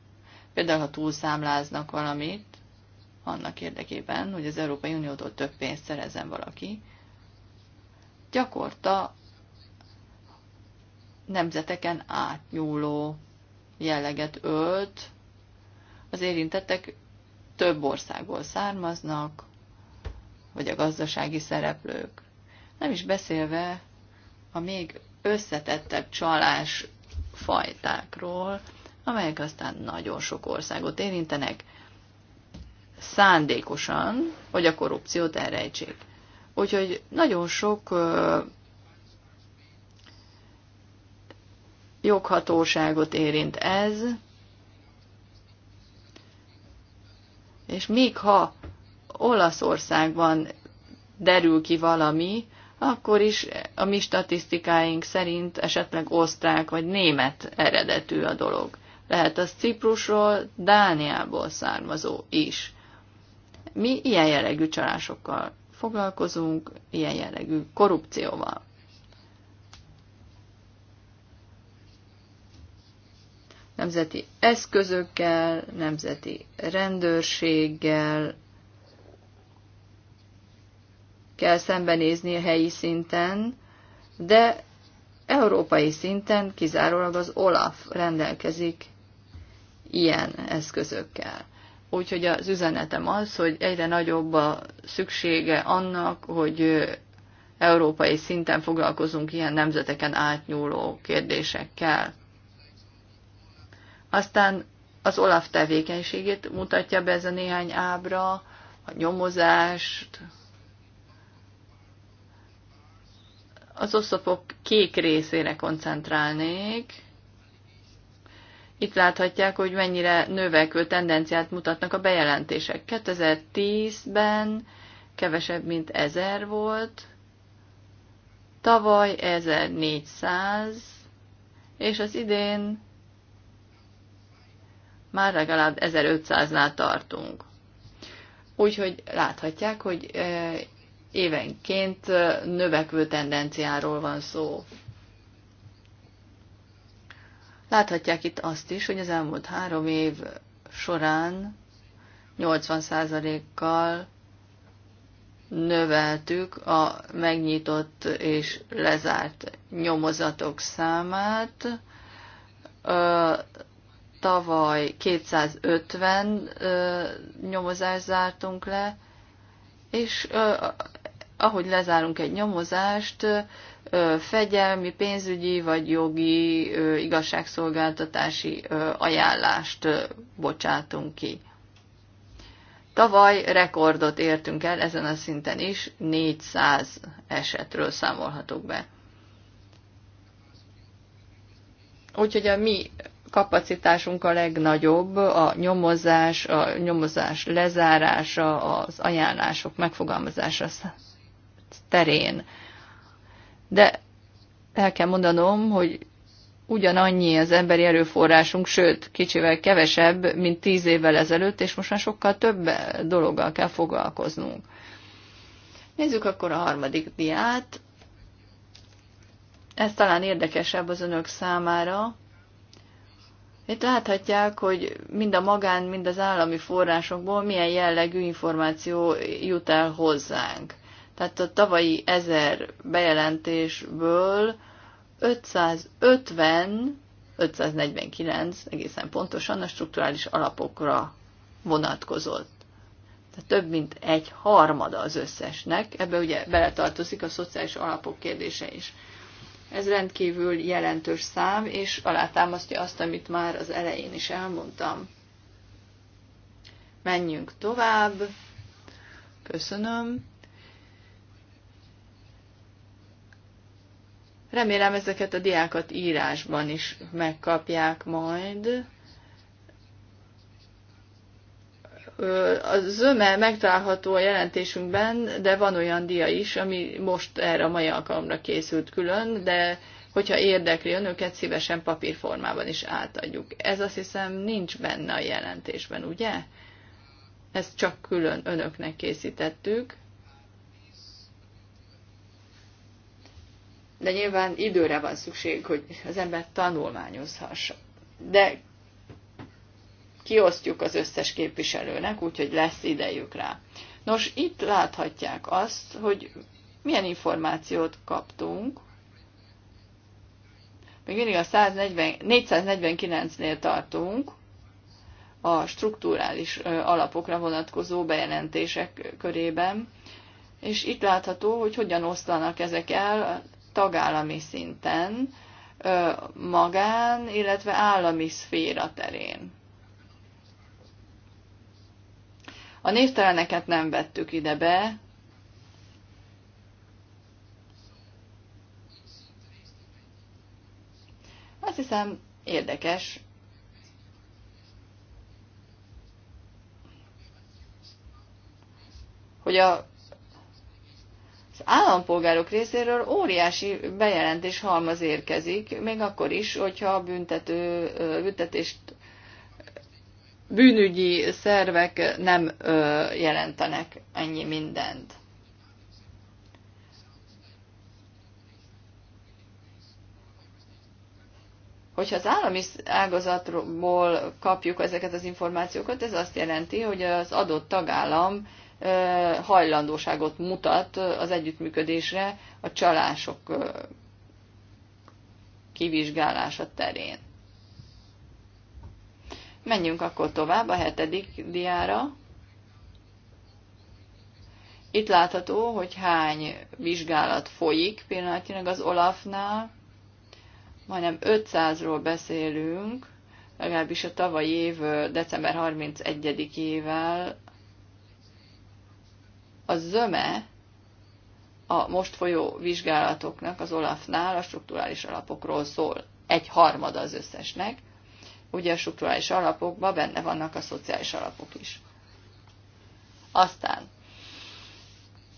például ha túlszámláznak valamit, annak érdekében, hogy az Európai Uniótól több pénzt szerezzen valaki, gyakorta nemzeteken átnyúló jelleget ölt, az érintettek több országból származnak, vagy a gazdasági szereplők. Nem is beszélve a még összetettebb csalás fajtákról, amelyek aztán nagyon sok országot érintenek, szándékosan, hogy a korrupciót elrejtsék. Úgyhogy nagyon sok joghatóságot érint ez, és még ha Olaszországban derül ki valami, akkor is a mi statisztikáink szerint esetleg osztrák vagy német eredetű a dolog. Lehet az Ciprusról, Dániából származó is mi ilyen jellegű csalásokkal foglalkozunk, ilyen jellegű korrupcióval. Nemzeti eszközökkel, nemzeti rendőrséggel kell szembenézni a helyi szinten, de európai szinten kizárólag az OLAF rendelkezik ilyen eszközökkel. Úgyhogy az üzenetem az, hogy egyre nagyobb a szüksége annak, hogy európai szinten foglalkozunk ilyen nemzeteken átnyúló kérdésekkel. Aztán az Olaf tevékenységét mutatja be ez a néhány ábra, a nyomozást, az oszlopok kék részére koncentrálnék. Itt láthatják, hogy mennyire növekvő tendenciát mutatnak a bejelentések. 2010-ben kevesebb, mint 1000 volt, tavaly 1400, és az idén már legalább 1500-nál tartunk. Úgyhogy láthatják, hogy eh, évenként eh, növekvő tendenciáról van szó. Láthatják itt azt is, hogy az elmúlt három év során 80%-kal növeltük a megnyitott és lezárt nyomozatok számát. Tavaly 250 nyomozást zártunk le, és ahogy lezárunk egy nyomozást, fegyelmi, pénzügyi vagy jogi igazságszolgáltatási ajánlást bocsátunk ki. Tavaly rekordot értünk el ezen a szinten is, 400 esetről számolhatok be. Úgyhogy a mi kapacitásunk a legnagyobb, a nyomozás, a nyomozás lezárása, az ajánlások megfogalmazása terén de el kell mondanom, hogy ugyanannyi az emberi erőforrásunk, sőt, kicsivel kevesebb, mint tíz évvel ezelőtt, és most már sokkal több dologgal kell foglalkoznunk. Nézzük akkor a harmadik diát. Ez talán érdekesebb az önök számára. Itt láthatják, hogy mind a magán, mind az állami forrásokból milyen jellegű információ jut el hozzánk. Tehát a tavalyi 1000 bejelentésből 550, 549 egészen pontosan a strukturális alapokra vonatkozott. Tehát több mint egy harmada az összesnek, ebbe ugye beletartozik a szociális alapok kérdése is. Ez rendkívül jelentős szám, és alátámasztja azt, amit már az elején is elmondtam. Menjünk tovább. Köszönöm. Remélem ezeket a diákat írásban is megkapják majd. A zöme megtalálható a jelentésünkben, de van olyan dia is, ami most erre a mai alkalomra készült külön, de hogyha érdekli önöket, szívesen papírformában is átadjuk. Ez azt hiszem nincs benne a jelentésben, ugye? Ezt csak külön önöknek készítettük. de nyilván időre van szükség, hogy az ember tanulmányozhassa. De kiosztjuk az összes képviselőnek, úgyhogy lesz idejük rá. Nos, itt láthatják azt, hogy milyen információt kaptunk. Még mindig a 140, 449-nél tartunk a strukturális alapokra vonatkozó bejelentések körében, és itt látható, hogy hogyan oszlanak ezek el tagállami szinten, magán, illetve állami szféra terén. A névteleneket nem vettük ide be, Azt hiszem érdekes. Hogy a állampolgárok részéről óriási bejelentés halmaz érkezik, még akkor is, hogyha a büntető, büntetést bűnügyi szervek nem jelentenek ennyi mindent. Hogyha az állami ágazatból kapjuk ezeket az információkat, ez azt jelenti, hogy az adott tagállam hajlandóságot mutat az együttműködésre a csalások kivizsgálása terén. Menjünk akkor tovább a hetedik diára. Itt látható, hogy hány vizsgálat folyik pillanatnyilag az Olafnál. Majdnem 500-ról beszélünk, legalábbis a tavalyi év december 31-ével a zöme a most folyó vizsgálatoknak az Olafnál a strukturális alapokról szól. Egy harmada az összesnek. Ugye a strukturális alapokban benne vannak a szociális alapok is. Aztán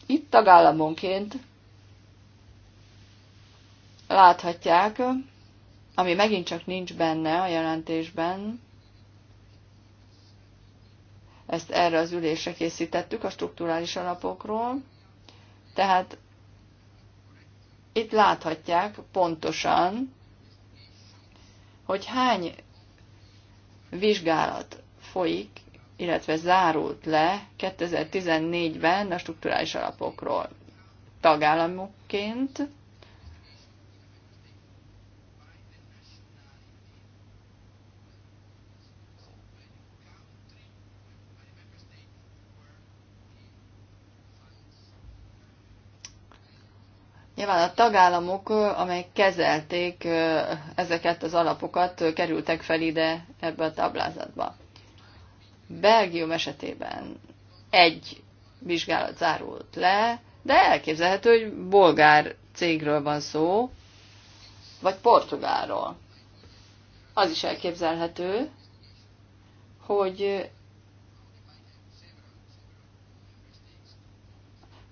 itt tagállamonként láthatják, ami megint csak nincs benne a jelentésben, ezt erre az ülésre készítettük a strukturális alapokról. Tehát itt láthatják pontosan, hogy hány vizsgálat folyik, illetve zárult le 2014-ben a strukturális alapokról tagállamokként, Nyilván a tagállamok, amelyek kezelték ezeket az alapokat, kerültek fel ide ebbe a táblázatba. Belgium esetében egy vizsgálat zárult le, de elképzelhető, hogy bolgár cégről van szó, vagy portugálról. Az is elképzelhető, hogy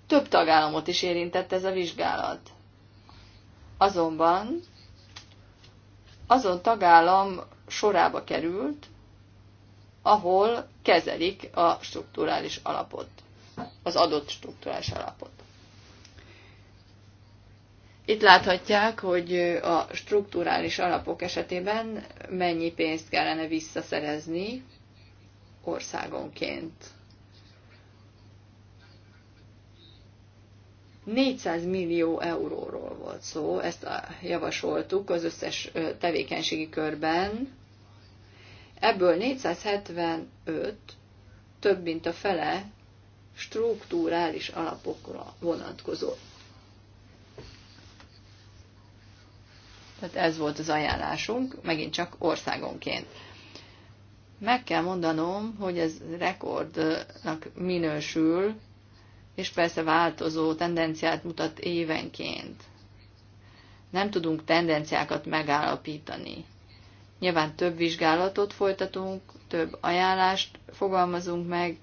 Több tagállamot is érintett ez a vizsgálat. Azonban azon tagállam sorába került, ahol kezelik a strukturális alapot, az adott strukturális alapot. Itt láthatják, hogy a strukturális alapok esetében mennyi pénzt kellene visszaszerezni országonként. 400 millió euróról volt szó, ezt eh, javasoltuk az összes eh, tevékenységi körben. Ebből 475, több mint a fele, struktúrális alapokra vonatkozó. Tehát ez volt az ajánlásunk, megint csak országonként. Meg kell mondanom, hogy ez rekordnak minősül, és persze változó tendenciát mutat évenként. Nem tudunk tendenciákat megállapítani. Nyilván több vizsgálatot folytatunk, több ajánlást fogalmazunk meg,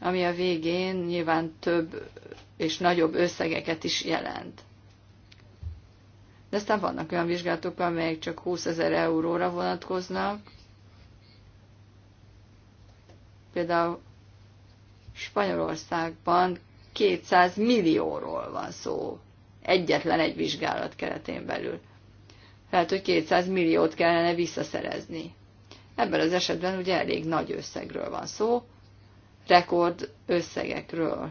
ami a végén nyilván több és nagyobb összegeket is jelent. De aztán vannak olyan vizsgálatok, amelyek csak 20 ezer euróra vonatkoznak. Például Spanyolországban 200 millióról van szó egyetlen egy vizsgálat keretén belül. Lehet, hogy 200 milliót kellene visszaszerezni. Ebben az esetben ugye elég nagy összegről van szó, rekord összegekről.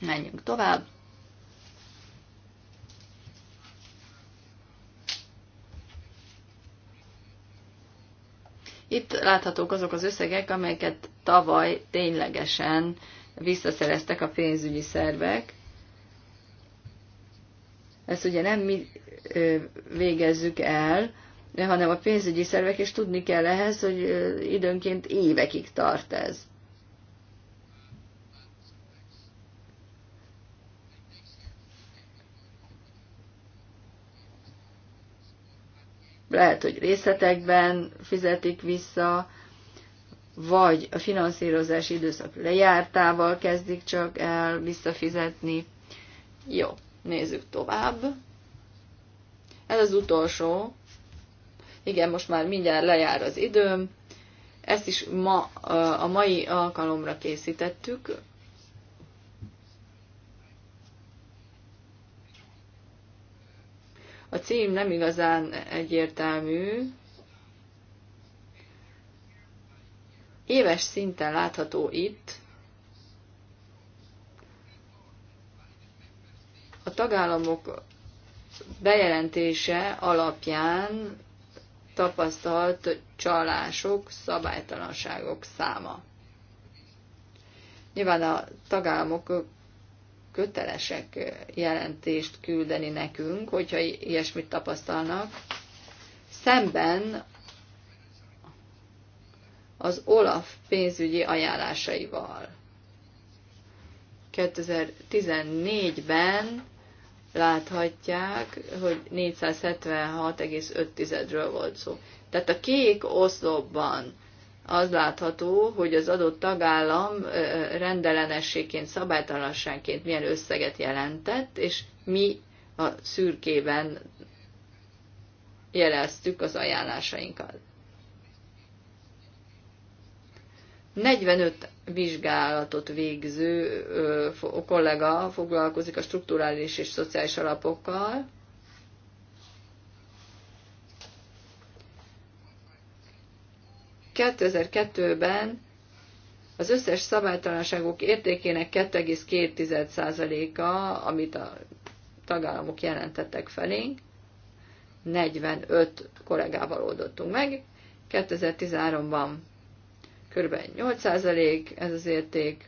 Menjünk tovább. Itt láthatók azok az összegek, amelyeket tavaly ténylegesen visszaszereztek a pénzügyi szervek. Ezt ugye nem mi végezzük el, hanem a pénzügyi szervek, és tudni kell ehhez, hogy időnként évekig tart ez. Lehet, hogy részletekben fizetik vissza, vagy a finanszírozási időszak lejártával kezdik csak el visszafizetni. Jó, nézzük tovább. Ez az utolsó. Igen, most már mindjárt lejár az időm. Ezt is ma, a mai alkalomra készítettük. A cím nem igazán egyértelmű, éves szinten látható itt, a tagállamok bejelentése alapján tapasztalt csalások, szabálytalanságok száma. Nyilván a tagállamok kötelesek jelentést küldeni nekünk, hogyha ilyesmit tapasztalnak, szemben az OLAF pénzügyi ajánlásaival. 2014-ben láthatják, hogy 476,5-ről volt szó. Tehát a kék oszlopban az látható, hogy az adott tagállam rendellenességként, szabálytalanságként milyen összeget jelentett, és mi a szürkében jeleztük az ajánlásainkat. 45 vizsgálatot végző ö, kollega foglalkozik a strukturális és szociális alapokkal. ben az összes szabálytalanságok értékének 2,2%-a, amit a tagállamok jelentettek felénk, 45 kollégával oldottunk meg. 2013-ban kb. 8% ez az érték,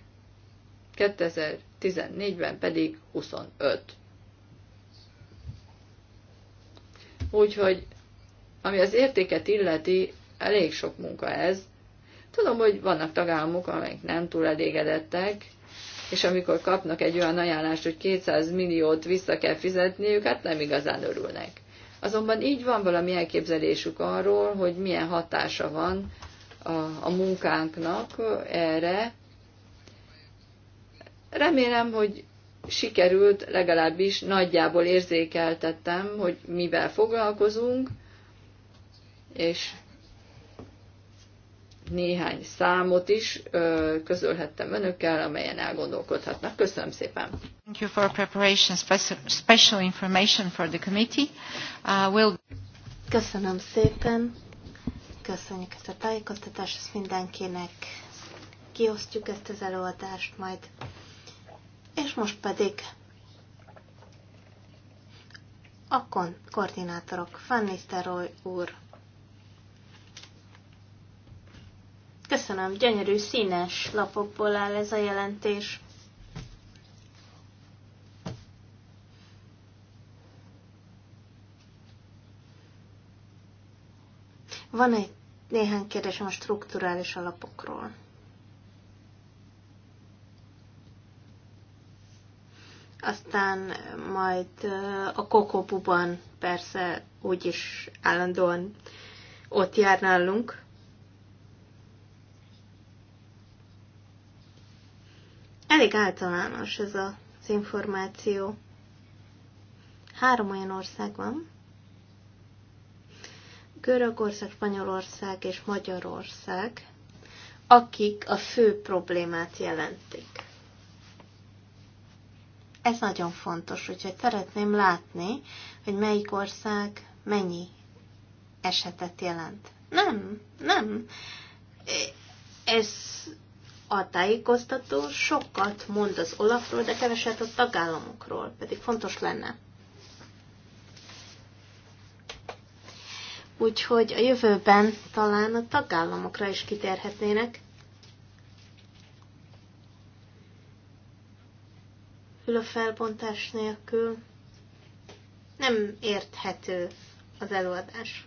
2014-ben pedig 25. Úgyhogy, ami az értéket illeti, elég sok munka ez. Tudom, hogy vannak tagállamok, amelyek nem túl elégedettek, és amikor kapnak egy olyan ajánlást, hogy 200 milliót vissza kell fizetniük, hát nem igazán örülnek. Azonban így van valami elképzelésük arról, hogy milyen hatása van a, a munkánknak erre. Remélem, hogy sikerült, legalábbis nagyjából érzékeltettem, hogy mivel foglalkozunk, és néhány számot is ö, közölhettem önökkel, amelyen elgondolkodhatnak. Köszönöm szépen. Thank you for preparation special information for the committee. Uh, we'll... Köszönöm szépen. Köszönjük ezt a tájékoztatást, ezt mindenkinek kiosztjuk ezt az előadást majd. És most pedig a kon- koordinátorok, Van úr. Köszönöm, gyönyörű színes lapokból áll ez a jelentés. Van egy néhány kérdésem a strukturális alapokról. Aztán majd a kokopuban persze úgyis állandóan ott jár nálunk. Elég általános ez az információ. Három olyan ország van, Görögország, Spanyolország és Magyarország, akik a fő problémát jelentik. Ez nagyon fontos, úgyhogy szeretném látni, hogy melyik ország mennyi esetet jelent. Nem, nem. Ez a tájékoztató sokat mond az Olafról, de keveset a tagállamokról, pedig fontos lenne. úgyhogy a jövőben talán a tagállamokra is kitérhetnének. felbontás nélkül nem érthető az előadás.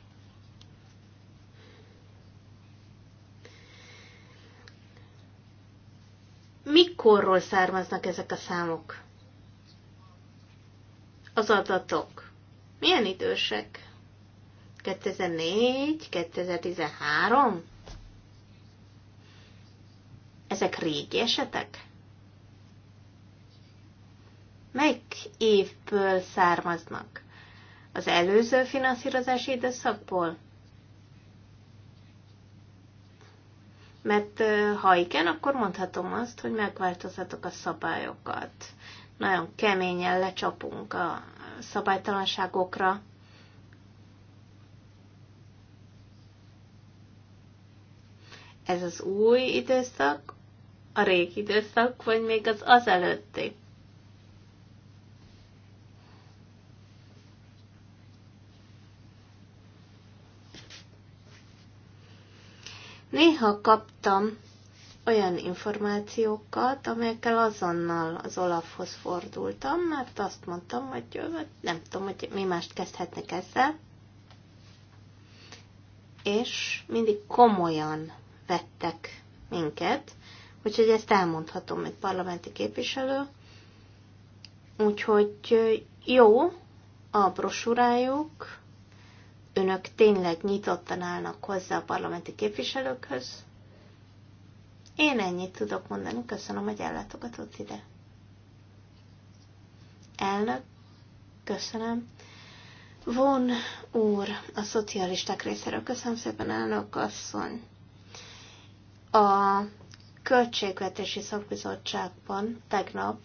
Mikorról származnak ezek a számok? Az adatok. Milyen idősek? 2004, 2013? Ezek régi esetek? Melyik évből származnak? Az előző finanszírozási időszakból? Mert ha igen, akkor mondhatom azt, hogy megváltozhatok a szabályokat. Nagyon keményen lecsapunk a szabálytalanságokra, Ez az új időszak, a régi időszak, vagy még az azelőtti? Néha kaptam olyan információkat, amelyekkel azonnal az Olafhoz fordultam, mert azt mondtam, hogy nem tudom, hogy mi mást kezdhetnek ezzel. És mindig komolyan vettek minket, úgyhogy ezt elmondhatom, mint parlamenti képviselő. Úgyhogy jó a brosúrájuk, önök tényleg nyitottan állnak hozzá a parlamenti képviselőkhöz. Én ennyit tudok mondani, köszönöm, hogy ellátogatott ide. Elnök, köszönöm. Von úr, a szocialisták részéről köszönöm szépen, elnök asszony. A Költségvetési Szakbizottságban tegnap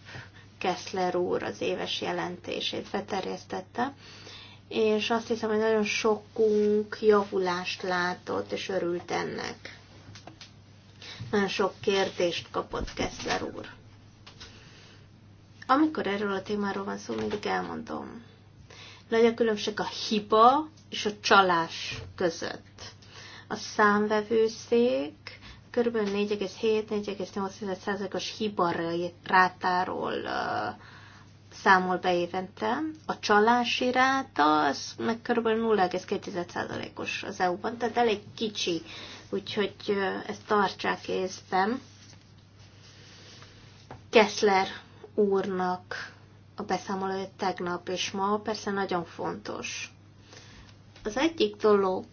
Kessler úr az éves jelentését beterjesztette, és azt hiszem, hogy nagyon sokunk javulást látott, és örült ennek. Nagyon sok kérdést kapott Kessler úr. Amikor erről a témáról van szó, mindig elmondom. Nagy a különbség a hiba és a csalás között. A számvevőszék kb. 4,7-4,8%-os hiba rátáról számol be évente. A csalási ráta az meg kb. 0,2%-os az EU-ban, tehát elég kicsi, úgyhogy ezt tartsák észben. Kessler úrnak a beszámolója tegnap és ma persze nagyon fontos. Az egyik dolog,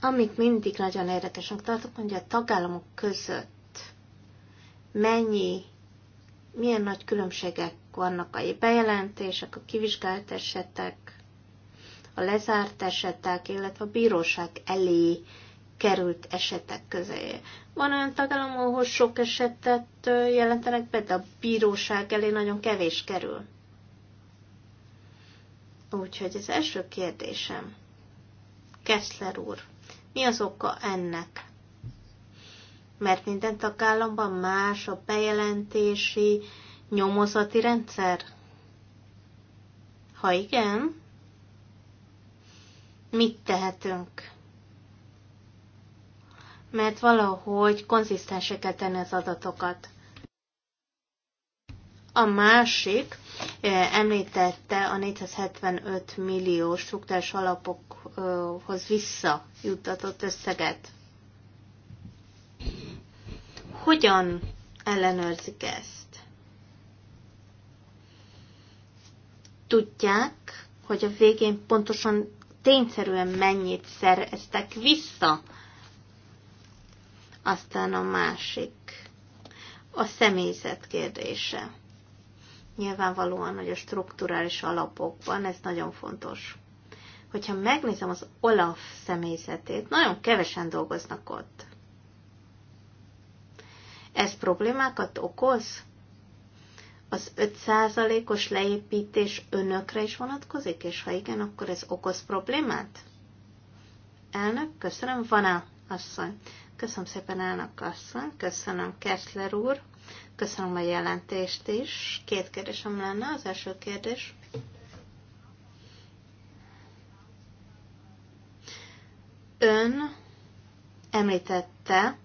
amit mindig nagyon érdekesnek tartok, hogy a tagállamok között mennyi, milyen nagy különbségek vannak a bejelentések, a kivizsgált esetek, a lezárt esetek, illetve a bíróság elé került esetek közé. Van olyan tagállam, ahol sok esetet jelentenek be, de a bíróság elé nagyon kevés kerül. Úgyhogy az első kérdésem, Kessler úr, mi az oka ennek? Mert minden tagállamban más a bejelentési, nyomozati rendszer? Ha igen, mit tehetünk? Mert valahogy konzisztensé kell tenni az adatokat. A másik eh, említette a 475 millió struktúrás alapokhoz visszajuttatott összeget. Hogyan ellenőrzik ezt? Tudják, hogy a végén pontosan tényszerűen mennyit szereztek vissza. Aztán a másik, a személyzet kérdése. Nyilvánvalóan, hogy a strukturális alapokban ez nagyon fontos. Hogyha megnézem az Olaf személyzetét, nagyon kevesen dolgoznak ott. Ez problémákat okoz? Az 5%-os leépítés önökre is vonatkozik, és ha igen, akkor ez okoz problémát? Elnök, köszönöm, van-e asszony? Köszönöm szépen, elnök asszony, köszönöm, Kessler úr. Köszönöm a jelentést is. Két kérdésem lenne. Az első kérdés. Ön említette,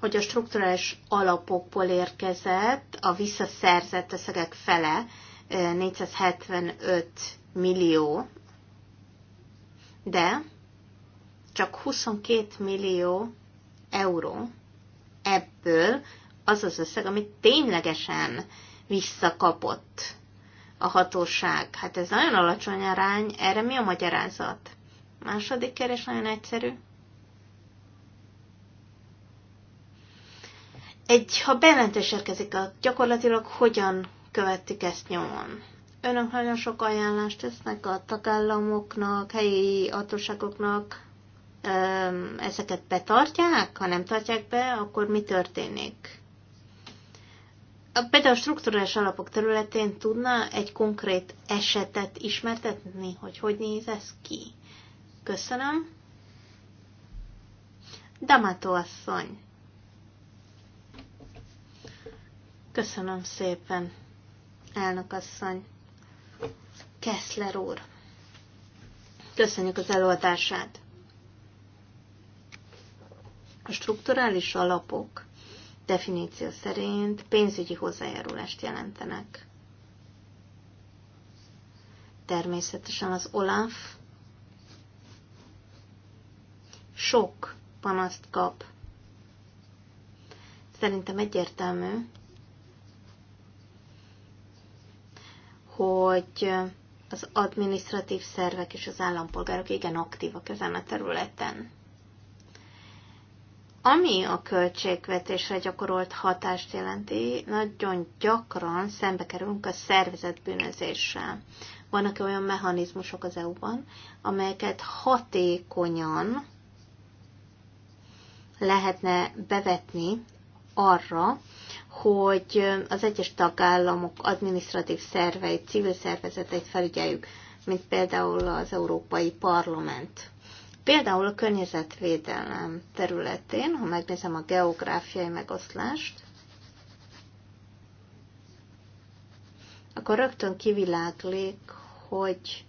hogy a strukturális alapokból érkezett a visszaszerzett összegek fele, 475 millió, de csak 22 millió euró ebből az az összeg, amit ténylegesen visszakapott a hatóság. Hát ez nagyon alacsony arány, erre mi a magyarázat? Második keres nagyon egyszerű. Egy, ha bejelentés érkezik, a gyakorlatilag hogyan követik ezt nyomon? Önök nagyon sok ajánlást tesznek a tagállamoknak, helyi hatóságoknak, ezeket betartják? Ha nem tartják be, akkor mi történik? Például a strukturális alapok területén tudna egy konkrét esetet ismertetni, hogy hogy néz ez ki? Köszönöm. Damato asszony. Köszönöm szépen, elnök asszony. Kessler úr. Köszönjük az előadását. A strukturális alapok definíció szerint pénzügyi hozzájárulást jelentenek. Természetesen az Olaf sok panaszt kap. Szerintem egyértelmű, hogy az adminisztratív szervek és az állampolgárok igen aktívak ezen a területen. Ami a költségvetésre gyakorolt hatást jelenti, nagyon gyakran szembe kerülünk a szervezetbűnözéssel. Vannak -e olyan mechanizmusok az EU-ban, amelyeket hatékonyan lehetne bevetni arra, hogy az egyes tagállamok adminisztratív szerveit, civil szervezeteit felügyeljük, mint például az Európai Parlament. Például a környezetvédelem területén, ha megnézem a geográfiai megoszlást, akkor rögtön kiviláglik, hogy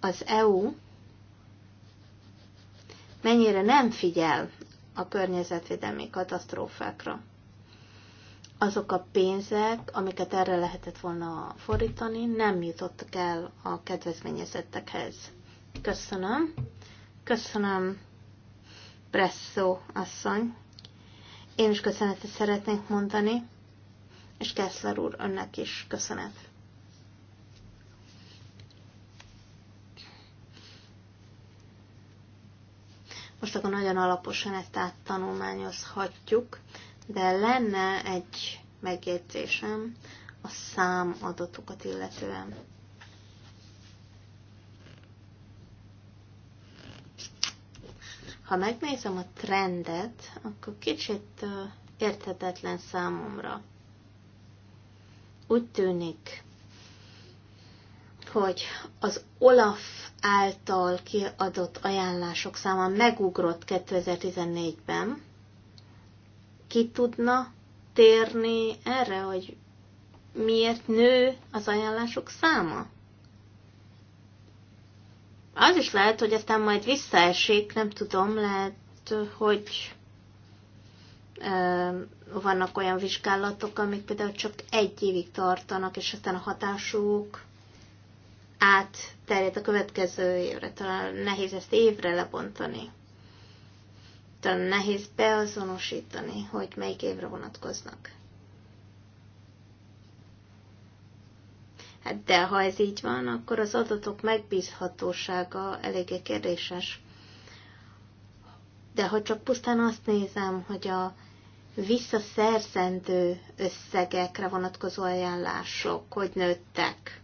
az EU mennyire nem figyel a környezetvédelmi katasztrófákra. Azok a pénzek, amiket erre lehetett volna fordítani, nem jutottak el a kedvezményezettekhez. Köszönöm. Köszönöm, Presszó asszony. Én is köszönetet szeretnék mondani, és Kessler úr, önnek is köszönet. Most akkor nagyon alaposan ezt áttanulmányozhatjuk, de lenne egy megjegyzésem a számadatokat illetően. Ha megnézem a trendet, akkor kicsit érthetetlen számomra. Úgy tűnik, hogy az Olaf által kiadott ajánlások száma megugrott 2014-ben. Ki tudna térni erre, hogy miért nő az ajánlások száma? Az is lehet, hogy aztán majd visszaesik, nem tudom, lehet, hogy vannak olyan vizsgálatok, amik például csak egy évig tartanak, és aztán a hatásuk átterjed a következő évre. Talán nehéz ezt évre lebontani. Talán nehéz beazonosítani, hogy melyik évre vonatkoznak. Hát de ha ez így van, akkor az adatok megbízhatósága eléggé kérdéses. De ha csak pusztán azt nézem, hogy a visszaszerzendő összegekre vonatkozó ajánlások, hogy nőttek,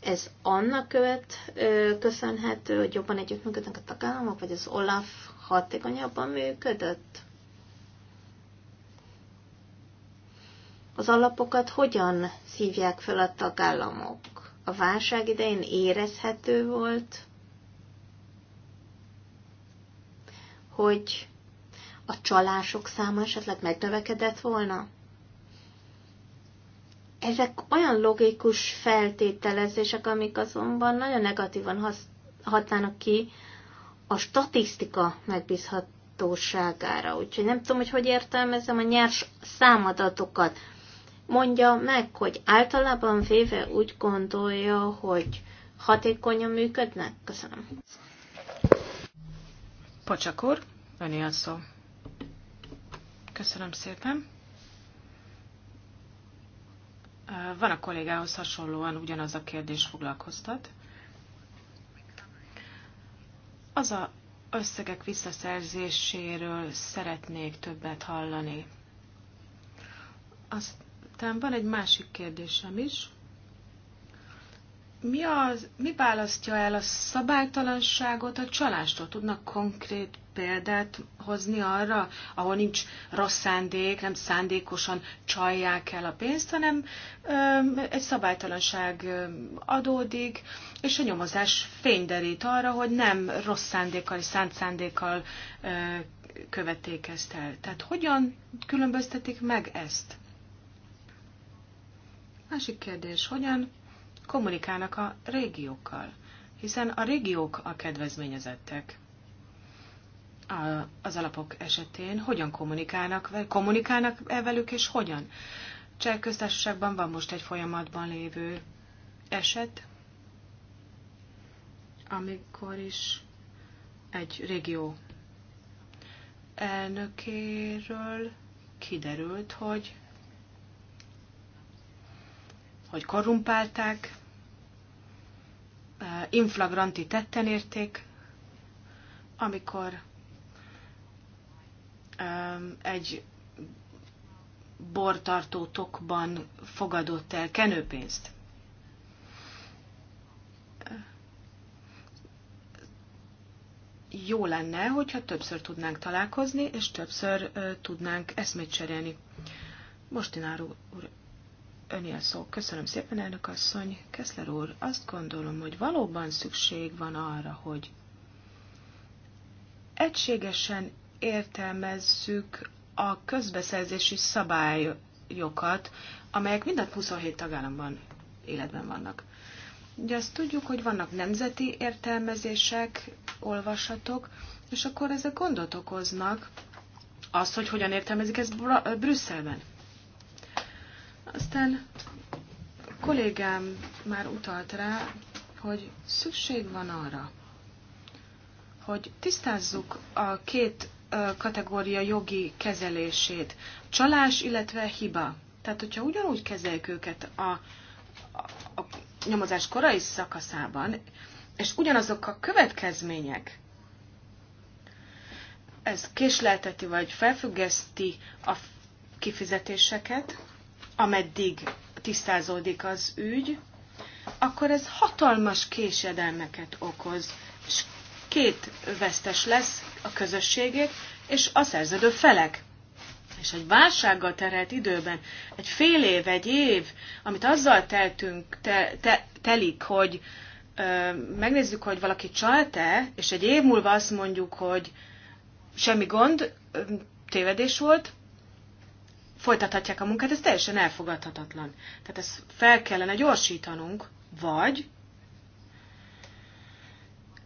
ez annak követ, ö, köszönhető, hogy jobban együttműködnek a tagállamok, vagy az OLAF hatékonyabban működött? az alapokat hogyan szívják fel a tagállamok? A válság idején érezhető volt, hogy a csalások száma esetleg megnövekedett volna? Ezek olyan logikus feltételezések, amik azonban nagyon negatívan hatnának ki a statisztika megbízhatóságára. Úgyhogy nem tudom, hogy hogy értelmezem a nyers számadatokat mondja meg, hogy általában véve úgy gondolja, hogy hatékonyan működnek? Köszönöm. úr, öné a szó. Köszönöm szépen. Van a kollégához hasonlóan ugyanaz a kérdés foglalkoztat. Az a összegek visszaszerzéséről szeretnék többet hallani. Azt aztán van egy másik kérdésem is. Mi, az, mi választja el a szabálytalanságot a csalástól? Tudnak konkrét példát hozni arra, ahol nincs rossz szándék, nem szándékosan csalják el a pénzt, hanem ö, egy szabálytalanság adódik, és a nyomozás fényderít arra, hogy nem rossz szándékkal szánt szándékkal ö, követték ezt el. Tehát hogyan különböztetik meg ezt? Másik kérdés, hogyan kommunikálnak a régiókkal? Hiszen a régiók a kedvezményezettek. A, az alapok esetén hogyan kommunikálnak, kommunikálnak -e velük, és hogyan? Cseh köztársaságban van most egy folyamatban lévő eset, amikor is egy régió elnökéről kiderült, hogy hogy korrumpálták, eh, inflagranti tetten érték, amikor egy bortartó tokban fogadott el kenőpénzt. Jó lenne, hogyha többször tudnánk találkozni, és többször eh, tudnánk eszmét cserélni. Mostináru úr Öni a szó. Köszönöm szépen, elnök asszony. Keszler úr, azt gondolom, hogy valóban szükség van arra, hogy egységesen értelmezzük a közbeszerzési szabályokat, amelyek mind a 27 tagállamban életben vannak. Ugye azt tudjuk, hogy vannak nemzeti értelmezések, olvashatok, és akkor ezek gondot okoznak, az, hogy hogyan értelmezik ezt Brüsszelben. Aztán a kollégám már utalt rá, hogy szükség van arra, hogy tisztázzuk a két kategória jogi kezelését. Csalás, illetve hiba. Tehát, hogyha ugyanúgy kezeljük őket a, a, a nyomozás korai szakaszában, és ugyanazok a következmények, ez késlelteti vagy felfüggeszti a kifizetéseket, ameddig tisztázódik az ügy, akkor ez hatalmas késedelmeket okoz, és két vesztes lesz a közösségét és a szerződő felek. És egy válsággal terhelt időben, egy fél év, egy év, amit azzal teltünk, te, te, telik, hogy ö, megnézzük, hogy valaki csalt-e, és egy év múlva azt mondjuk, hogy semmi gond, ö, tévedés volt, folytathatják a munkát, ez teljesen elfogadhatatlan. Tehát ezt fel kellene gyorsítanunk, vagy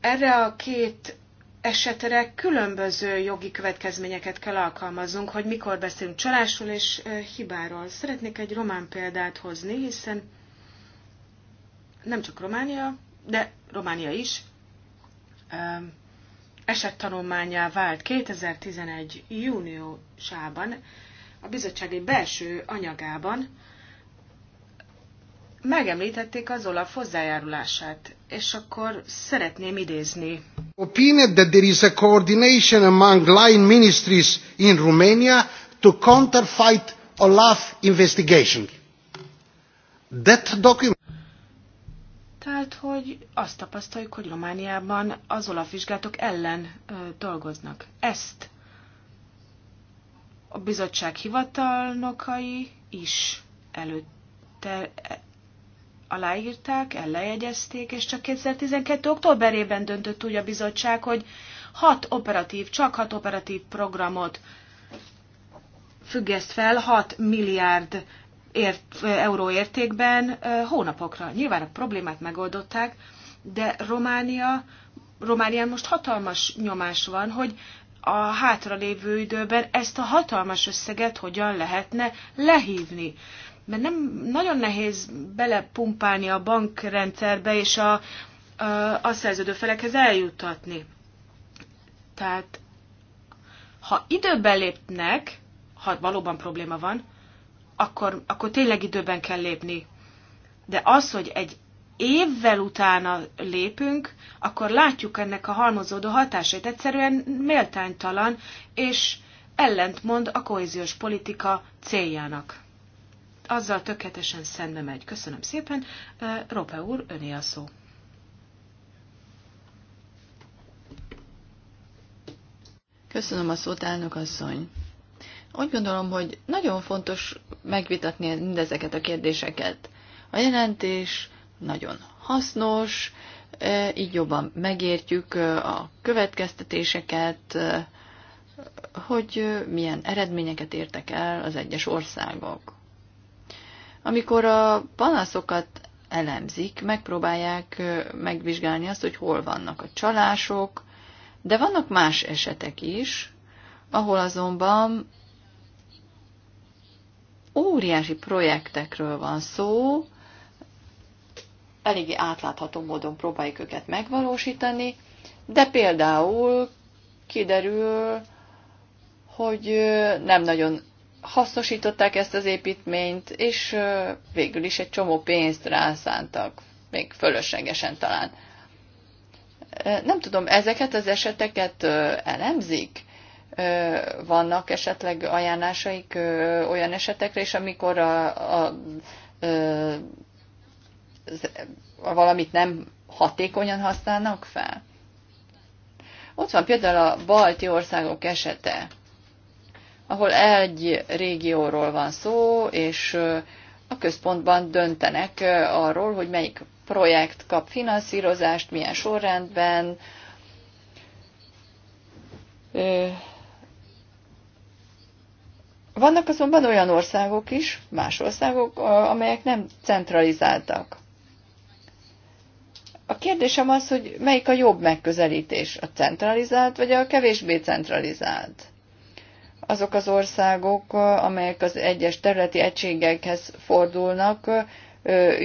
erre a két esetre különböző jogi következményeket kell alkalmaznunk, hogy mikor beszélünk csalásról és hibáról. Szeretnék egy román példát hozni, hiszen nem csak Románia, de Románia is esettanulmányá vált 2011. júniusában a bizottság egy belső anyagában megemlítették az Olaf hozzájárulását, és akkor szeretném idézni. Opinion that there is a coordination among line ministries in Romania to counterfight Olaf investigation. That document tehát, hogy azt tapasztaljuk, hogy Romániában az olafvizsgálatok ellen ö, dolgoznak. Ezt a bizottság hivatalnokai is előtte aláírták, ellejegyezték, és csak 2012. októberében döntött úgy a bizottság, hogy hat operatív, csak hat operatív programot függeszt fel 6 milliárd ért, euró értékben hónapokra. Nyilván a problémát megoldották, de Románia, Románián most hatalmas nyomás van, hogy a hátralévő időben ezt a hatalmas összeget hogyan lehetne lehívni. Mert nem nagyon nehéz belepumpálni a bankrendszerbe és a, a, a szerződő felekhez eljuttatni. Tehát ha időben lépnek, ha valóban probléma van, akkor, akkor tényleg időben kell lépni. De az, hogy egy évvel utána lépünk, akkor látjuk ennek a halmozódó hatásait. Egyszerűen méltánytalan, és ellentmond a kohéziós politika céljának. Azzal tökéletesen szembe megy. Köszönöm szépen. Rope úr, öné a szó. Köszönöm a szót, elnök asszony. Úgy gondolom, hogy nagyon fontos megvitatni mindezeket a kérdéseket. A jelentés nagyon hasznos, e, így jobban megértjük e, a következtetéseket, e, hogy milyen eredményeket értek el az egyes országok. Amikor a panaszokat elemzik, megpróbálják megvizsgálni azt, hogy hol vannak a csalások, de vannak más esetek is, ahol azonban óriási projektekről van szó, eléggé átlátható módon próbáljuk őket megvalósítani, de például kiderül, hogy nem nagyon hasznosították ezt az építményt, és végül is egy csomó pénzt rászántak, még fölöslegesen talán. Nem tudom, ezeket az eseteket elemzik? Vannak esetleg ajánlásaik olyan esetekre is, amikor a, a, a valamit nem hatékonyan használnak fel? Ott van például a balti országok esete, ahol egy régióról van szó, és a központban döntenek arról, hogy melyik projekt kap finanszírozást, milyen sorrendben, vannak azonban olyan országok is, más országok, amelyek nem centralizáltak. A kérdésem az, hogy melyik a jobb megközelítés, a centralizált vagy a kevésbé centralizált? Azok az országok, amelyek az egyes területi egységekhez fordulnak,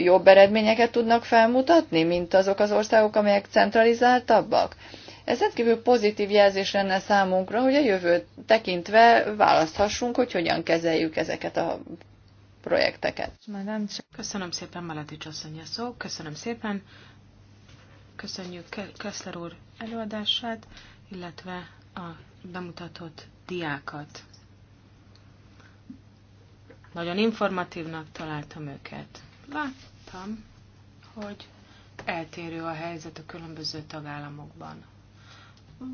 jobb eredményeket tudnak felmutatni, mint azok az országok, amelyek centralizáltabbak? Ez rendkívül pozitív jelzés lenne számunkra, hogy a jövőt tekintve választhassunk, hogy hogyan kezeljük ezeket a projekteket. Köszönöm szépen, Maletics asszony szó. Köszönöm szépen. Köszönjük Kessler úr előadását, illetve a bemutatott diákat. Nagyon informatívnak találtam őket. Láttam, hogy eltérő a helyzet a különböző tagállamokban.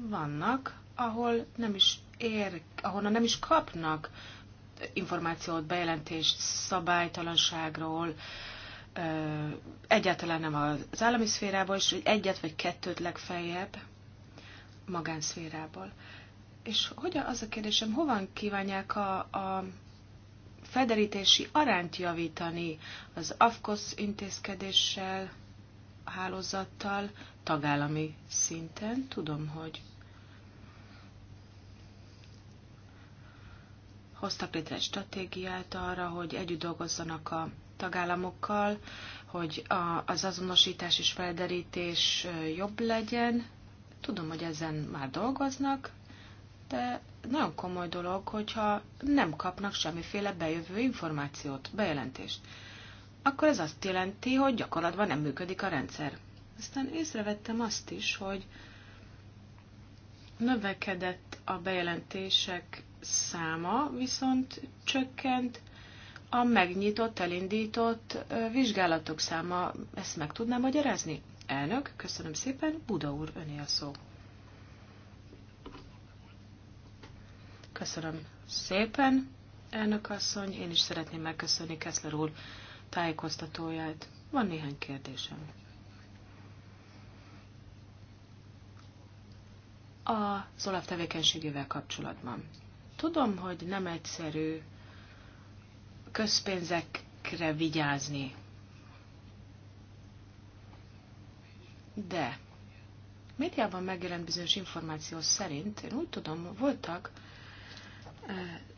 Vannak, ahol nem is ér, ahonnan nem is kapnak információt, bejelentést szabálytalanságról, egyáltalán nem az állami szférából, és egyet vagy kettőt legfeljebb magánszférából. És hogy az a kérdésem, hovan kívánják a, a federítési arányt javítani az AFKOSZ intézkedéssel, hálózattal, tagállami szinten? Tudom, hogy hoztak létre egy stratégiát arra, hogy együtt dolgozzanak a tagállamokkal, hogy a, az azonosítás és felderítés jobb legyen. Tudom, hogy ezen már dolgoznak, de nagyon komoly dolog, hogyha nem kapnak semmiféle bejövő információt, bejelentést. Akkor ez azt jelenti, hogy gyakorlatban nem működik a rendszer. Aztán észrevettem azt is, hogy növekedett a bejelentések száma, viszont csökkent a megnyitott, elindított vizsgálatok száma, ezt meg tudná magyarázni? Elnök, köszönöm szépen, Buda úr, öné a szó. Köszönöm szépen, elnök asszony, én is szeretném megköszönni Keszler úr tájékoztatóját. Van néhány kérdésem. A Zolaf tevékenységével kapcsolatban. Tudom, hogy nem egyszerű közpénzekre vigyázni. De médiában megjelent bizonyos információ szerint, én úgy tudom, voltak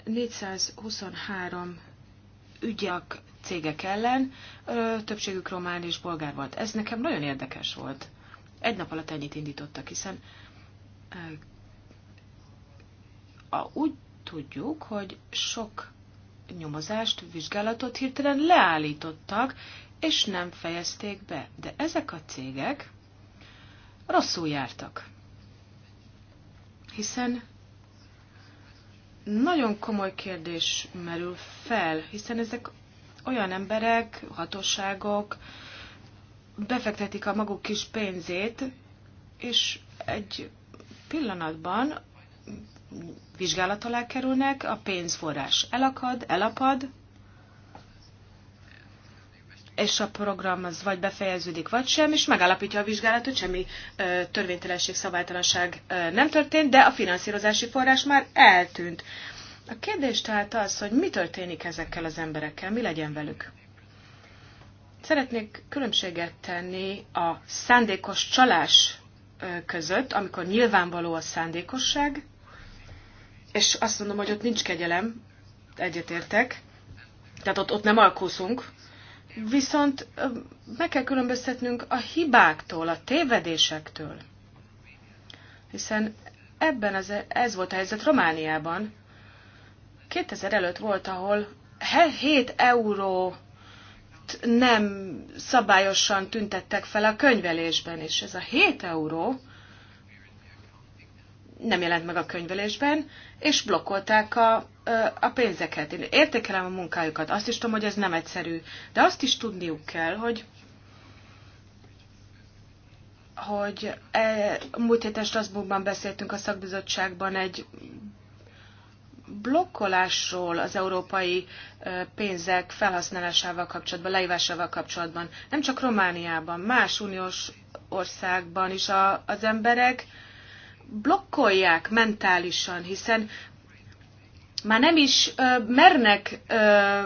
423 eh, ügyak cégek ellen, többségük román és bolgár volt. Ez nekem nagyon érdekes volt. Egy nap alatt ennyit indítottak, hiszen eh, a, úgy tudjuk, hogy sok nyomozást, vizsgálatot hirtelen leállítottak, és nem fejezték be. De ezek a cégek rosszul jártak. Hiszen nagyon komoly kérdés merül fel, hiszen ezek olyan emberek, hatóságok befektetik a maguk kis pénzét, és egy pillanatban vizsgálat alá kerülnek, a pénzforrás elakad, elapad, és a program az vagy befejeződik, vagy sem, és megállapítja a vizsgálat, hogy semmi ö, törvénytelenség, szabálytalanság ö, nem történt, de a finanszírozási forrás már eltűnt. A kérdés tehát az, hogy mi történik ezekkel az emberekkel, mi legyen velük. Szeretnék különbséget tenni a szándékos csalás között, amikor nyilvánvaló a szándékosság, és azt mondom, hogy ott nincs kegyelem, egyetértek, tehát ott, ott nem alkuszunk, viszont meg kell különböztetnünk a hibáktól, a tévedésektől. Hiszen ebben az, ez volt a helyzet Romániában. 2000 előtt volt, ahol 7 euró nem szabályosan tüntettek fel a könyvelésben, és ez a 7 euró, nem jelent meg a könyvelésben, és blokkolták a, a pénzeket. Én értékelem a munkájukat, azt is tudom, hogy ez nem egyszerű, de azt is tudniuk kell, hogy hogy e, múlt héten Strasbourgban beszéltünk a szakbizottságban egy blokkolásról az európai pénzek felhasználásával kapcsolatban, leívásával kapcsolatban. Nem csak Romániában, más uniós országban is a, az emberek blokkolják mentálisan, hiszen már nem is ö, mernek ö,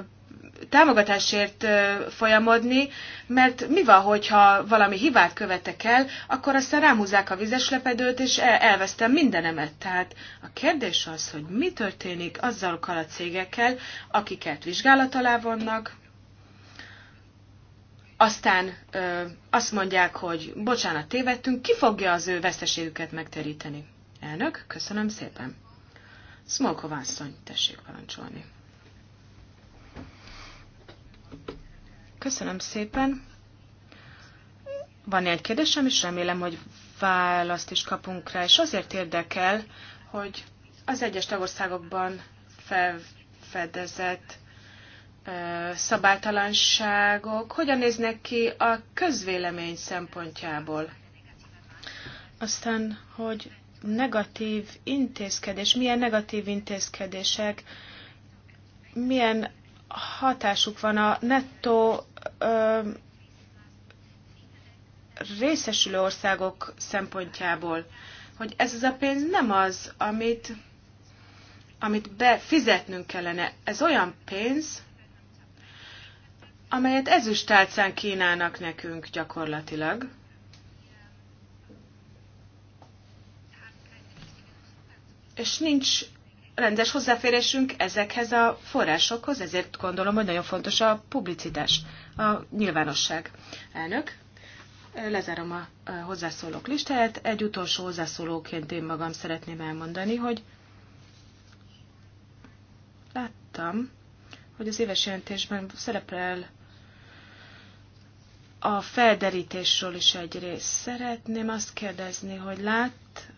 támogatásért ö, folyamodni, mert mi van, hogyha valami hibát követek el, akkor aztán rámúzzák a vizes lepedőt, és elvesztem mindenemet. Tehát a kérdés az, hogy mi történik azzal a cégekkel, akiket vizsgálat alá vonnak, aztán ö, azt mondják, hogy bocsánat, tévedtünk, ki fogja az ő veszteségüket megteríteni? Elnök, köszönöm szépen. Smolkov asszony, tessék parancsolni. Köszönöm szépen. Van egy kérdésem, és remélem, hogy választ is kapunk rá, és azért érdekel, hogy az egyes tagországokban felfedezett szabálytalanságok hogyan néznek ki a közvélemény szempontjából. Aztán, hogy negatív intézkedés, milyen negatív intézkedések, milyen hatásuk van a nettó ö, részesülő országok szempontjából, hogy ez az a pénz nem az, amit, amit befizetnünk kellene. Ez olyan pénz, amelyet ezüstálcán kínálnak nekünk gyakorlatilag. És nincs rendes hozzáférésünk ezekhez a forrásokhoz, ezért gondolom, hogy nagyon fontos a publicitás, a nyilvánosság. Elnök, lezárom a hozzászólók listáját. Egy utolsó hozzászólóként én magam szeretném elmondani, hogy láttam, hogy az éves jelentésben szerepel a felderítésről is egy rész. Szeretném azt kérdezni, hogy lát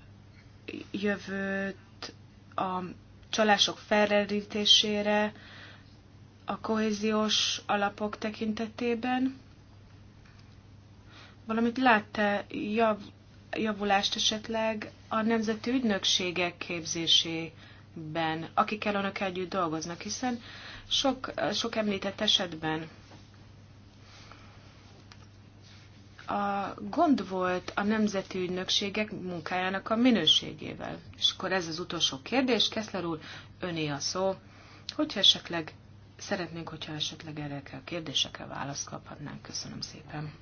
jövőt a csalások felderítésére a kohéziós alapok tekintetében? Valamit látta jav, javulást esetleg a nemzeti ügynökségek képzésében, akikkel önök együtt dolgoznak, hiszen sok, sok említett esetben a gond volt a nemzeti ügynökségek munkájának a minőségével. És akkor ez az utolsó kérdés, Keszler úr, öné a szó, hogyha esetleg szeretnénk, hogyha esetleg erre a kérdésekre választ kaphatnánk. Köszönöm szépen.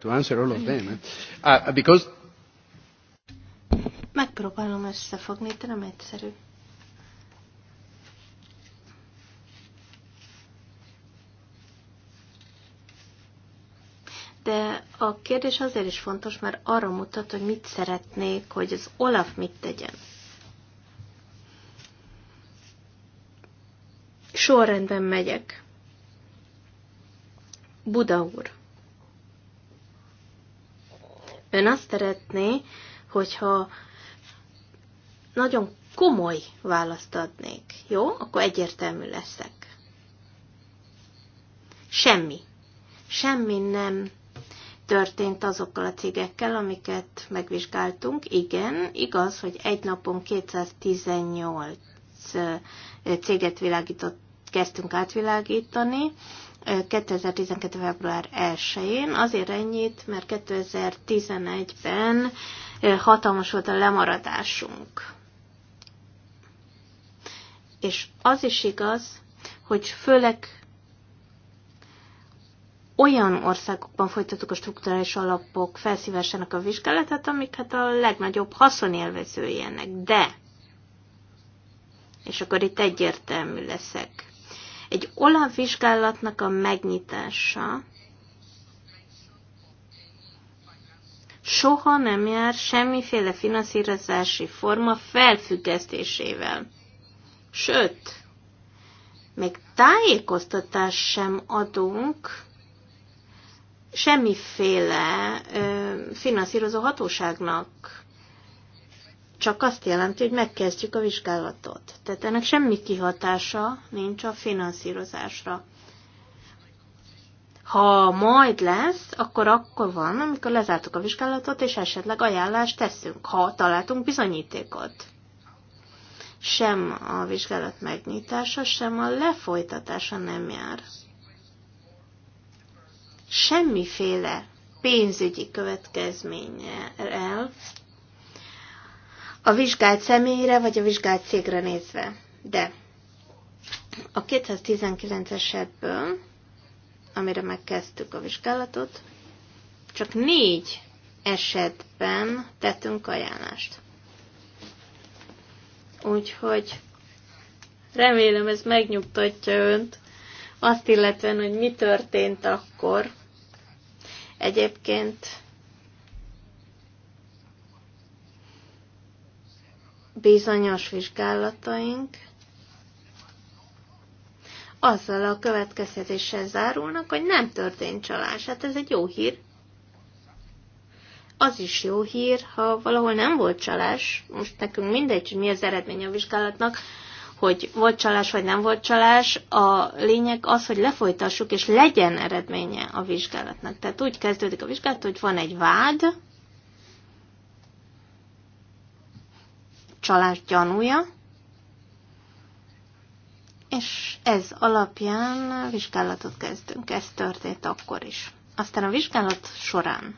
To answer all of them, eh? Uh, because... Megpróbálom összefogni, de nem egyszerű. de a kérdés azért is fontos, mert arra mutat, hogy mit szeretnék, hogy az Olaf mit tegyen. Sorrendben megyek. Buda úr. Ön azt szeretné, hogyha nagyon komoly választ adnék. Jó? Akkor egyértelmű leszek. Semmi. Semmi nem történt azokkal a cégekkel, amiket megvizsgáltunk. Igen, igaz, hogy egy napon 218 céget világított, kezdtünk átvilágítani, 2012. február 1-én, azért ennyit, mert 2011-ben hatalmas volt a lemaradásunk. És az is igaz, hogy főleg olyan országokban folytattuk a strukturális alapok felszívásának a vizsgálatát, amik hát a legnagyobb haszonélvezői ennek. De, és akkor itt egyértelmű leszek, egy olyan vizsgálatnak a megnyitása soha nem jár semmiféle finanszírozási forma felfüggesztésével. Sőt, még tájékoztatást sem adunk, semmiféle ö, finanszírozó hatóságnak. Csak azt jelenti, hogy megkezdjük a vizsgálatot. Tehát ennek semmi kihatása nincs a finanszírozásra. Ha majd lesz, akkor akkor van, amikor lezártuk a vizsgálatot, és esetleg ajánlást teszünk, ha találtunk bizonyítékot. Sem a vizsgálat megnyitása, sem a lefolytatása nem jár semmiféle pénzügyi következménnyel a vizsgált személyre vagy a vizsgált cégre nézve. De a 219 esetből, amire megkezdtük a vizsgálatot, csak négy esetben tettünk ajánlást. Úgyhogy remélem ez megnyugtatja önt, azt illetve, hogy mi történt akkor, Egyébként bizonyos vizsgálataink azzal a következtetéssel zárulnak, hogy nem történt csalás. Hát ez egy jó hír. Az is jó hír, ha valahol nem volt csalás, most nekünk mindegy, hogy mi az eredmény a vizsgálatnak, hogy volt csalás vagy nem volt csalás, a lényeg az, hogy lefolytassuk, és legyen eredménye a vizsgálatnak. Tehát úgy kezdődik a vizsgálat, hogy van egy vád, csalás gyanúja, és ez alapján vizsgálatot kezdünk. Ez történt akkor is. Aztán a vizsgálat során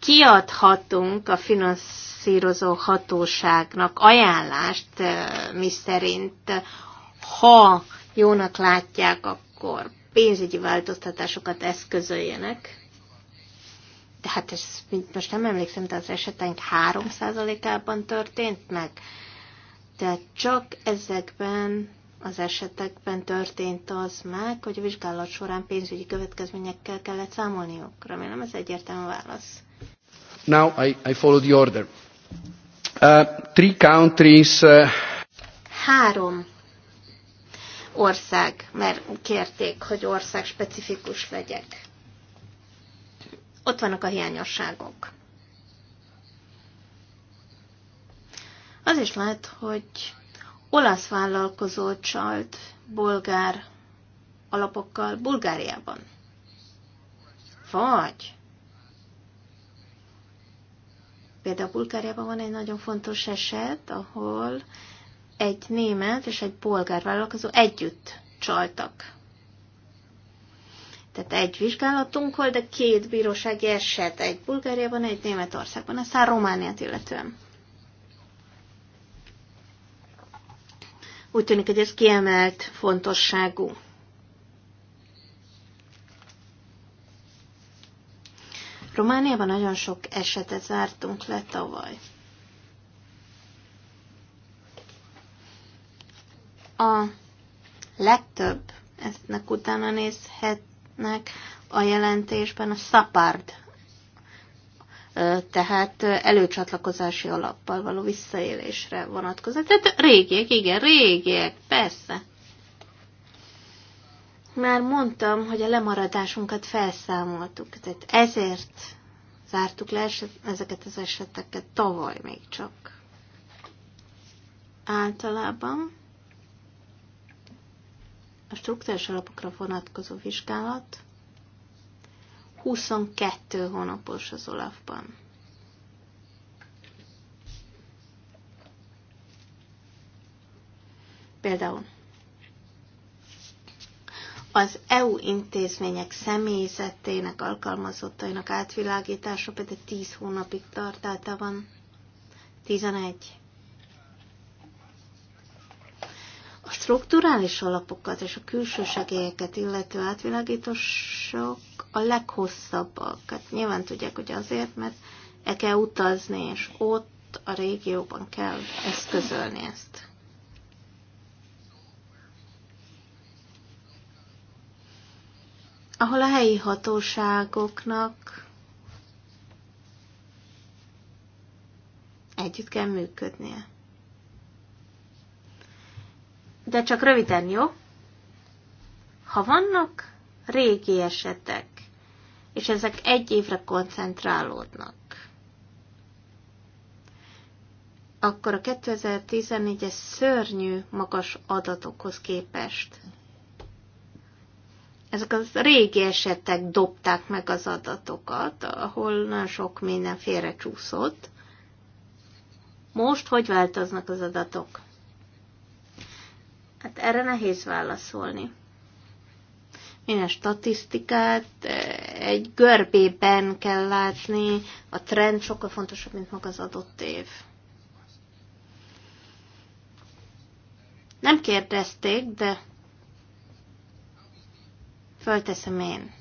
kiadhatunk a finansz finanszírozó hatóságnak ajánlást, mi szerint, ha jónak látják, akkor pénzügyi változtatásokat eszközöljenek. De hát ez, mint most nem emlékszem, de az esetenk 3%-ában történt meg. Tehát csak ezekben az esetekben történt az meg, hogy a vizsgálat során pénzügyi következményekkel kellett számolniuk. Remélem ez egyértelmű válasz. Now I, I follow the order. Uh, three countries. Uh... Három ország, mert kérték, hogy ország specifikus legyek. Ott vannak a hiányosságok. Az is lehet, hogy olasz vállalkozó csalt Bulgár alapokkal Bulgáriában. Vagy Például Bulgáriában van egy nagyon fontos eset, ahol egy német és egy polgár vállalkozó együtt csaltak. Tehát egy vizsgálatunk volt, de két bírósági eset, egy Bulgáriában, egy Németországban, aztán Romániát illetően. Úgy tűnik, hogy ez kiemelt fontosságú. Romániában nagyon sok esetet zártunk le tavaly. A legtöbb, eztnek utána nézhetnek a jelentésben a szapárd, tehát előcsatlakozási alappal való visszaélésre vonatkozott. Tehát régiek, igen, régiek, persze. Már mondtam, hogy a lemaradásunkat felszámoltuk, tehát ezért zártuk le ezeket az eseteket tavaly még csak. Általában a struktúrás alapokra vonatkozó vizsgálat 22 hónapos az Olafban. Például az EU intézmények személyzetének alkalmazottainak átvilágítása pedig 10 hónapig tart van 11. A strukturális alapokat és a külső segélyeket illető átvilágítások a leghosszabbak. Hát nyilván tudják, hogy azért, mert el kell utazni, és ott a régióban kell eszközölni ezt. ahol a helyi hatóságoknak együtt kell működnie. De csak röviden, jó? Ha vannak régi esetek, és ezek egy évre koncentrálódnak, akkor a 2014-es szörnyű magas adatokhoz képest ezek az régi esetek dobták meg az adatokat, ahol nagyon sok minden félrecsúszott. Most hogy változnak az adatok? Hát erre nehéz válaszolni. Minden statisztikát eh, egy görbében kell látni, a trend sokkal fontosabb, mint maga az adott év. Nem kérdezték, de Fölteszem én.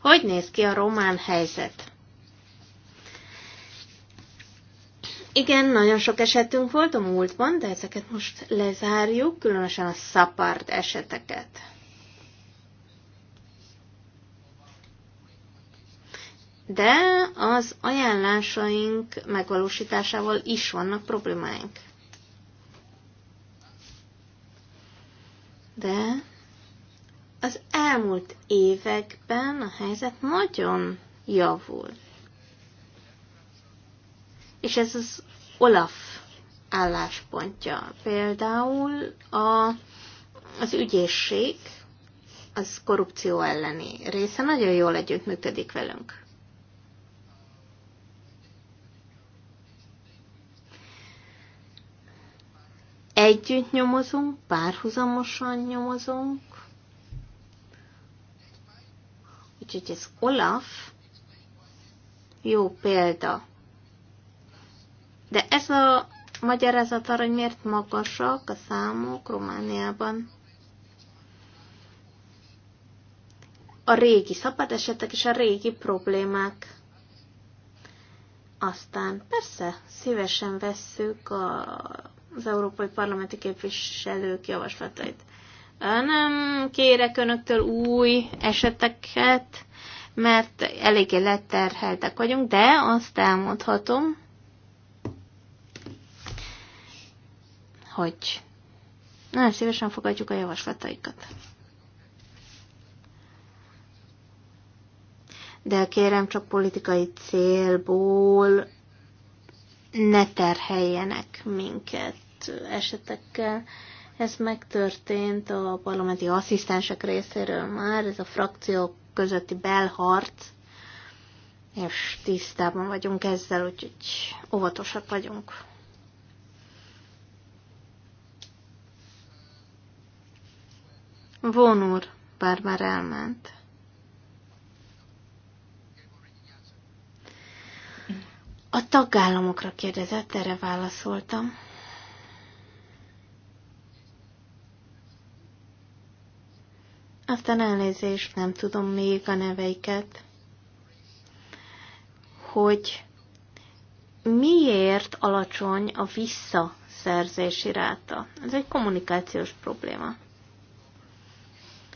Hogy néz ki a román helyzet? Igen, nagyon sok esetünk volt a múltban, de ezeket most lezárjuk, különösen a szapárt eseteket. De az ajánlásaink megvalósításával is vannak problémáink. De az elmúlt években a helyzet nagyon javul. És ez az Olaf álláspontja. Például a, az ügyészség, az korrupció elleni része nagyon jól együttműködik velünk. Együtt nyomozunk, párhuzamosan nyomozunk, Úgyhogy ez Olaf jó példa. De ez a magyarázat arra, hogy miért magasak a számok Romániában. A régi szabad esetek és a régi problémák. Aztán persze szívesen vesszük a, az európai parlamenti képviselők javaslatait nem kérek önöktől új eseteket, mert eléggé leterheltek vagyunk, de azt elmondhatom, hogy nagyon szívesen fogadjuk a javaslataikat. De kérem, csak politikai célból ne terheljenek minket esetekkel, ez megtörtént a parlamenti asszisztensek részéről már, ez a frakciók közötti belharc, és tisztában vagyunk ezzel, úgyhogy óvatosak vagyunk. Von úr, bár már elment. A tagállamokra kérdezett, erre válaszoltam. Aztán elnézést, nem tudom még a neveiket, hogy miért alacsony a visszaszerzési ráta. Ez egy kommunikációs probléma.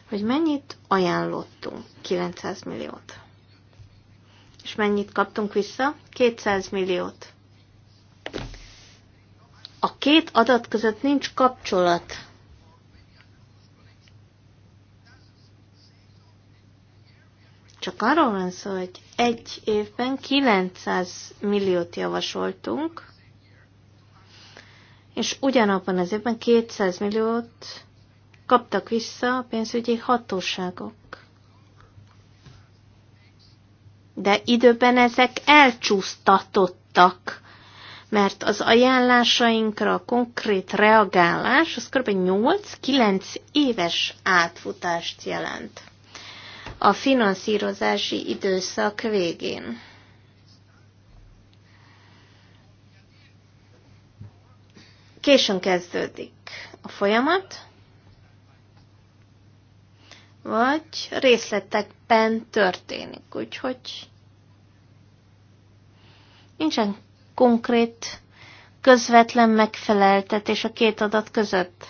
Hogy mennyit ajánlottunk? 900 milliót. És mennyit kaptunk vissza? 200 milliót. A két adat között nincs kapcsolat. Csak arról van szó, hogy egy évben 900 milliót javasoltunk, és ugyanabban az évben 200 milliót kaptak vissza a pénzügyi hatóságok. De időben ezek elcsúsztatottak, mert az ajánlásainkra a konkrét reagálás az kb. 8-9 éves átfutást jelent a finanszírozási időszak végén. Későn kezdődik a folyamat, vagy részletekben történik, úgyhogy nincsen konkrét közvetlen megfeleltetés a két adat között.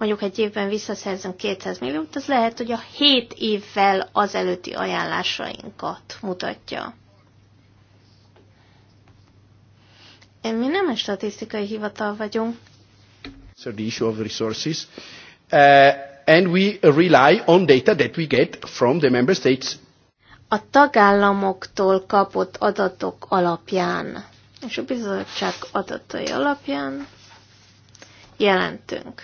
mondjuk egy évben visszaszerzünk 200 milliót, az lehet, hogy a 7 évvel az előtti ajánlásainkat mutatja. Mi nem egy statisztikai hivatal vagyunk. So the issue of resources. Uh, and we rely on data that we get from the member states. A tagállamoktól kapott adatok alapján és a bizottság adatai alapján jelentünk.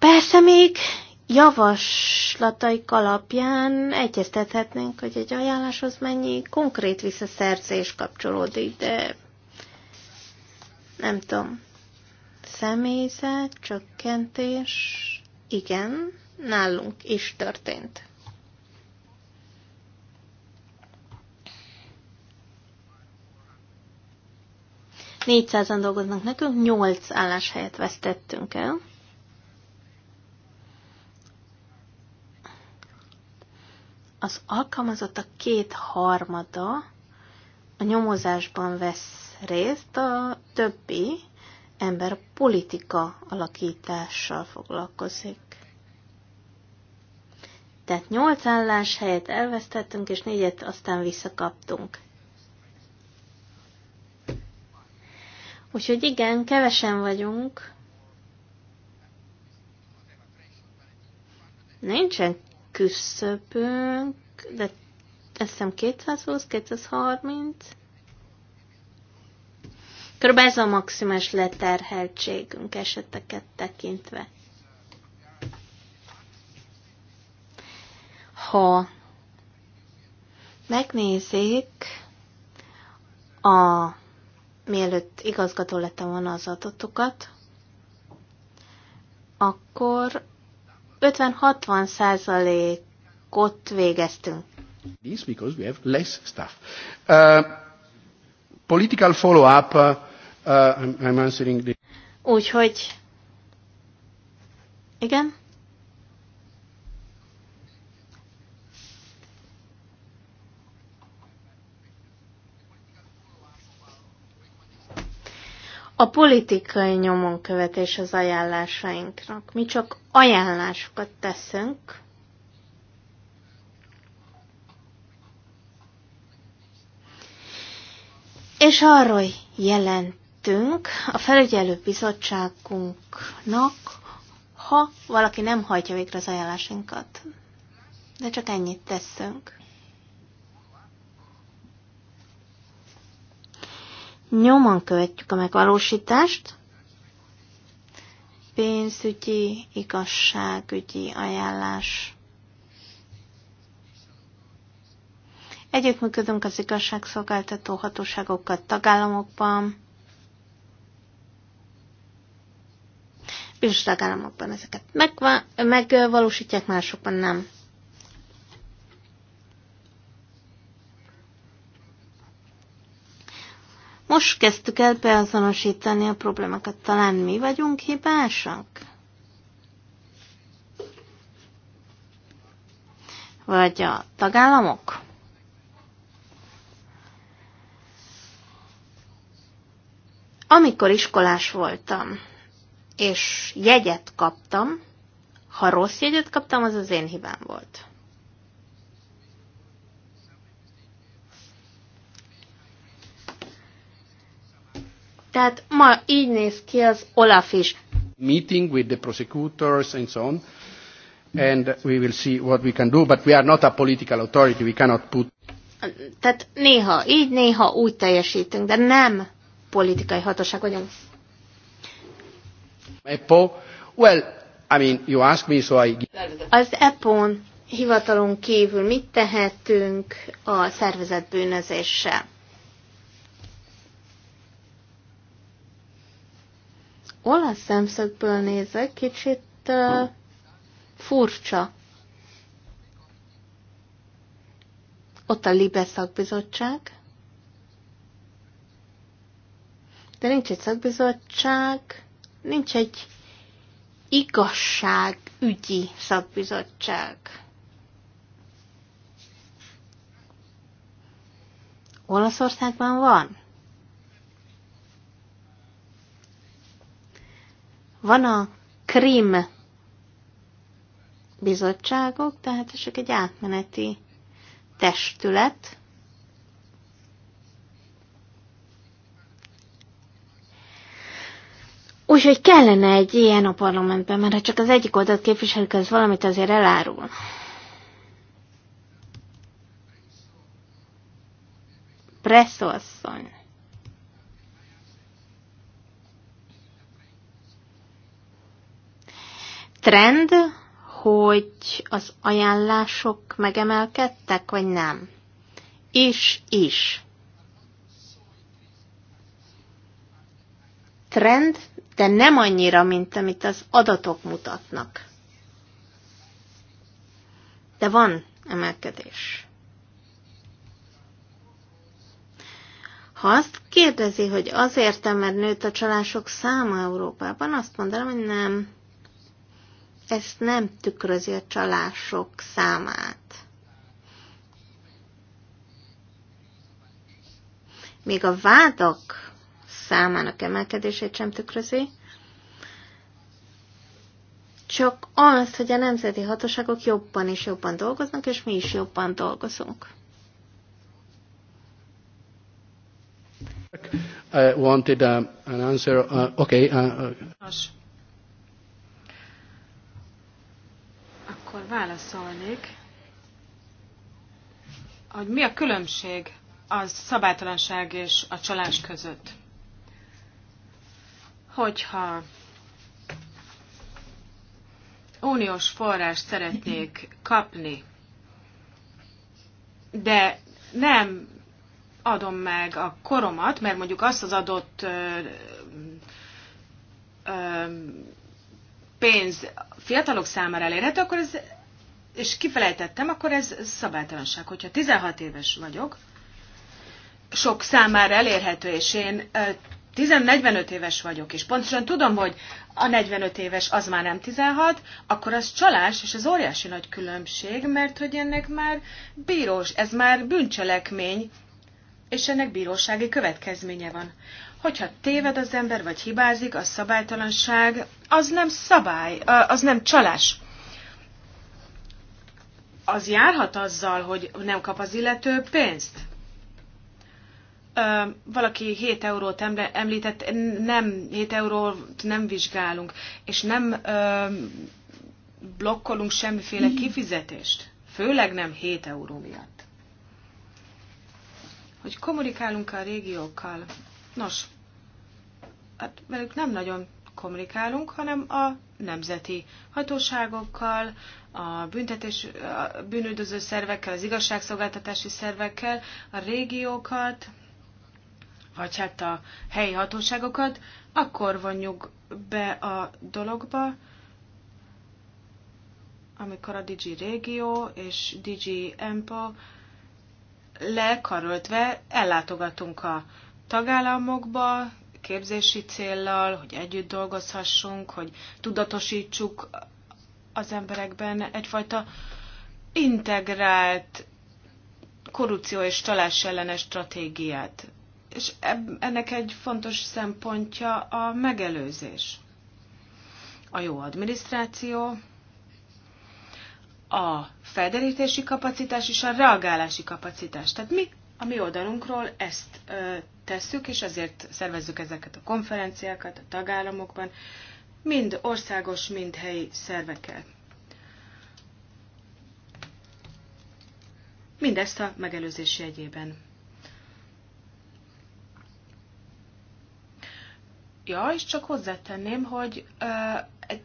Persze még javaslataik alapján egyeztethetnénk, hogy egy ajánláshoz mennyi konkrét visszaszerzés kapcsolódik, de nem tudom. Személyzet, csökkentés, igen, nálunk is történt. Négyszázan dolgoznak nekünk, nyolc álláshelyet vesztettünk el. az alkalmazottak harmada a nyomozásban vesz részt, a többi ember politika alakítással foglalkozik. Tehát nyolc állás helyet elvesztettünk, és négyet aztán visszakaptunk. Úgyhogy igen, kevesen vagyunk. Nincsen küszöbünk, de azt hiszem 220, 230. Körülbelül ez a maximális leterheltségünk eseteket tekintve. Ha megnézik a mielőtt igazgató lettem volna az adatokat, akkor 50-60 százalékot végeztünk. This because we have less staff. Uh, political follow-up, uh, uh, I'm, I'm answering the... Úgyhogy... Igen? a politikai nyomon követés az ajánlásainknak. Mi csak ajánlásokat teszünk, és arról jelentünk a felügyelő bizottságunknak, ha valaki nem hajtja végre az ajánlásunkat. De csak ennyit teszünk. nyomon követjük a megvalósítást, pénzügyi, igazságügyi ajánlás. Együttműködünk az igazságszolgáltató hatóságokkal tagállamokban, bizonyos tagállamokban ezeket megvalósítják, másokban nem. Most kezdtük el beazonosítani a problémákat. Talán mi vagyunk hibásak? Vagy a tagállamok? Amikor iskolás voltam, és jegyet kaptam, ha rossz jegyet kaptam, az az én hibám volt. Tehát ma így néz ki az Olaf is. Meeting with the prosecutors and so on. And we will see what we can do, but we are not a political authority, we cannot put... Tehát néha így, néha úgy teljesítünk, de nem politikai hatóság vagyunk. EPO, well, I mean, you ask me, so I... Az EPO-n hivatalon kívül mit tehetünk a szervezett bűnözéssel? olasz szemszögből nézve kicsit uh, furcsa. Ott a Libe szakbizottság, de nincs egy szakbizottság, nincs egy igazságügyi szakbizottság. Olaszországban van. Van a Krim bizottságok, tehát csak egy átmeneti testület, Úgyhogy kellene egy ilyen a parlamentben, mert ha csak az egyik oldalt képviselik, az valamit azért elárul. Presszó asszony. trend, hogy az ajánlások megemelkedtek, vagy nem? Is, is. Trend, de nem annyira, mint amit az adatok mutatnak. De van emelkedés. Ha azt kérdezi, hogy azért, mert nőtt a csalások száma Európában, azt mondanám, hogy nem ez nem tükrözi a csalások számát. Még a vádak számának emelkedését sem tükrözi, csak az, hogy a nemzeti hatóságok jobban és jobban dolgoznak, és mi is jobban dolgozunk. Uh, wanted uh, an answer. Uh, okay. Uh, uh. akkor válaszolnék, hogy mi a különbség a szabálytalanság és a csalás között. Hogyha uniós forrást szeretnék kapni, de nem adom meg a koromat, mert mondjuk azt az adott ö, ö, pénz fiatalok számára elérhető, akkor ez, és kifelejtettem, akkor ez szabálytalanság. Hogyha 16 éves vagyok, sok számára elérhető, és én 10-45 éves vagyok, és pontosan tudom, hogy a 45 éves az már nem 16, akkor az csalás, és az óriási nagy különbség, mert hogy ennek már bírós, ez már bűncselekmény, és ennek bírósági következménye van. Hogyha téved az ember, vagy hibázik, az szabálytalanság, az nem szabály, az nem csalás. Az járhat azzal, hogy nem kap az illető pénzt. Ö, valaki 7 eurót említett, nem, 7 eurót nem vizsgálunk, és nem ö, blokkolunk semmiféle mhm. kifizetést, főleg nem 7 euró miatt. Hogy kommunikálunk a régiókkal, Nos, hát velük nem nagyon kommunikálunk, hanem a nemzeti hatóságokkal, a büntetés, a bűnüldöző szervekkel, az igazságszolgáltatási szervekkel, a régiókat, vagy hát a helyi hatóságokat, akkor vonjuk be a dologba, amikor a Digi Régió és Digi Empo lekaröltve ellátogatunk a tagállamokba, képzési céllal, hogy együtt dolgozhassunk, hogy tudatosítsuk az emberekben egyfajta integrált korrupció és csalás ellenes stratégiát. És ennek egy fontos szempontja a megelőzés. A jó adminisztráció, a felderítési kapacitás és a reagálási kapacitás. Tehát mi a mi oldalunkról ezt ö, tesszük, és ezért szervezzük ezeket a konferenciákat a tagállamokban, mind országos, mind helyi szervekkel. Mindezt a megelőzés jegyében. Ja, és csak hozzátenném, hogy ö,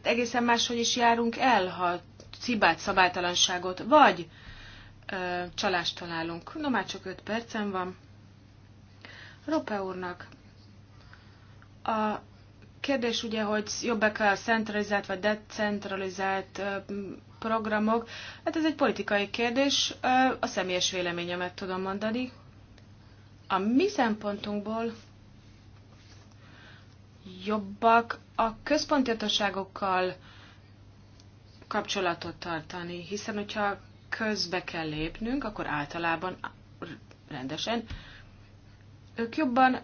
egészen máshogy is járunk el, ha cibát, szabálytalanságot, vagy csalást találunk. Na már csak 5 percen van. Rope úrnak. A kérdés ugye, hogy jobbak a centralizált vagy decentralizált programok. Hát ez egy politikai kérdés, a személyes véleményemet tudom mondani. A mi szempontunkból jobbak a központi kapcsolatot tartani, hiszen hogyha közbe kell lépnünk, akkor általában rendesen ők jobban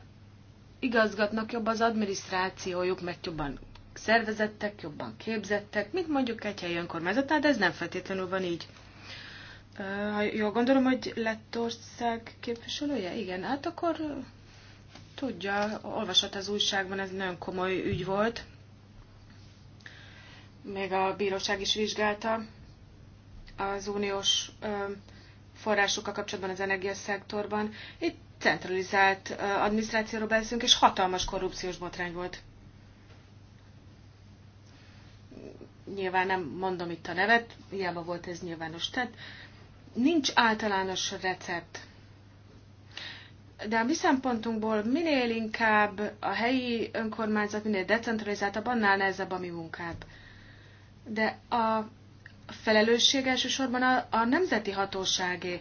igazgatnak, jobb az adminisztrációjuk, meg jobban szervezettek, jobban képzettek, mint mondjuk egy helyi önkormányzatnál, de ez nem feltétlenül van így. Ha jól gondolom, hogy ország képviselője? Igen, hát akkor tudja, olvasott az újságban, ez nagyon komoly ügy volt. Még a bíróság is vizsgálta az uniós forrásokkal kapcsolatban az energiaszektorban. Itt centralizált adminisztrációról beszélünk, és hatalmas korrupciós botrány volt. Nyilván nem mondom itt a nevet, hiába volt ez nyilvános. Tehát nincs általános recept. De a mi szempontunkból minél inkább a helyi önkormányzat, minél decentralizáltabb, annál nehezebb a mi munkább. De a felelősség elsősorban a, a nemzeti hatóságé,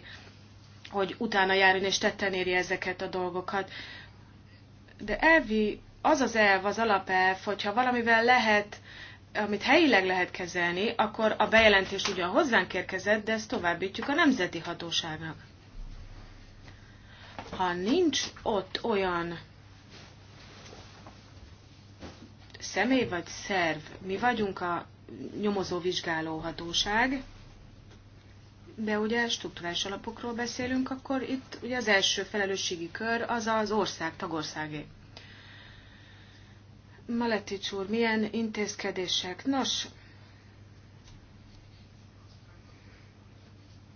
hogy utána járjon és tetten éri ezeket a dolgokat. De elvi, az az elv, az alapelv, hogyha valamivel lehet, amit helyileg lehet kezelni, akkor a bejelentés ugyan hozzánk érkezett, de ezt továbbítjuk a nemzeti hatóságnak. Ha nincs ott olyan személy vagy szerv, mi vagyunk a nyomozó vizsgáló hatóság, de ugye struktúrás alapokról beszélünk, akkor itt ugye az első felelősségi kör az az ország, tagországé. Maletics úr, milyen intézkedések? Nos,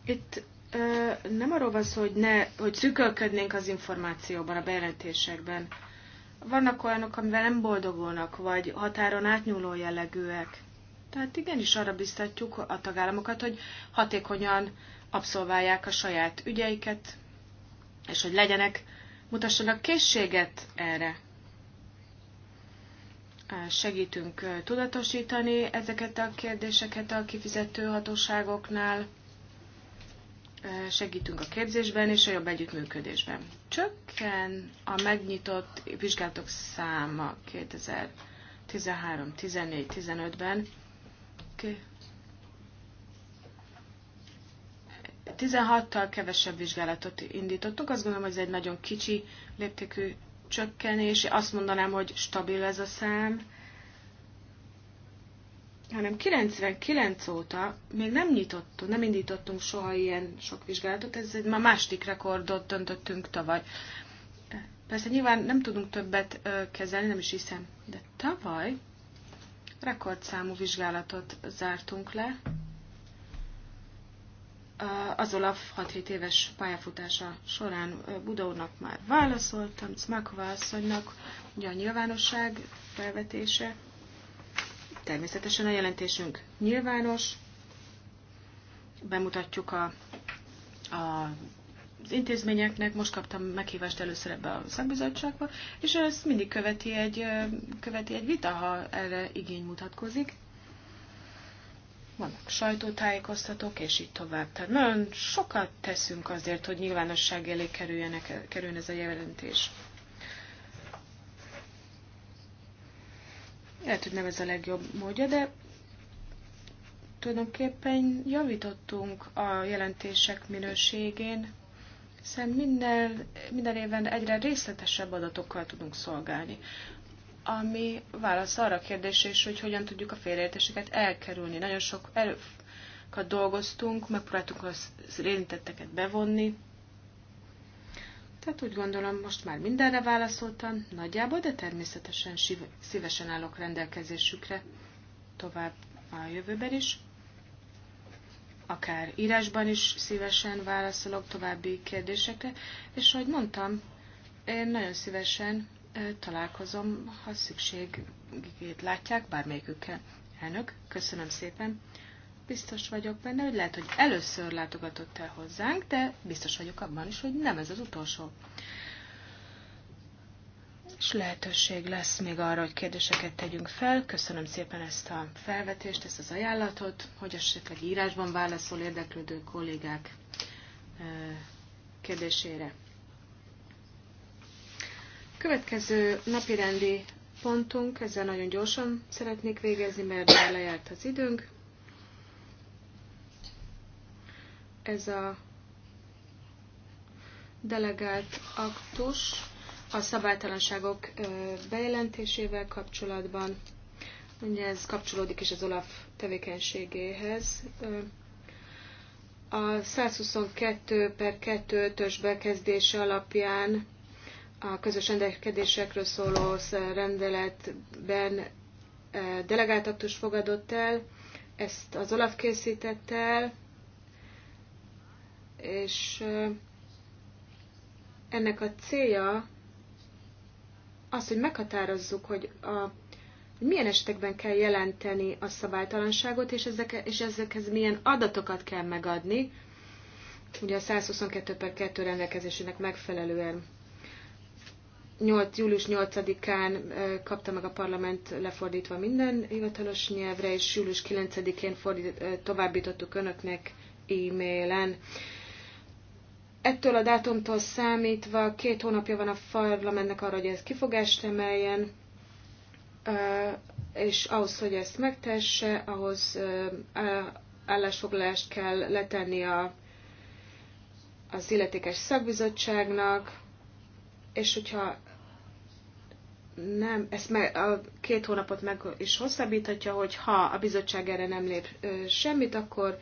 itt ö, nem arról van szó, hogy, ne, hogy szükölködnénk az információban, a bejelentésekben. Vannak olyanok, amivel nem boldogulnak, vagy határon átnyúló jellegűek. Tehát igenis arra biztatjuk a tagállamokat, hogy hatékonyan abszolválják a saját ügyeiket, és hogy legyenek, mutassanak készséget erre. Segítünk tudatosítani ezeket a kérdéseket a kifizető hatóságoknál, segítünk a képzésben és a jobb együttműködésben. Csökken a megnyitott vizsgálatok száma 2013-14-15-ben 16-tal kevesebb vizsgálatot indítottuk, azt gondolom, hogy ez egy nagyon kicsi léptékű csökkenés. Azt mondanám, hogy stabil ez a szám, hanem 99 óta még nem nyitottunk, nem indítottunk soha ilyen sok vizsgálatot, ez egy már másik rekordot döntöttünk tavaly. Persze nyilván nem tudunk többet kezelni, nem is hiszem, de tavaly Rekordszámú vizsgálatot zártunk le. Az Olaf 6-7 éves pályafutása során Budónak már válaszoltam, Cmakova asszonynak, ugye a nyilvánosság felvetése. Természetesen a jelentésünk nyilvános, bemutatjuk a, a az intézményeknek, most kaptam meghívást először ebbe a szakbizottságba, és ezt mindig követi egy, követi egy vita, ha erre igény mutatkozik. Vannak sajtótájékoztatók, és így tovább. Tehát nagyon sokat teszünk azért, hogy nyilvánosság elé kerüljenek, kerüljön ez a jelentés. Lehet, hogy nem ez a legjobb módja, de tulajdonképpen javítottunk a jelentések minőségén, hiszen minden, minden évben egyre részletesebb adatokkal tudunk szolgálni, ami válasz arra a kérdésre is, hogy hogyan tudjuk a félreértéseket elkerülni. Nagyon sok erőkat dolgoztunk, megpróbáltuk az érintetteket bevonni. Tehát úgy gondolom, most már mindenre válaszoltam, nagyjából, de természetesen szívesen állok rendelkezésükre tovább a jövőben is akár írásban is szívesen válaszolok további kérdésekre, és ahogy mondtam, én nagyon szívesen találkozom, ha szükségét látják bármelyikükkel. Elnök, köszönöm szépen. Biztos vagyok benne, hogy lehet, hogy először látogatott el hozzánk, de biztos vagyok abban is, hogy nem ez az utolsó és lehetőség lesz még arra, hogy kérdéseket tegyünk fel. Köszönöm szépen ezt a felvetést, ezt az ajánlatot, hogy esetleg írásban válaszol érdeklődő kollégák kérdésére. Következő napirendi pontunk, ezzel nagyon gyorsan szeretnék végezni, mert már lejárt az időnk. Ez a delegált aktus a szabálytalanságok bejelentésével kapcsolatban. Ugye ez kapcsolódik is az OLAF tevékenységéhez. A 122 per 2 ös bekezdése alapján a közös rendelkedésekről szóló rendeletben delegált fogadott el, ezt az Olaf készített el, és ennek a célja az, hogy meghatározzuk, hogy a hogy milyen esetekben kell jelenteni a szabálytalanságot, és, ezek, és ezekhez milyen adatokat kell megadni, ugye a 122 per 2 rendelkezésének megfelelően. 8, július 8-án kapta meg a parlament lefordítva minden hivatalos nyelvre, és július 9-én továbbítottuk önöknek e-mailen. Ettől a dátumtól számítva két hónapja van a parlamentnek arra, hogy ez kifogást emeljen, és ahhoz, hogy ezt megtesse, ahhoz állásfoglalást kell letenni a, az illetékes szakbizottságnak, és hogyha nem, ezt meg, a két hónapot meg is hosszabbíthatja, hogy ha a bizottság erre nem lép semmit, akkor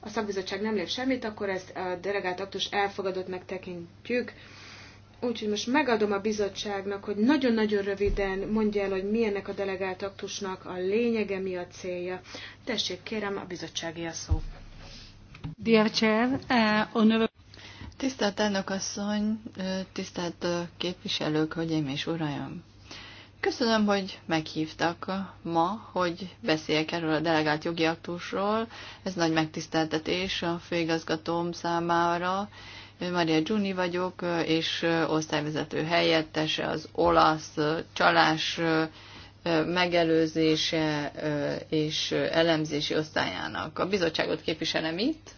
a szakbizottság nem lép semmit, akkor ezt a delegált aktus elfogadott megtekintjük. Úgyhogy most megadom a bizottságnak, hogy nagyon-nagyon röviden mondja el, hogy milyennek a delegált aktusnak a lényege, mi a célja. Tessék, kérem, a bizottsági a szó. Dear Chair, eh, Tisztelt elnök asszony, eh, tisztelt eh, képviselők, hölgyeim és uraim! Köszönöm, hogy meghívtak ma, hogy beszéljek erről a delegált jogi aktusról. Ez nagy megtiszteltetés a főigazgatóm számára. Maria Giuni vagyok, és osztályvezető helyettese az olasz csalás megelőzése és elemzési osztályának. A bizottságot képviselem itt.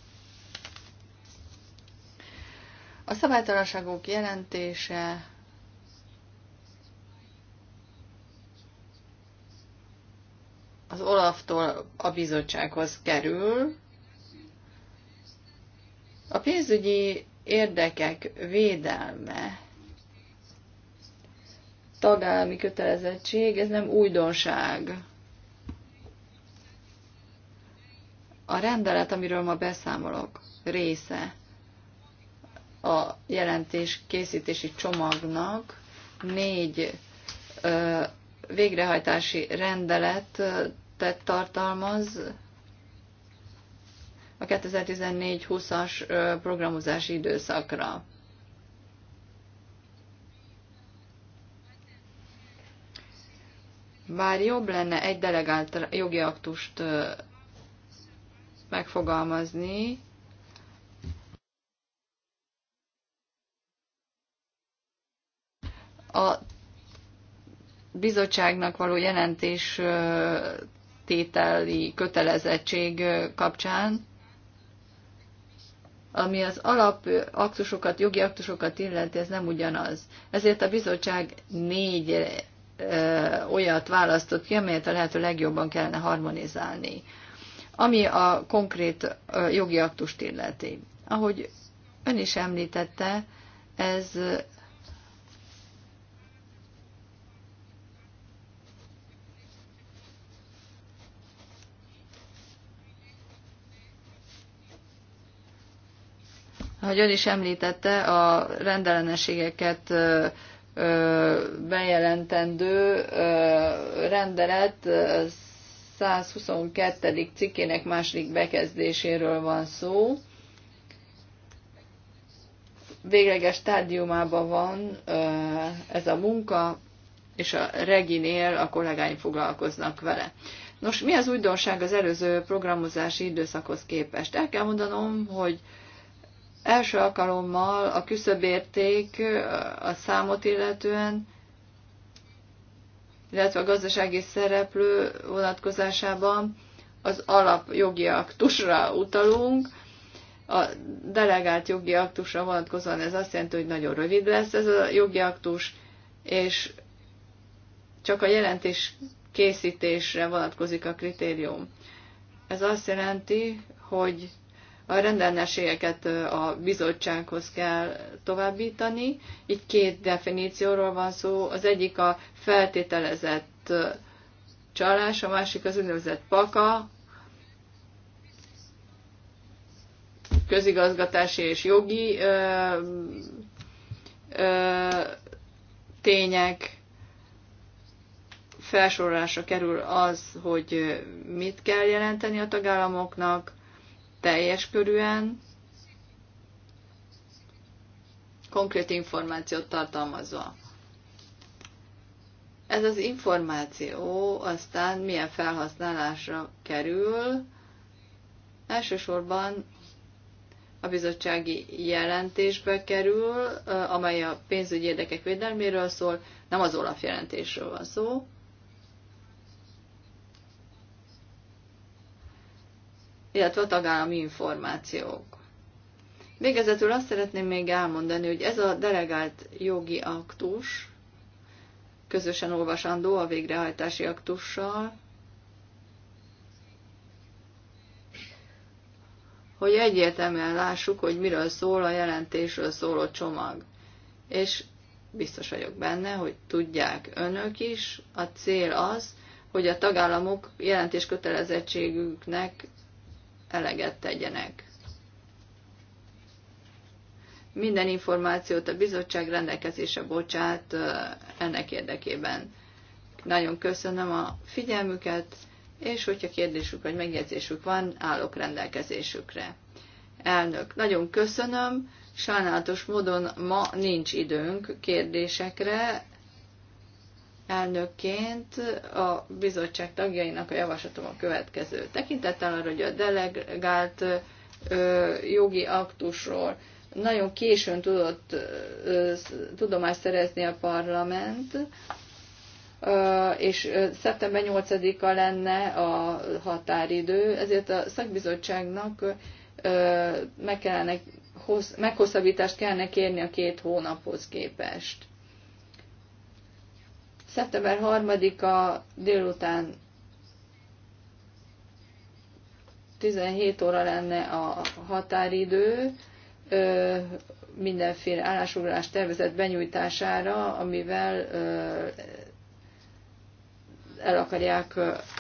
A szabálytalanságok jelentése az Olaftól a bizottsághoz kerül. A pénzügyi érdekek védelme, tagállami kötelezettség, ez nem újdonság. A rendelet, amiről ma beszámolok, része a jelentés készítési csomagnak négy végrehajtási rendelet tett tartalmaz a 2014-20-as programozási időszakra. Bár jobb lenne egy delegált jogi aktust megfogalmazni, a bizottságnak való jelentés tételi kötelezettség kapcsán, ami az aktusokat, jogi aktusokat illeti, ez nem ugyanaz. Ezért a bizottság négy olyat választott ki, amelyet a lehető legjobban kellene harmonizálni. Ami a konkrét jogi aktust illeti. Ahogy ön is említette, ez Ahogy ön is említette, a rendellenességeket bejelentendő rendelet 122. cikkének második bekezdéséről van szó. Végleges stádiumában van ez a munka, és a Reginél a kollégáim foglalkoznak vele. Nos, mi az újdonság az előző programozási időszakhoz képest? El kell mondanom, hogy első alkalommal a küszöbérték a számot illetően, illetve a gazdasági szereplő vonatkozásában az alapjogi aktusra utalunk, a delegált jogi aktusra vonatkozóan ez azt jelenti, hogy nagyon rövid lesz ez a jogi aktus, és csak a jelentés készítésre vonatkozik a kritérium. Ez azt jelenti, hogy a rendellenességeket a bizottsághoz kell továbbítani. Itt két definícióról van szó. Az egyik a feltételezett csalás, a másik az úgynevezett paka, közigazgatási és jogi ö, ö, tények felsorolásra kerül az, hogy mit kell jelenteni a tagállamoknak, teljes körűen, konkrét információt tartalmazva. Ez az információ aztán milyen felhasználásra kerül, elsősorban a bizottsági jelentésbe kerül, amely a pénzügyi érdekek védelméről szól, nem az Olaf jelentésről van szó, illetve a tagállami információk. Végezetül azt szeretném még elmondani, hogy ez a delegált jogi aktus közösen olvasandó a végrehajtási aktussal, hogy egyértelműen lássuk, hogy miről szól a jelentésről szóló csomag. És biztos vagyok benne, hogy tudják önök is, a cél az, hogy a tagállamok jelentéskötelezettségüknek eleget tegyenek. Minden információt a bizottság rendelkezése bocsát ennek érdekében. Nagyon köszönöm a figyelmüket, és hogyha kérdésük vagy megjegyzésük van, állok rendelkezésükre. Elnök, nagyon köszönöm. Sajnálatos módon ma nincs időnk kérdésekre, elnökként a bizottság tagjainak a javaslatom a következő. Tekintettel arra, hogy a delegált jogi aktusról nagyon későn tudott tudomást szerezni a parlament, és szeptember 8-a lenne a határidő, ezért a szakbizottságnak meg kellene, meghosszabbítást kellene kérni a két hónaphoz képest. Szeptember 3-a délután 17 óra lenne a határidő mindenféle állásfoglalás tervezet benyújtására, amivel el akarják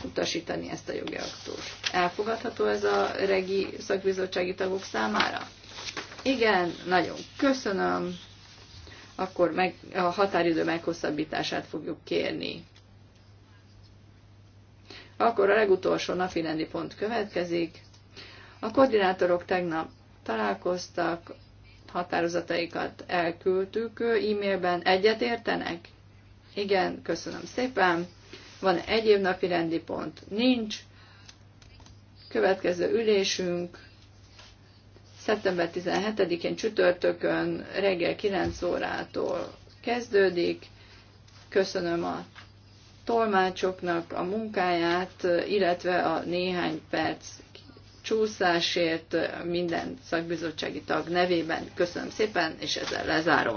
utasítani ezt a jogi aktust. Elfogadható ez a regi szakbizottsági tagok számára? Igen, nagyon köszönöm akkor meg, a határidő meghosszabbítását fogjuk kérni. Akkor a legutolsó napi rendi pont következik. A koordinátorok tegnap találkoztak, határozataikat elküldtük e-mailben. Egyet értenek? Igen, köszönöm szépen. Van egyéb napi rendi pont? Nincs. Következő ülésünk Szeptember 17-én csütörtökön reggel 9 órától kezdődik. Köszönöm a tolmácsoknak a munkáját, illetve a néhány perc csúszásért minden szakbizottsági tag nevében. Köszönöm szépen, és ezzel lezárom.